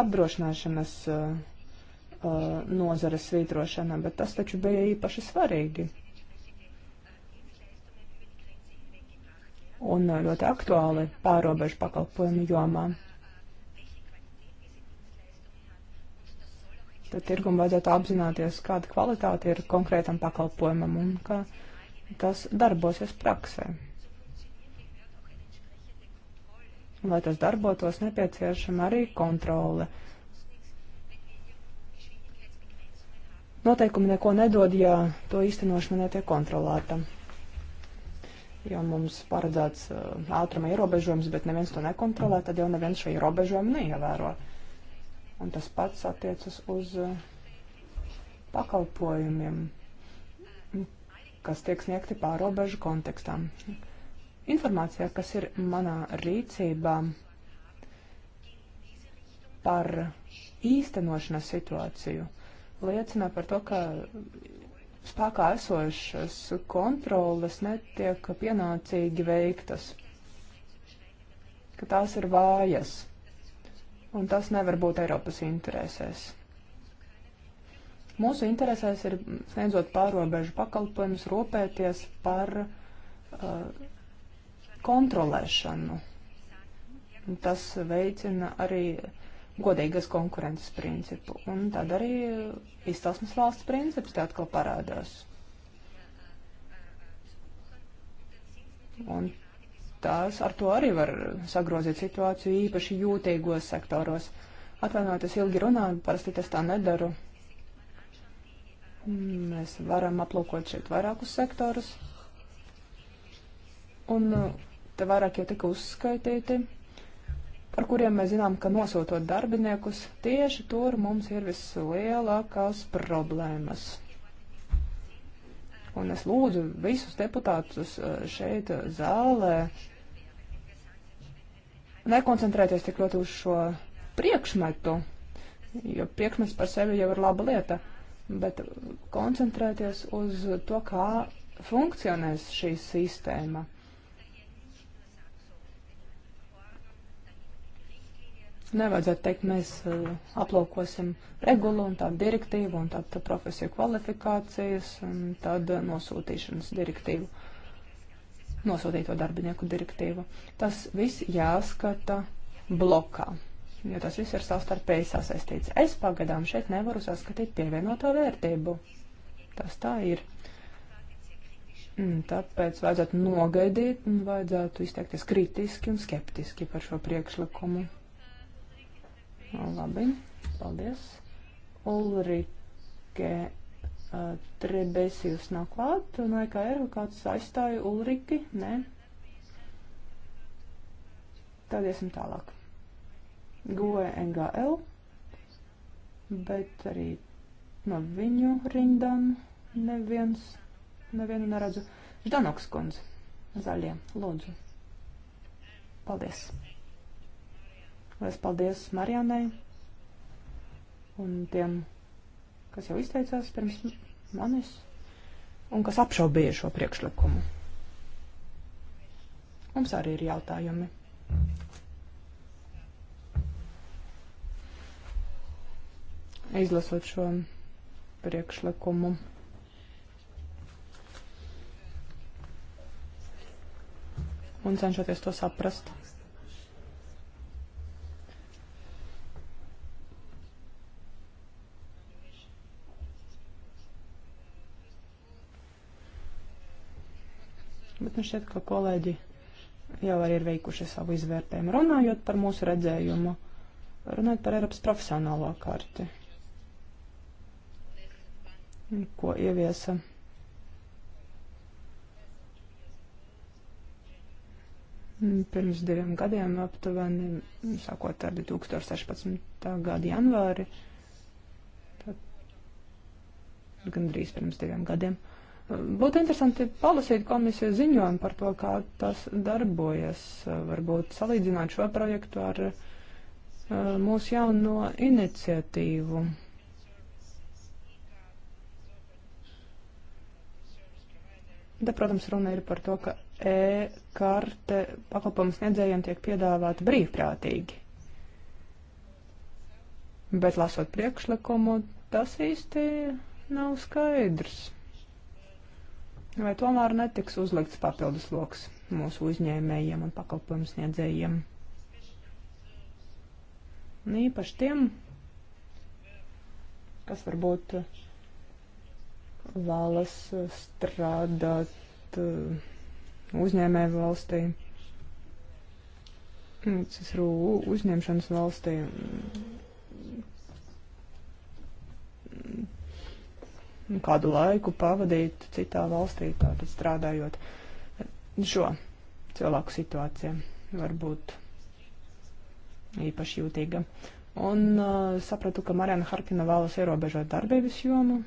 apdrošināšanas uh, eh, eh, nozara svītrošana, bet tas taču bija īpaši svarīgi. un uh, ļoti aktuāli pārobežu pakalpojumu jomā. Tad tirgum vajadzētu apzināties, kāda kvalitāte ir konkrētam pakalpojumam un ka tas darbosies praksē. Un, lai tas darbotos, nepieciešama arī kontrole. Noteikumi neko nedod, ja to īstenošana netiek kontrolēta jo mums paredzēts uh, ātruma ierobežojums, bet neviens to nekontrolē, tad jau neviens šo ierobežojumu neievēro. Un tas pats attiecas uz uh, pakalpojumiem, kas tiek sniegti pārobežu kontekstā. Informācija, kas ir manā rīcībā par īstenošanas situāciju, liecina par to, ka spēkā esošas kontroles netiek pienācīgi veiktas, ka tās ir vājas, un tas nevar būt Eiropas interesēs. Mūsu interesēs ir sniedzot pārobežu pakalpojumus, rūpēties par uh, kontrolēšanu. Tas veicina arī uh, godīgas konkurences principu. Un tad arī izcelsmes valsts princips te atkal parādās. Un tās ar to arī var sagrozīt situāciju īpaši jūtīgos sektoros. Atvainojiet, es ilgi runāju, parasti es tā nedaru. Mēs varam aplūkot šeit vairākus sektorus. Un te vairāk jau tika uzskaitīti par kuriem mēs zinām, ka nosūtot darbiniekus, tieši tur mums ir vislielākās problēmas. Un es lūdzu visus deputātus uh, šeit uh, zālē nekoncentrēties tik ļoti uz šo priekšmetu, jo priekšmets par sevi jau ir laba lieta, bet koncentrēties uz to, kā funkcionēs šī sistēma. Nevajadzētu teikt, mēs eh, aplaukosim regulu un tādu direktīvu un tad profesiju kvalifikācijas un tad nosūtīšanas direktīvu, nosūtīto darbinieku direktīvu. Tas viss jāskata blokā, jo tas viss ir savstarpēji sasaistīts. Es pagadām šeit nevaru saskatīt pievienoto vērtību. Tas tā ir. Mm, tāpēc vajadzētu nogaidīt un vajadzētu izteikties kritiski un skeptiski par šo priekšlikumu. Labi, paldies. Ulrike uh, Trebesijus nav klāt, un EKR kāds aizstāja Ulriki, nē. Tad iesim tālāk. Goe NGL, bet arī no viņu rindām neviens, nevienu neredzu. Ždanoks kundze, zaļie, lūdzu. Paldies. Lielas paldies Marijanai un tiem, kas jau izteicās pirms manis un kas apšaubīja šo priekšlikumu. Mums arī ir jautājumi. Izlasot šo priekšlikumu. Un cenšoties to saprast. Nu šķiet, ka kolēģi jau arī ir veikuši savu izvērtējumu. Runājot par mūsu redzējumu, runājot par Eiropas profesionālo karti, ko ieviesa. Pirms diviem gadiem, aptuveni, sākot ar 2016. gada janvāri, gandrīz pirms diviem gadiem, Būtu interesanti palasīt komisijas ziņojumu par to, kā tas darbojas. Varbūt salīdzināt šo projektu ar uh, mūsu jauno iniciatīvu. Te, protams, runa ir par to, ka e-karte pakalpojums niedzējiem tiek piedāvāta brīvprātīgi. Bet lasot priekšlikumu, tas īsti nav skaidrs vai tomēr netiks uzlikts papildus lokus mūsu uzņēmējiem un pakalpojumu sniedzējiem. Un īpaši tiem, kas varbūt uh, vēlas uh, strādāt uh, uzņēmē valstī, mm, tas ir uzņemšanas valstī, mm. kādu laiku pavadīt citā valstī, tātad strādājot šo cilvēku situācija var būt īpaši jūtīga. Un uh, sapratu, ka Marina Harkina vēlas ierobežot darbības jomu.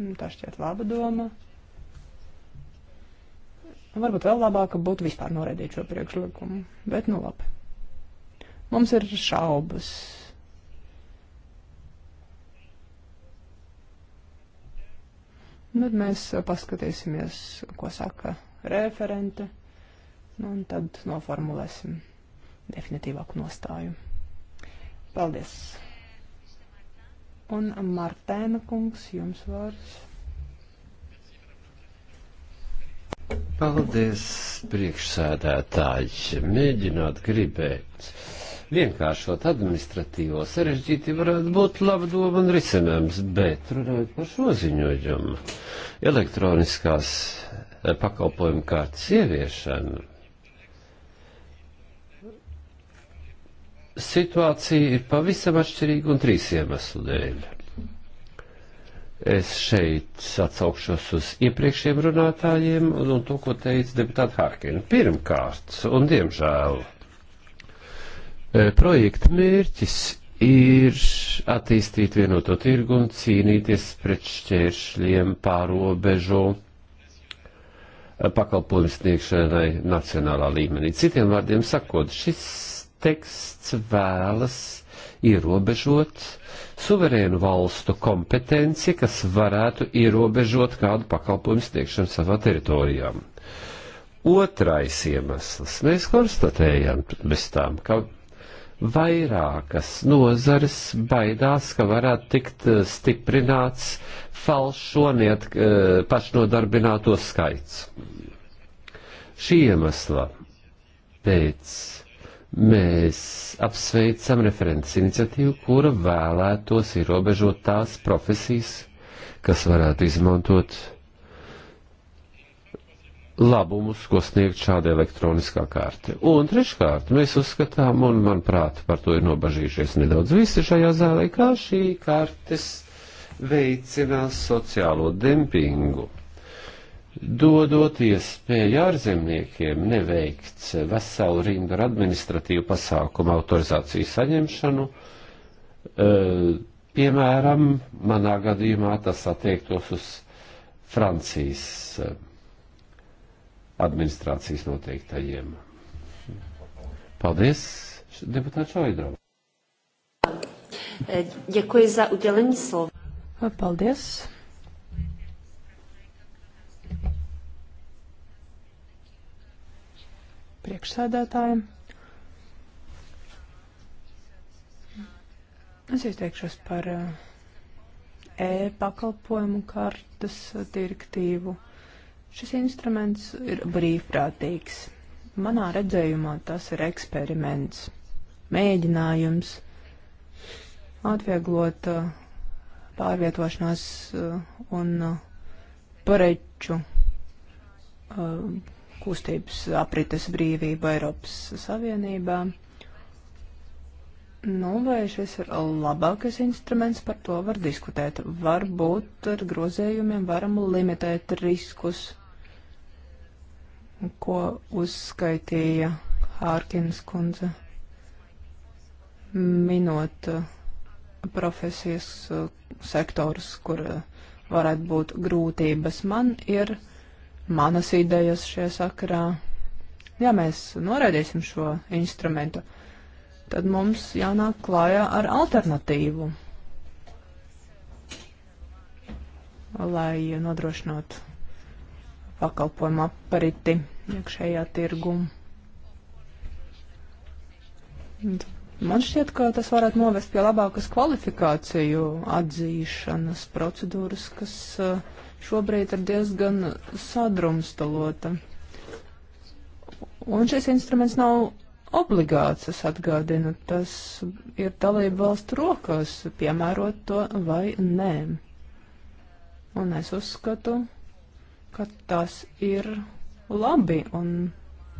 Nu, tā šķiet laba doma. Varbūt vēl labāk būtu vispār noraidīt šo priekšlikumu, bet nu labi. Mums ir šaubas Un tad mēs uh, paskatīsimies, ko saka referente, nu, un tad noformulēsim definitīvāku nostāju. Paldies! Un Martēna kungs, jums vārds. Paldies, priekšsēdētāji. Mēģināt gribēt vienkāršot administratīvo sarežģītību varētu būt laba doma un risinājums, bet runājot par šo ziņojumu, elektroniskās eh, pakalpojumu kārtas ieviešanu. Situācija ir pavisam atšķirīga un trīs iemeslu dēļ. Es šeit atsaukšos uz iepriekšējiem runātājiem un, un to, ko teica deputāta Harkina. Pirmkārt, un diemžēl, E, projekta mērķis ir attīstīt vienoto tirgu un cīnīties pret šķēršļiem pārobežu e, pakalpojumu sniegšanai nacionālā līmenī. Citiem vārdiem sakot, šis teksts vēlas ierobežot suverēnu valstu kompetenci, kas varētu ierobežot kādu pakalpojumu sniegšanu savā teritorijā. Otrais iemesls. Mēs konstatējam bez tām, ka vairākas nozares baidās, ka varētu tikt eh, stiprināts falšo neat, eh, pašnodarbināto skaits. Šī iemesla pēc mēs apsveicam referents iniciatīvu, kura vēlētos ierobežot tās profesijas, kas varētu izmantot labumus, ko sniegt šāda elektroniskā kārta. Un treškārt, mēs uzskatām, un manuprāt, par to ir nobažījušies nedaudz visi šajā zālē, kā šī kartes veicinās sociālo dempingu, dodot iespēju ārzemniekiem neveikt veselu rindu ar administratīvu pasākumu autorizāciju saņemšanu. E, piemēram, manā gadījumā tas attiektos uz Francijas e, administrācijas noteiktajiem. Paldies, deputāts Šoidrova. Eh, děkuji za udělení slova. Eh, paldies. Priekšsēdētājiem. Es izteikšos par eh, e-pakalpojumu kartas direktīvu Šis instruments ir brīvprātīgs. Manā redzējumā tas ir eksperiments, mēģinājums atvieglot uh, pārvietošanās uh, un uh, preču kustības aprites brīvību Eiropas Savienībā. Nu, vai šis ir labākais instruments, par to var diskutēt. Varbūt ar grozējumiem varam limitēt riskus ko uzskaitīja Hārkins kundze, minot uh, profesijas uh, sektors, kur uh, varētu būt grūtības. Man ir manas idejas šajā sakarā. Ja mēs noraidīsim šo instrumentu, tad mums jānāk klājā ar alternatīvu, lai nodrošinātu pakalpojumu apriti iekšējā tirgu. Man šķiet, ka tas varētu novest pie labākas kvalifikāciju atzīšanas procedūras, kas eh, šobrīd ir diezgan sadrumstalota. Un šis instruments nav obligāts, es atgādinu, tas ir dalību valstu rokās, piemērot to vai nē. Un es uzskatu, ka tas ir labi un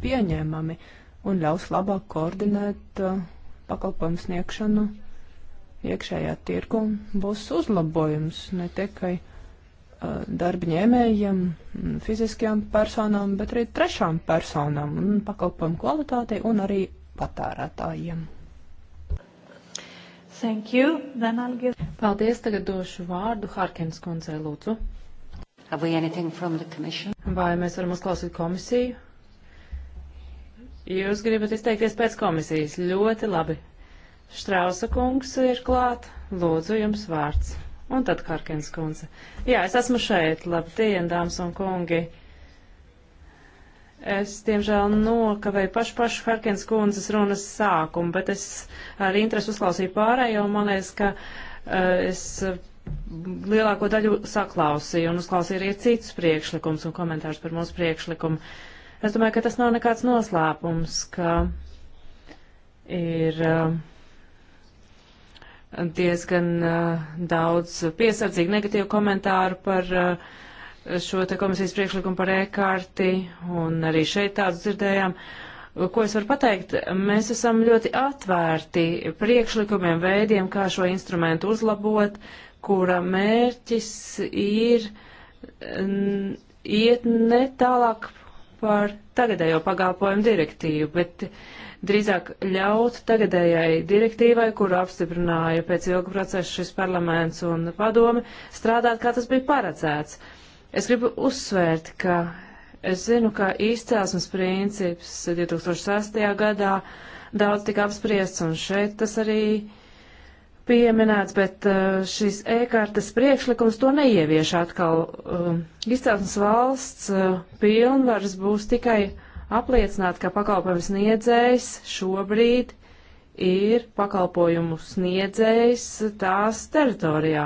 pieņēmami un ļaus labāk koordinēt uh, pakalpojumu sniegšanu iekšējā tirku. Būs uzlabojums ne tikai uh, darbņēmējiem, fiziskajām personām, bet arī trešām personām un pakalpojumu kvalitātei un arī patērētājiem. Thank you. Then I'll give... Paldies, tagad došu vārdu Harkins kundzei, lūdzu. Vai mēs varam uzklausīt komisiju? Jūs gribat izteikties pēc komisijas. Ļoti labi. Štrausa kungs ir klāt. Lūdzu, jums vārds. Un tad Karkins kundze. Jā, es esmu šeit. Labdien, dāmas un kungi. Es, diemžēl, nokavēju pašu pašu Harkins kundzes runas sākumu, bet es ar interesi uzklausīju pārējo, un man liekas, ka uh, es lielāko daļu saklausīja un uzklausīja arī citus priekšlikumus un komentārus par mūsu priekšlikumu. Es domāju, ka tas nav nekāds noslēpums, ka ir uh, diezgan uh, daudz piesardzīgi negatīvu komentāru par uh, šo te komisijas priekšlikumu par e-kārti, un arī šeit tādus dzirdējām. Ko es varu pateikt? Mēs esam ļoti atvērti priekšlikumiem, veidiem, kā šo instrumentu uzlabot. Uh, kura mērķis ir iet ne tālāk par tagadējo pakalpojumu direktīvu, bet drīzāk ļaut tagadējai direktīvai, kuru apstiprināja pēc ilga procesa šis parlaments un padome, strādāt, kā tas bija paredzēts. Es gribu uzsvērt, ka es zinu, ka izcelsmes princips 2006. gadā daudz tika apspriests, un šeit tas arī uh, pieminēts, bet uh, šis e-kartes priekšlikums to neievieš atkal. Um, izcelsmes valsts uh, pilnvaras būs tikai apliecināt, ka pakalpojums niedzējs šobrīd ir pakalpojumu sniedzējs tās teritorijā,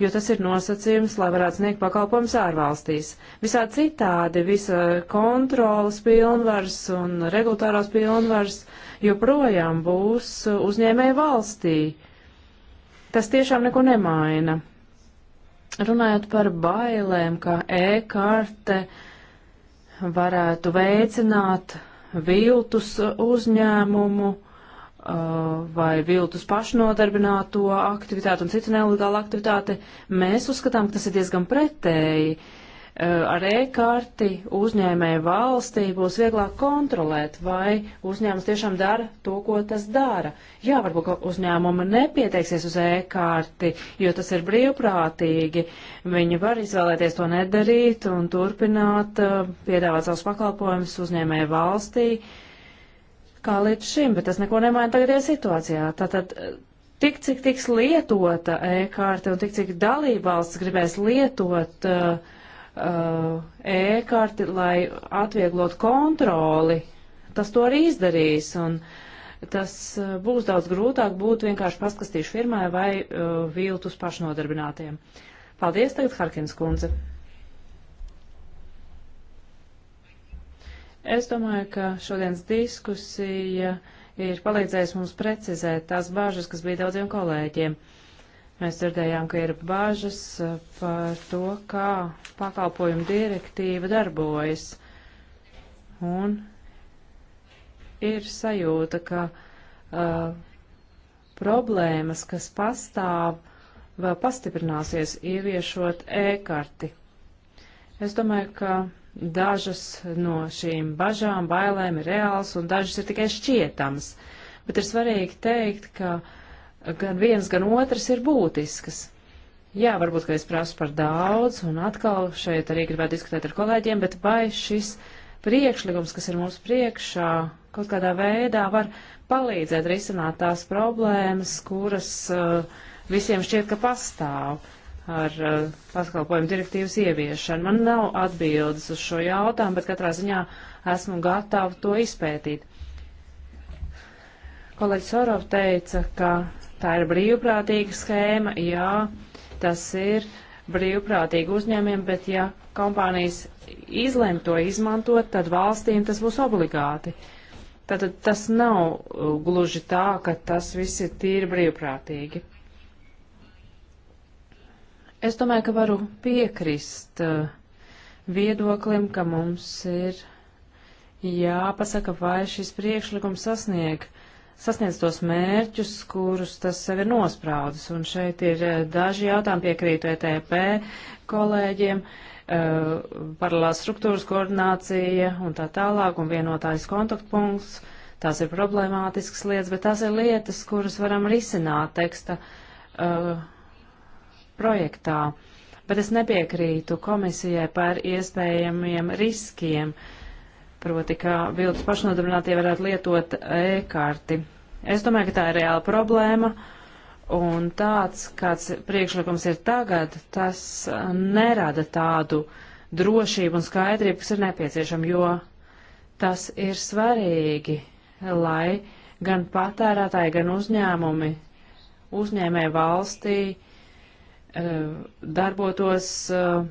jo tas ir nosacījums, lai varētu sniegt pakalpojumus ārvalstīs. Visā citādi visa kontrolas pilnvars un regulatārās pilnvars joprojām būs uzņēmēja valstī. Uh, Tas tiešām neko nemaina. Runājot par bailēm, ka e-karte varētu veicināt viltus uzņēmumu vai viltus pašnodarbināto aktivitāti un citu nelegālu aktivitāti, mēs uzskatām, ka tas ir diezgan pretēji. Uh, ar e-karti uzņēmēju valstī būs vieglāk kontrolēt, vai uzņēmums tiešām dara to, ko tas dara. Jā, varbūt uzņēmuma nepieteiksies uz e-karti, jo tas ir brīvprātīgi. Viņi var izvēlēties to nedarīt un turpināt piedāvāt savus pakalpojumus uzņēmēju valstī, kā līdz šim, bet tas neko nemaina tagadējā situācijā. Tātad tik cik tiks lietota e-kārta un tik cik dalībvalsts gribēs lietot uh, uh, e-karti, lai atvieglot kontroli. Tas to arī izdarīs, un tas uh, būs daudz grūtāk būt vienkārši paskastīšu firmai vai uh, viltus pašnodarbinātiem. Paldies, tagad Harkins kundze. Es domāju, ka šodienas diskusija ir palīdzējusi mums precizēt tās bāžas, kas bija daudziem kolēģiem. Uh, Mēs dzirdējām, ka ir bāžas eh, par to, kā pakalpojumu direktīva darbojas. Un ir sajūta, ka uh, problēmas, kas pastāv, vēl pastiprināsies ieviešot e-karti. Es domāju, ka dažas no šīm bažām, bailēm ir reāls un dažas ir tikai šķietamas. Bet ir svarīgi teikt, ka uh, gan viens, gan otrs ir būtiskas. Jā, varbūt, ka es prasu par daudz, un atkal šeit arī gribētu diskutēt ar kolēģiem, bet vai šis priekšlikums, kas ir mums priekšā, kaut kādā veidā var palīdzēt risināt tās problēmas, kuras uh, visiem šķiet, ka pastāv ar uh, pakalpojumu direktīvas ieviešanu. Man nav atbildes uz šo jautājumu, bet katrā ziņā esmu gatava to izpētīt. Kolēģis Orov teica, ka Tā ir brīvprātīga schēma, jā, tas ir brīvprātīgi uzņēmiem, bet ja kompānijas izlem to izmantot, tad valstīm tas būs obligāti. Tātad tas nav uh, gluži tā, ka tas viss ir tīri brīvprātīgi. Es domāju, ka varu piekrist uh, viedoklim, ka mums ir jāpasaka, vai šis priekšlikums sasniegt sasniedz tos mērķus, kurus tas sev ir nospraudis. Un šeit ir eh, daži jautājumi piekrītu ETP kolēģiem, eh, paralēlās struktūras koordinācija un tā tālāk, un vienotājs kontaktpunkts. Tās ir problemātiskas lietas, bet tās ir lietas, kuras varam risināt teksta uh, projektā. Bet es nepiekrītu komisijai par iespējamiem riskiem uh, proti, ka viltus pašnodarbinātie varētu lietot e-karti. Es domāju, ka tā ir reāla problēma, un tāds, kāds priekšlikums ir tagad, tas uh, nerada tādu drošību un skaidrību, kas ir nepieciešama, jo tas ir svarīgi, lai gan patērētāji, gan uzņēmumi, uzņēmē valstī uh, darbotos uh,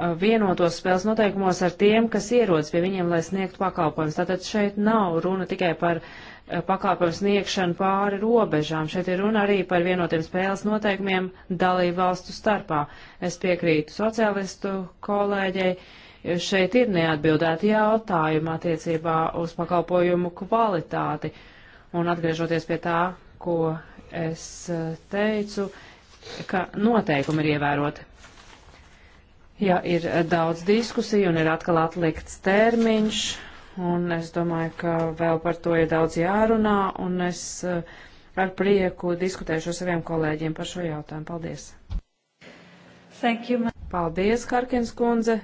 Uh, vienotos spēles noteikumos ar tiem, kas ierodas pie viņiem, lai sniegtu pakalpojumus. Tātad šeit nav runa tikai par uh, pakalpojumu sniegšanu pāri robežām. Šeit ir runa arī par vienotiem spēles noteikumiem dalību valstu starpā. Es piekrītu sociālistu kolēģei. Šeit ir neatbildēti jautājumi attiecībā uz pakalpojumu kvalitāti. Un atgriežoties pie tā, ko es uh, teicu, ka noteikumi ir ievēroti ja ir daudz diskusiju un ir atkal atlikts termiņš, un es domāju, ka vēl par to ir daudz jārunā, un es eh, ar prieku diskutēšu ar saviem kolēģiem par šo jautājumu. Paldies! Thank you. Paldies, Karkins kundze!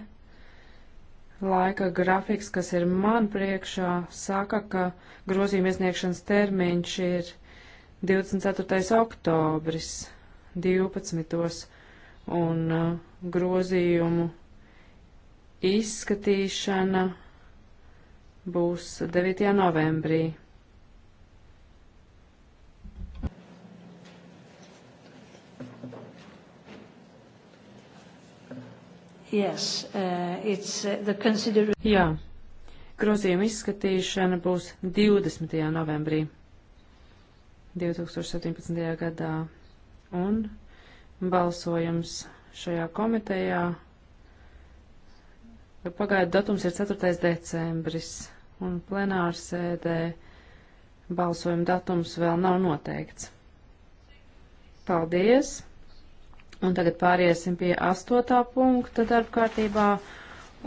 Laika grafiks, kas ir man priekšā, saka, ka grozījuma iesniegšanas termiņš ir 24. oktobris 12. un uh, grozījumu izskatīšana būs 9. novembrī. Yes, uh, it's, uh, the consider... Jā, grozījuma izskatīšana būs 20. novembrī 2017. gadā un balsojums šajā komitejā. Pagaidu datums ir 4. decembris, un plenārsēdē balsojuma datums vēl nav noteikts. Paldies! Un tagad pāriesim pie astotā punkta darba kārtībā,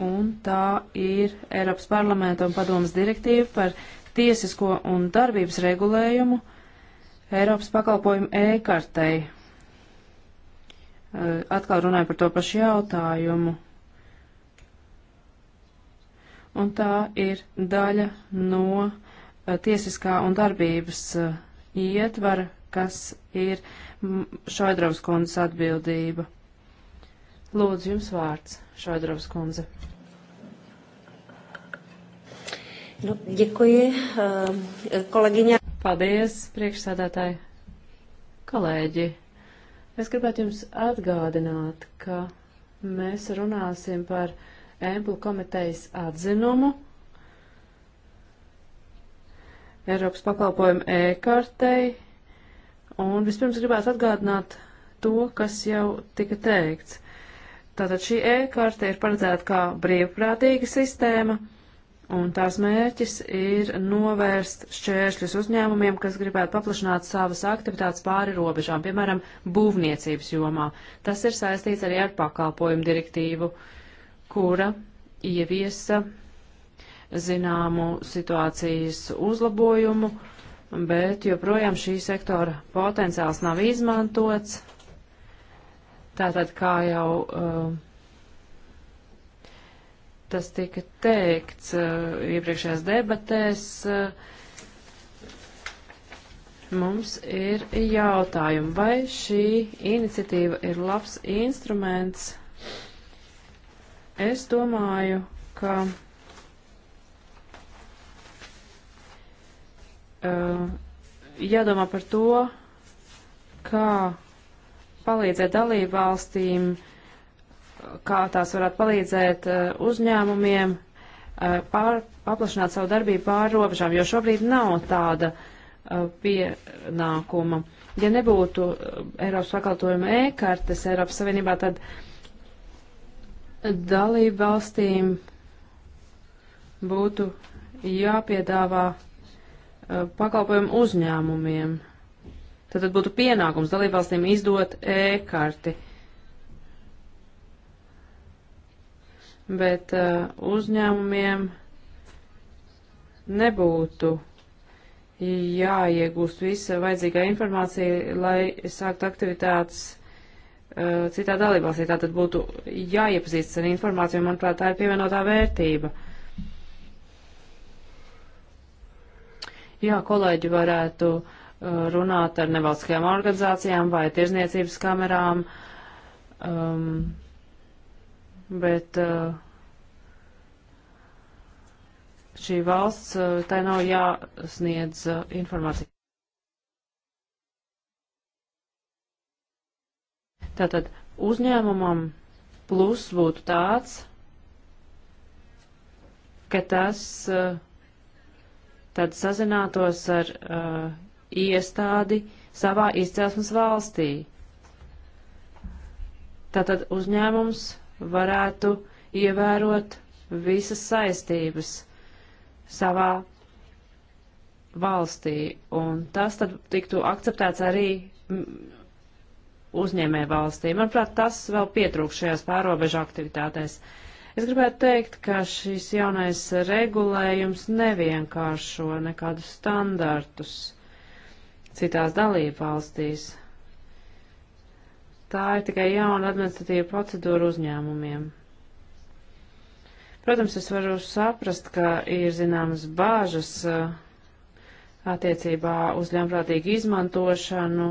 un tā ir Eiropas parlamenta un padomas direktīva par tiesisko un darbības regulējumu Eiropas pakalpojumu e-kartei. Eh, atkal runāja par to pašu jautājumu. Un tā ir daļa no eh, tiesiskā un darbības eh, ietvara, kas ir Šaidravas kundzes atbildība. Lūdzu, jums vārds, Šaidravas kundze. Nu, děkuji, kolegyně. Paldies, priekšsādātāji, kolēģi. Es gribētu jums atgādināt, ka mēs runāsim par Emplu komitejas atzinumu Eiropas pakalpojumu e-kartei. Un vispirms gribētu atgādināt to, kas jau tika teikts. Tātad šī e-karte ir paredzēta kā brīvprātīga sistēma un tās mērķis ir novērst šķēršļus uzņēmumiem, kas gribētu paplašināt savas aktivitātes pāri robežām, piemēram, būvniecības jomā. Tas ir saistīts arī ar pakalpojumu direktīvu, kura ieviesa zināmu situācijas uzlabojumu, bet joprojām šī sektora potenciāls nav izmantots. Tātad, kā jau uh, tas tika teikts eh, iepriekšējās debatēs. Eh, mums ir jautājumi, vai šī iniciatīva ir labs instruments. Es domāju, ka uh, jādomā par to, kā palīdzēt dalībvalstīm uh, kā tās varētu palīdzēt eh, uzņēmumiem eh, pār, paplašināt savu darbību pār robežām, jo šobrīd nav tāda eh, pienākuma. Ja nebūtu Eiropas pakalpojuma e-kartes Eiropas Savienībā, tad dalību valstīm būtu jāpiedāvā pakalpojumu uzņēmumiem. Tad, tad būtu pienākums dalībvalstīm izdot e-karti. Uh, bet uh, uzņēmumiem nebūtu jāiegūst visa vajadzīgā informācija, lai sāktu aktivitātes uh, citā dalībvalstī. Tā tad būtu jāiepazīstas ar informāciju, un, manuprāt, tā ir pievienotā vērtība. Jā, kolēģi varētu uh, runāt ar nevalstiskajām organizācijām vai tirzniecības kamerām. Um, bet uh, šī valsts, uh, tai nav jāsniedz uh, informācija. Tātad uzņēmumam plus būtu tāds, ka tas uh, tad sazinātos ar uh, iestādi savā izcelsmes valstī. Tātad uzņēmums varētu ievērot visas saistības savā valstī, un tas tad tiktu akceptēts arī uzņēmē valstī. Manuprāt, tas vēl pietrūkst šajās pārobežu aktivitātēs. Es gribētu teikt, ka šis jaunais regulējums nevienkāršo nekādus standartus citās dalību valstīs tā ir tikai jauna administratīva procedūra uzņēmumiem. Protams, es varu saprast, ka ir zināmas bāžas eh, attiecībā uz ļaunprātīgu izmantošanu,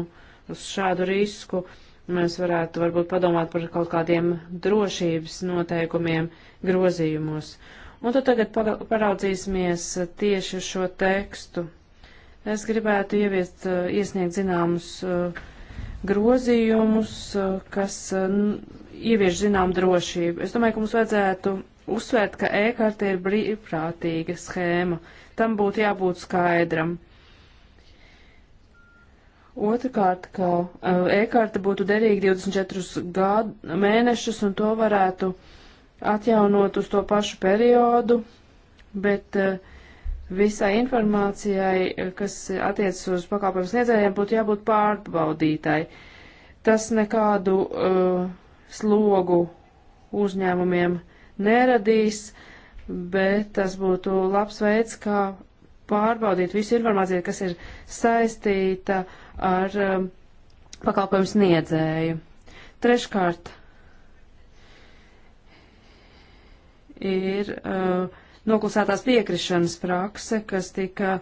uz šādu risku. Mēs varētu varbūt padomāt par kaut kādiem drošības noteikumiem grozījumos. Un tad tagad paraudzīsimies tieši uz šo tekstu. Es gribētu ieviest, eh, iesniegt zināmus uh, grozījumus, eh, kas eh, ievieš zinām drošību. Es domāju, ka mums vajadzētu uzsvērt, ka e-karte ir brīvprātīga schēma. Tam būtu jābūt skaidram. Otrakārt, ka eh, e-karte būtu derīga 24 gadu, mēnešus, un to varētu atjaunot uz to pašu periodu, bet uh, visai informācijai, kas attiecas uz pakalpojumu sniedzējiem, būtu jābūt pārbaudītai. Tas nekādu uh, slogu uzņēmumiem neradīs, bet tas būtu labs veids, kā pārbaudīt visu informāciju, kas ir saistīta ar um, pakalpojumu sniedzēju. Treškārt ir uh, noklusētās piekrišanas prakse, kas tika e,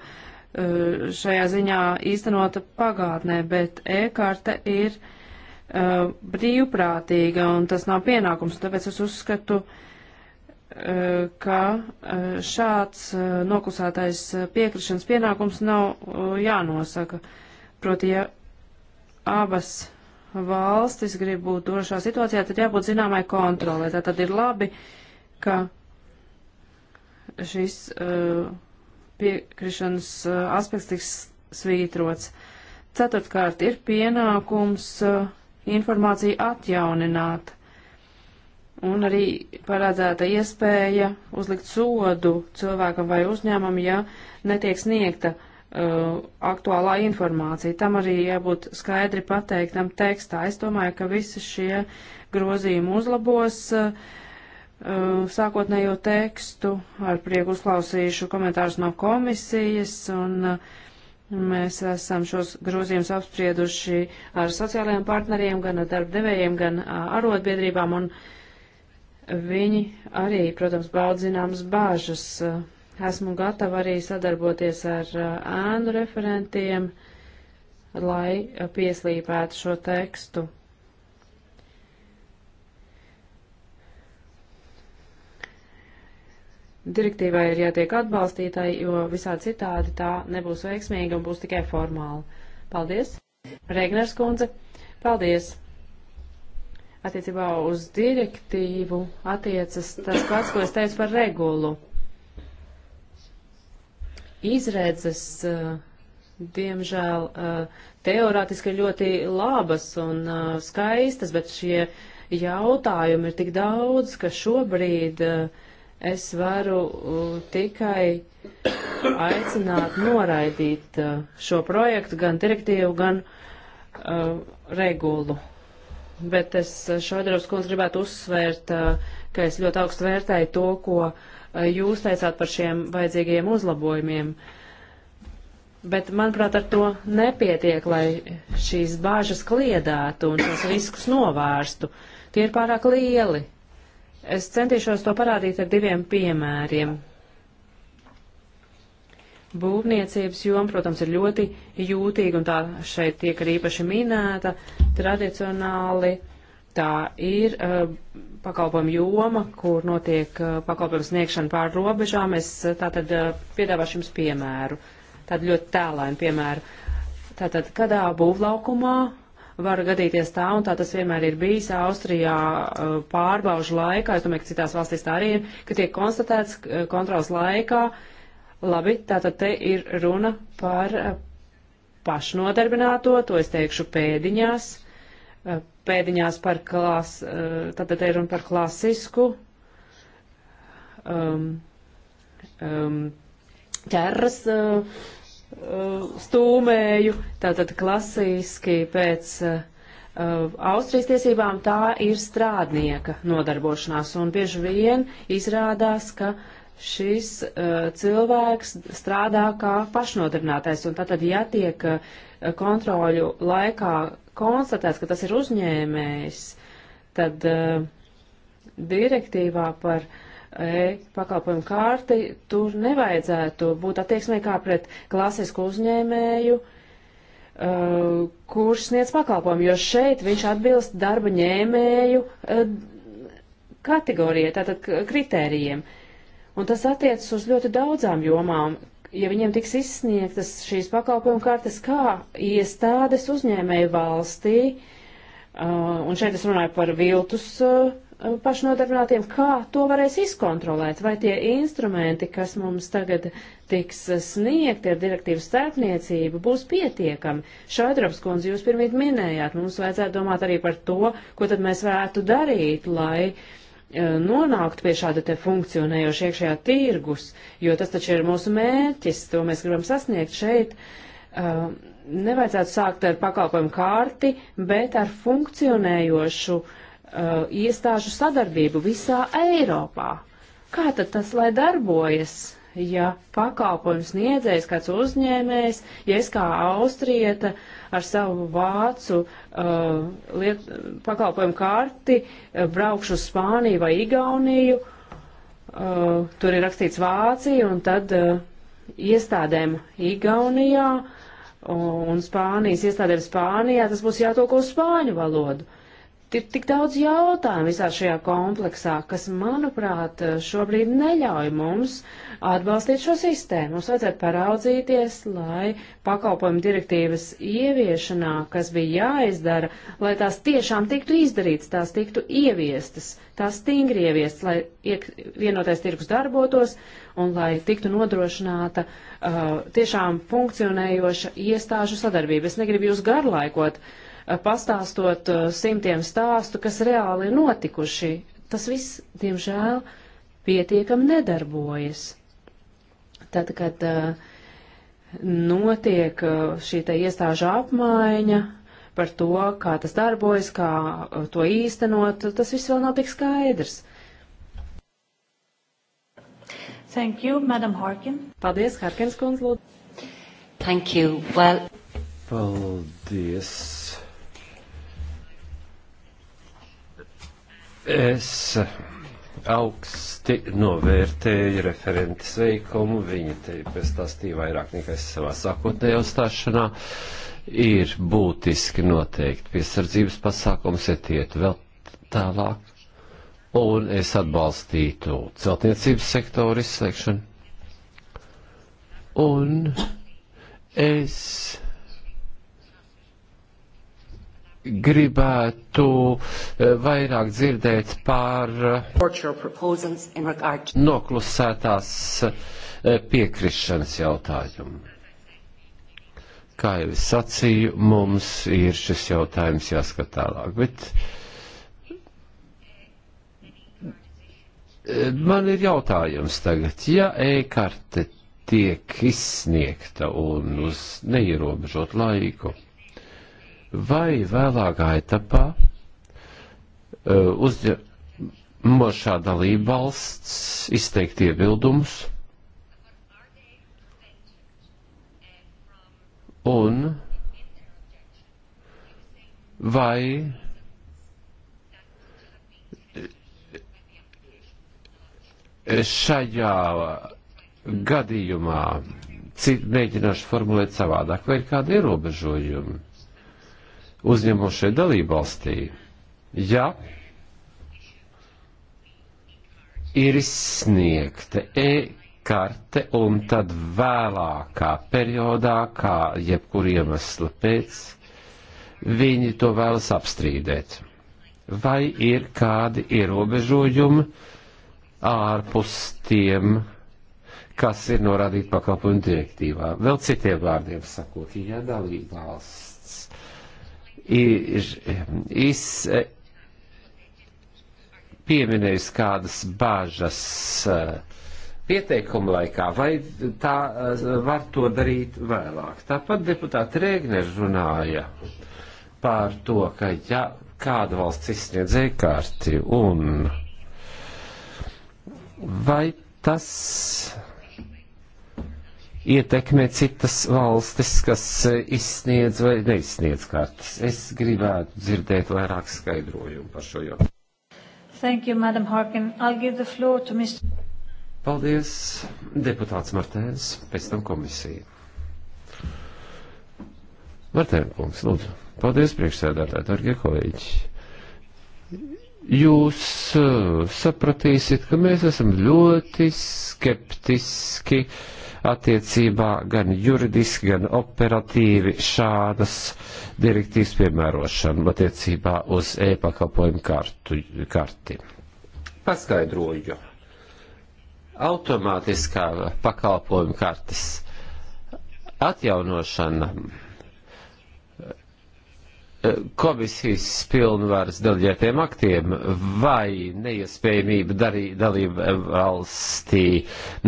šajā ziņā īstenota pagātnē, bet e-karte ir e, brīvprātīga un tas nav pienākums. Tāpēc es uzskatu, e, ka šāds noklusētais piekrišanas pienākums nav jānosaka. Proti, ja abas valstis grib būt drošā situācijā, tad jābūt zināmai kontrolē. Tātad ir labi, ka šis uh, piekrišanas uh, aspekts tiks svītrots. Ceturtkārt, ir pienākums uh, informāciju atjaunināt. Un arī paredzēta iespēja uzlikt sodu cilvēkam vai uzņēmumam, ja netiek sniegta uh, aktuālā informācija. Tam arī jābūt skaidri pateiktam tekstā. Es domāju, ka visi šie grozījumi uzlabos. Uh, Uh, sākotnējo tekstu. Ar prieku uzklausīšu komentārus no komisijas, un uh, mēs esam šos grozījumus apsprieduši ar sociālajiem partneriem, gan ar darbdevējiem, gan uh, arotbiedrībām, un viņi arī, protams, baud zināmas bāžas. Esmu gatava arī sadarboties ar ēnu referentiem, lai pieslīpētu šo tekstu. direktīvai ir jātiek atbalstītai, jo visā citādi tā nebūs veiksmīga un būs tikai formāla. Paldies! Regners kundze, paldies! Attiecībā uz direktīvu attiecas tas pats, ko es teicu par regulu. Izredzes, eh, diemžēl, eh, teorētiski ir ļoti labas un eh, skaistas, bet šie jautājumi ir tik daudz, ka šobrīd uh, es varu tikai aicināt noraidīt uh, šo projektu, gan direktīvu, gan uh, regulu. Bet es uh, Šoidrovs kundz gribētu uzsvērt, uh, ka es ļoti augstu vērtēju to, ko uh, jūs teicāt par šiem vajadzīgajiem uzlabojumiem. Bet, manuprāt, ar to nepietiek, lai šīs bāžas kliedētu un šos riskus novērstu. Tie ir pārāk lieli Es centīšos to parādīt ar diviem piemēriem. Būvniecības joma, protams, ir ļoti jūtīga, un tā šeit tiek arī īpaši minēta. Tradicionāli tā ir uh, eh, pakalpojuma joma, kur notiek uh, eh, pakalpojuma sniegšana pār robežām. Es uh, tātad piedāvāšu jums piemēru, tādu ļoti tēlainu piemēru. Tātad, kādā būvlaukumā var gadīties tā, un tā tas vienmēr ir bijis Austrijā uh, pārbaužu laikā, es domāju, ka citās valstīs tā arī ir, ka tiek konstatēts uh, kontrols laikā, labi, tātad te ir runa par uh, pašnodarbināto, to es teikšu pēdiņās, pēdiņās par klas, tātad te ir runa par klasisku um, um, ķeras uh, Uh, stūmēju, tātad klasiski pēc uh, Austrijas tiesībām tā ir strādnieka nodarbošanās, un bieži vien izrādās, ka šis uh, cilvēks strādā kā pašnodarbinātais, un tātad, ja tiek uh, kontroļu laikā konstatēts, ka tas ir uzņēmējs, tad uh, direktīvā par uh, e-pakalpojumu kārti, tur nevajadzētu būt attieksmē kā pret klasisku uzņēmēju, uh, kurš sniedz pakalpojumu, jo šeit viņš atbilst darba ņēmēju uh, kategorijai, tātad kritērijiem. Un tas attiecas uz ļoti daudzām jomām. Ja viņiem tiks izsniegtas šīs pakalpojumu kartes kā iestādes uzņēmēju valstī, uh, un šeit es runāju par viltus uh, Eh, pašnodarbinātiem, kā to varēs izkontrolēt, vai tie instrumenti, kas mums tagad tiks sniegti ar direktīvu starpniecību, būs pietiekami. Šaidrovs kundze, jūs pirmīt minējāt, mums vajadzētu domāt arī par to, ko tad mēs varētu darīt, lai eh, nonākt pie šāda te funkcionējoša iekšējā tirgus, jo tas taču ir mūsu mērķis, to mēs gribam sasniegt šeit. Uh, nevajadzētu sākt ar pakalpojumu kārti, bet ar funkcionējošu uh, uh, iestāžu sadarbību visā Eiropā. Kā tad tas lai darbojas, ja pakalpojums niedzējs kāds uzņēmējs, ja es kā austrieta ar savu vācu uh, liet, pakalpojumu karti uh, braukšu uz Spāniju vai Igauniju, uh, tur ir rakstīts Vācija un tad uh, iestādēm Igaunijā un Spānijas iestādēm Spānijā tas būs jātoko uz spāņu valodu ir tik daudz jautājumu visā šajā kompleksā, kas, manuprāt, šobrīd neļauj mums atbalstīt šo sistēmu. Mums vajadzētu paraudzīties, lai pakalpojumu direktīvas ieviešanā, kas bija jāizdara, lai tās tiešām tiktu izdarītas, tās tiktu ieviestas, tās stingri ieviestas, lai iek, vienotais tirgus darbotos un lai tiktu nodrošināta uh, tiešām funkcionējoša iestāžu sadarbība. Es negribu jūs garlaikot. Uh, pastāstot eh, simtiem stāstu, kas reāli ir notikuši. Tas viss, diemžēl, pietiekami nedarbojas. Tad, kad eh, notiek eh, šī te iestāžu apmaiņa par to, kā tas darbojas, kā to īstenot, tas viss vēl nav tik skaidrs. Thank you, Madam Harkin. Paldies, Harkins kundz, lūdzu. Thank you. Well... Paldies. Es augsti novērtēju referentes veikumu. Viņa te pastāstīja vairāk nekā es savā sākotnējā uzstāšanā. Ir būtiski noteikti piesardzības pasākums, iet iet vēl tālāk. Un es atbalstītu celtniecības sektoru izslēgšanu. Un es gribētu eh, vairāk dzirdēt par eh, noklusētās eh, piekrišanas jautājumu. Kā jau es sacīju, mums ir šis jautājums jāskat tālāk, bet man ir jautājums tagad, ja e-karte tiek izsniegta un uz neierobežot laiku vai vēlākā etapā eh, uzņemošā dalība valsts izteikt iebildumus un vai eh, šajā gadījumā cit, mēģināšu formulēt savādāk, vai ir kādi ierobežojumi? uzņemošai dalībvalstī, ja ir izsniegta e-karte un tad vēlākā periodā, kā jebkur iemesla pēc, viņi to vēlas apstrīdēt. Vai ir kādi ierobežojumi ārpus tiem, kas ir norādīti pakalpojumu direktīvā? Vēl citiem vārdiem sakot, ja dalībvalsts ir iz, pieminējis kādas bāžas eh, pieteikuma laikā, vai tā eh, var to darīt vēlāk. Tāpat deputāti Rēgner runāja par to, ka ja kāda valsts izsniedz e-kārti un vai tas ietekmē citas valstis, kas eh, izsniedz vai neizsniedz kartas. Es gribētu dzirdēt vairāk skaidrojumu par šo jautājumu. Thank you, Madam Harkin. I'll give the floor to Mr. Paldies, deputāts Martēns, pēc tam komisija. Martēna kungs, lūdzu. Paldies, priekšsēdētāji, dargie kolēģi. Jūs uh, sapratīsiet, ka mēs esam ļoti skeptiski uh, attiecībā gan juridiski, gan operatīvi šādas direktīvas piemērošanu attiecībā uz e-pakalpojumu karti. Paskaidroju. Automātiskā pakalpojuma kartes atjaunošana komisijas pilnvaras deleģētiem aktiem vai neiespējamība dalība valstī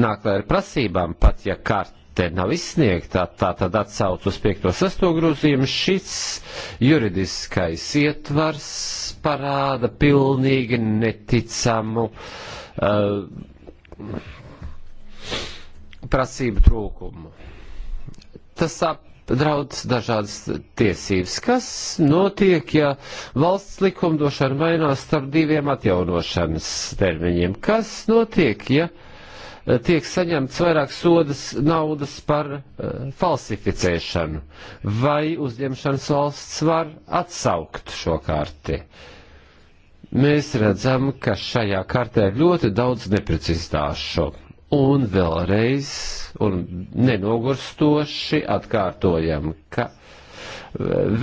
nāk ar prasībām, pat ja karte nav izsniegta, tā tad atsauc uz 5.6. grozījumu, šis juridiskais ietvars parāda pilnīgi neticamu uh, prasību trūkumu. Tas ap draudz dažādas tiesības. Kas notiek, ja valsts likumdošana mainās starp diviem atjaunošanas termiņiem? Kas notiek, ja eh, tiek saņemts vairāk sodas naudas par uh, falsificēšanu? Vai uzņemšanas valsts var atsaukt šo karti? Mēs redzam, ka šajā kartē ir ļoti daudz neprecizitāšu Un vēlreiz, un nenogurstoši atkārtojam, ka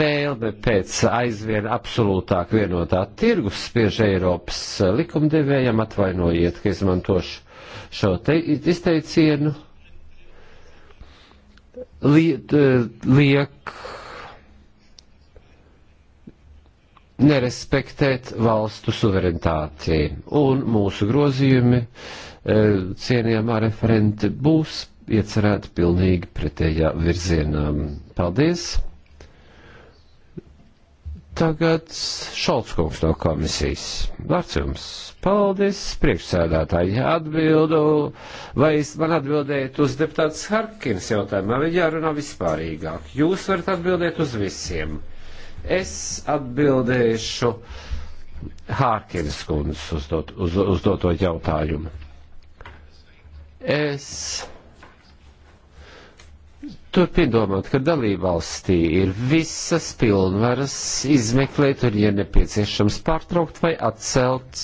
vēlme pēc aizvien absolūtāk vienotā tirgus spiež Eiropas likumdevējam atvainojiet, ka izmantošu šo te, izteicienu, li, liek nerespektēt valstu suverenitāti. Un mūsu grozījumi Eh, cienījamā referente būs iecerēta pilnīgi pretējā virzienā. Paldies! Tagad Šaltskungs no komisijas. Vārds jums. Paldies, priekšsēdētāji. Atbildu, vai man atbildēt uz deputātas Harkins jautājumu, vai jārunā vispārīgāk. Jūs varat atbildēt uz visiem. Es atbildēšu Harkins kundzes uzdot, uz, uzdoto jautājumu. Es turpinu domāt, ka dalībvalstī ir visas pilnvaras izmeklēt un, ja nepieciešams, pārtraukt vai atcelt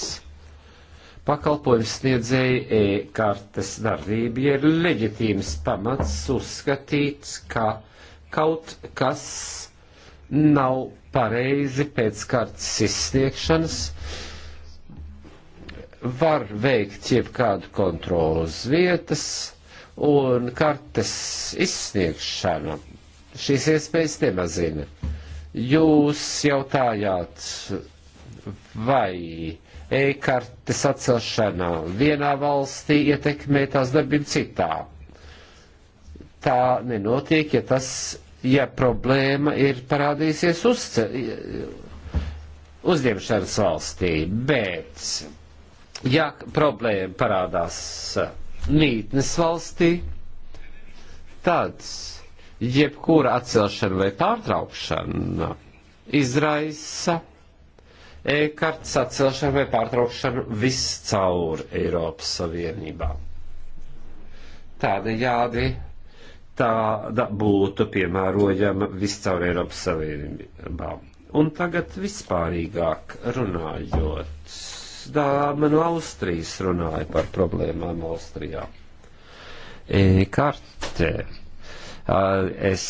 pakalpojumu sniedzēju e-kartes darbību, ja ir leģitīms pamats uzskatīt, ka kaut kas nav pareizi pēc kartes izsniegšanas. Uh, var veikt jebkādu kontrolas vietas un kartes izsniegšana. Šīs iespējas nemazina. Jūs jautājāt, vai e-kartes atcelšana vienā valstī ietekmē tās darbību citā. Tā nenotiek, ja tas, ja problēma ir parādīsies uzce, uzņemšanas valstī, bet ja problēma parādās mītnes valstī, tad jebkura atcelšana vai pārtraukšana izraisa e-kartes atcelšanu vai pārtraukšanu viscaur Eiropas Savienībā. Tādējādi tāda būtu piemērojama viscaur Eiropas Savienībā. Un tagad vispārīgāk runājot dāma no Austrijas runāja par problēmām Austrijā. E, kartē. Es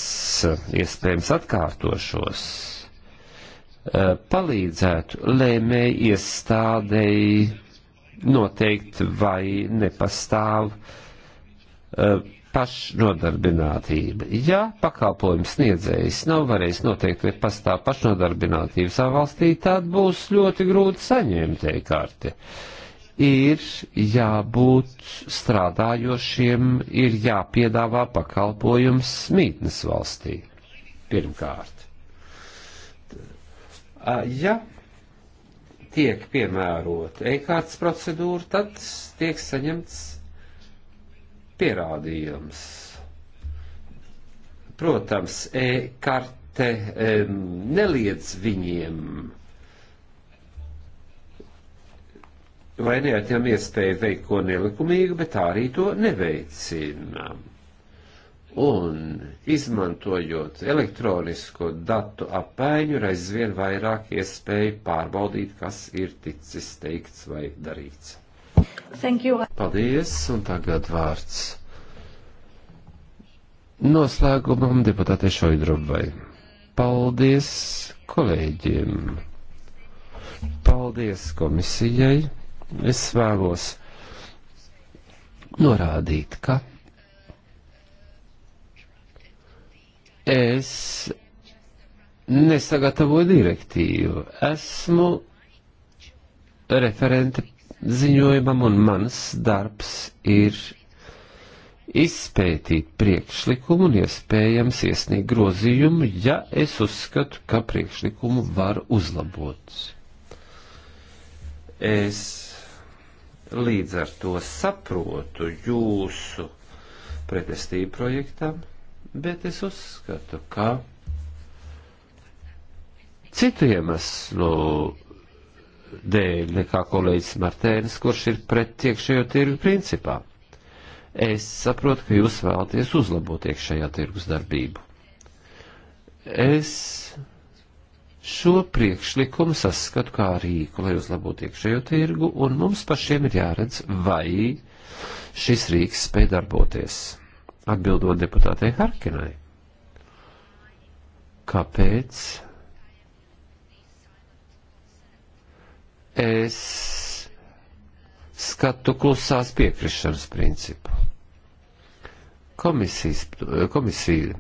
iespējams atkārtošos. E, palīdzētu lēmēji iestādēji noteikt, vai nepastāv uh, pašnodarbinātība. Ja pakalpojums sniedzējs nav varējis noteikt, vai pastāv pašnodarbinātība savā valstī, tad būs ļoti grūti saņemt e-karti ir jābūt strādājošiem, ir jāpiedāvā pakalpojums mītnes valstī. Pirmkārt, ja tiek piemērota e-kārtas procedūra, tad tiek saņemts pierādījums. Protams, e-karte e, neliedz viņiem vai neatņem iespēju veikt ko nelikumīgu, bet tā arī to neveicina. Un izmantojot elektronisko datu apmaiņu, ir aizvien vairāk iespēju pārbaudīt, kas ir ticis teikts vai darīts. Thank you. Paldies, un tagad vārds noslēgumam deputātei Šoidrobai. Paldies kolēģiem. Paldies komisijai. Es vēlos norādīt, ka es nesagatavoju direktīvu. Esmu referente ziņojumam, un mans darbs ir izpētīt priekšlikumu un iespējams iesniegt grozījumu, ja es uzskatu, ka priekšlikumu var uzlabot. Es līdz ar to saprotu jūsu pretestību projektam, bet es uzskatu, ka citu iemeslu dēļ nekā kolēģis Martēnis, kurš ir pret iekšējo tirgu principā. Es saprotu, ka jūs vēlaties uzlabot iekšējā tirgus darbību. Es šo priekšlikumu saskatu kā rīku, lai uzlabotu iekšējo tirgu, un mums pašiem ir jāredz, vai šis rīks spēj darboties. Atbildot deputātei Harkinai. Kāpēc es skatu klusās piekrišanas principu. Komisijas, komisija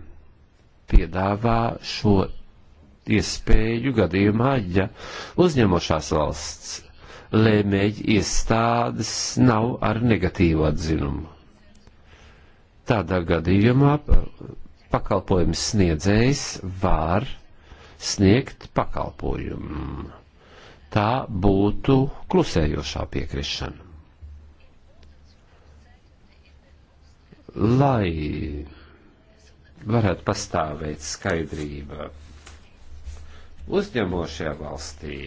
piedāvā šo iespēju gadījumā, ja uzņemošās valsts lēmēji iestādes nav ar negatīvu atzinumu. Tādā gadījumā pakalpojums sniedzējs var sniegt pakalpojumu tā būtu klusējošā piekrišana. Lai varētu pastāvēt skaidrība uzņemošajā valstī,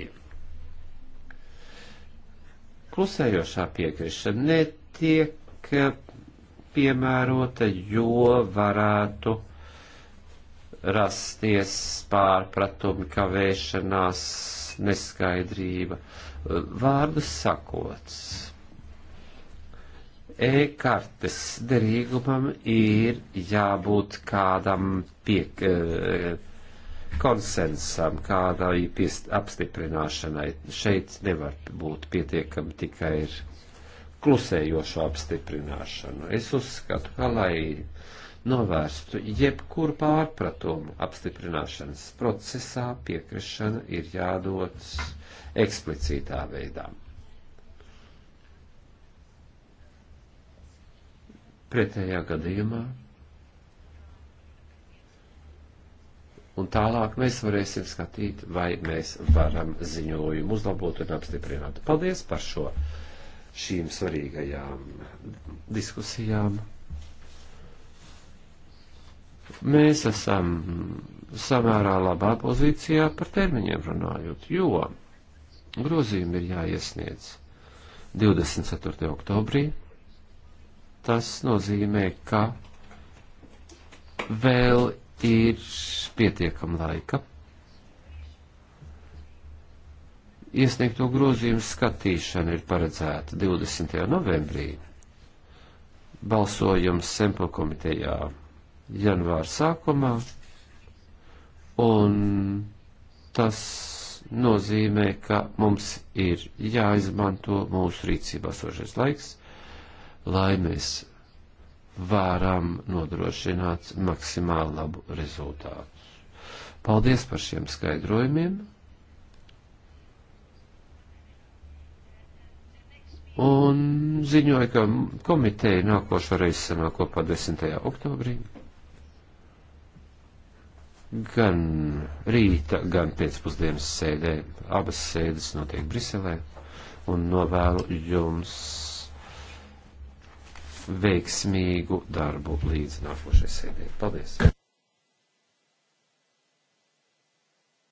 klusējošā piekrišana netiek piemērota, jo varētu rasties pārpratumi, kavēšanās, neskaidrība. Vārdu sakots, e-kartes derīgumam ir jābūt kādam piek, e, konsensam, kādai piest, apstiprināšanai. Šeit nevar būt pietiekami tikai ir klusējošo apstiprināšanu. Es uzskatu, ka lai novērstu jebkuru pārpratumu apstiprināšanas procesā, piekrišana ir jādod eksplicītā veidā. Pretējā gadījumā un tālāk mēs varēsim skatīt, vai mēs varam ziņojumu uzlabot un apstiprināt. Paldies par šo šīm svarīgajām diskusijām. Mēs esam samērā labā pozīcijā par termiņiem runājot, jo grozījumi ir jāiesniedz 24. oktobrī. Tas nozīmē, ka vēl ir pietiekama laika iesniegto grozījumu skatīšana ir paredzēta 20. novembrī. Balsojums Sempo komitejā janvāra sākumā, un tas nozīmē, ka mums ir jāizmanto mūsu rīcībā sošais laiks, lai mēs varam nodrošināt maksimāli labu rezultātu. Paldies par šiem skaidrojumiem! Un ziņoja, ka komiteja nākošo reizi sanāk kopā 10. oktobrī gan rīta, gan pēcpusdienas sēdē. Abas sēdes notiek Briselē un novēlu jums veiksmīgu darbu līdz nākošajai sēdē. Paldies!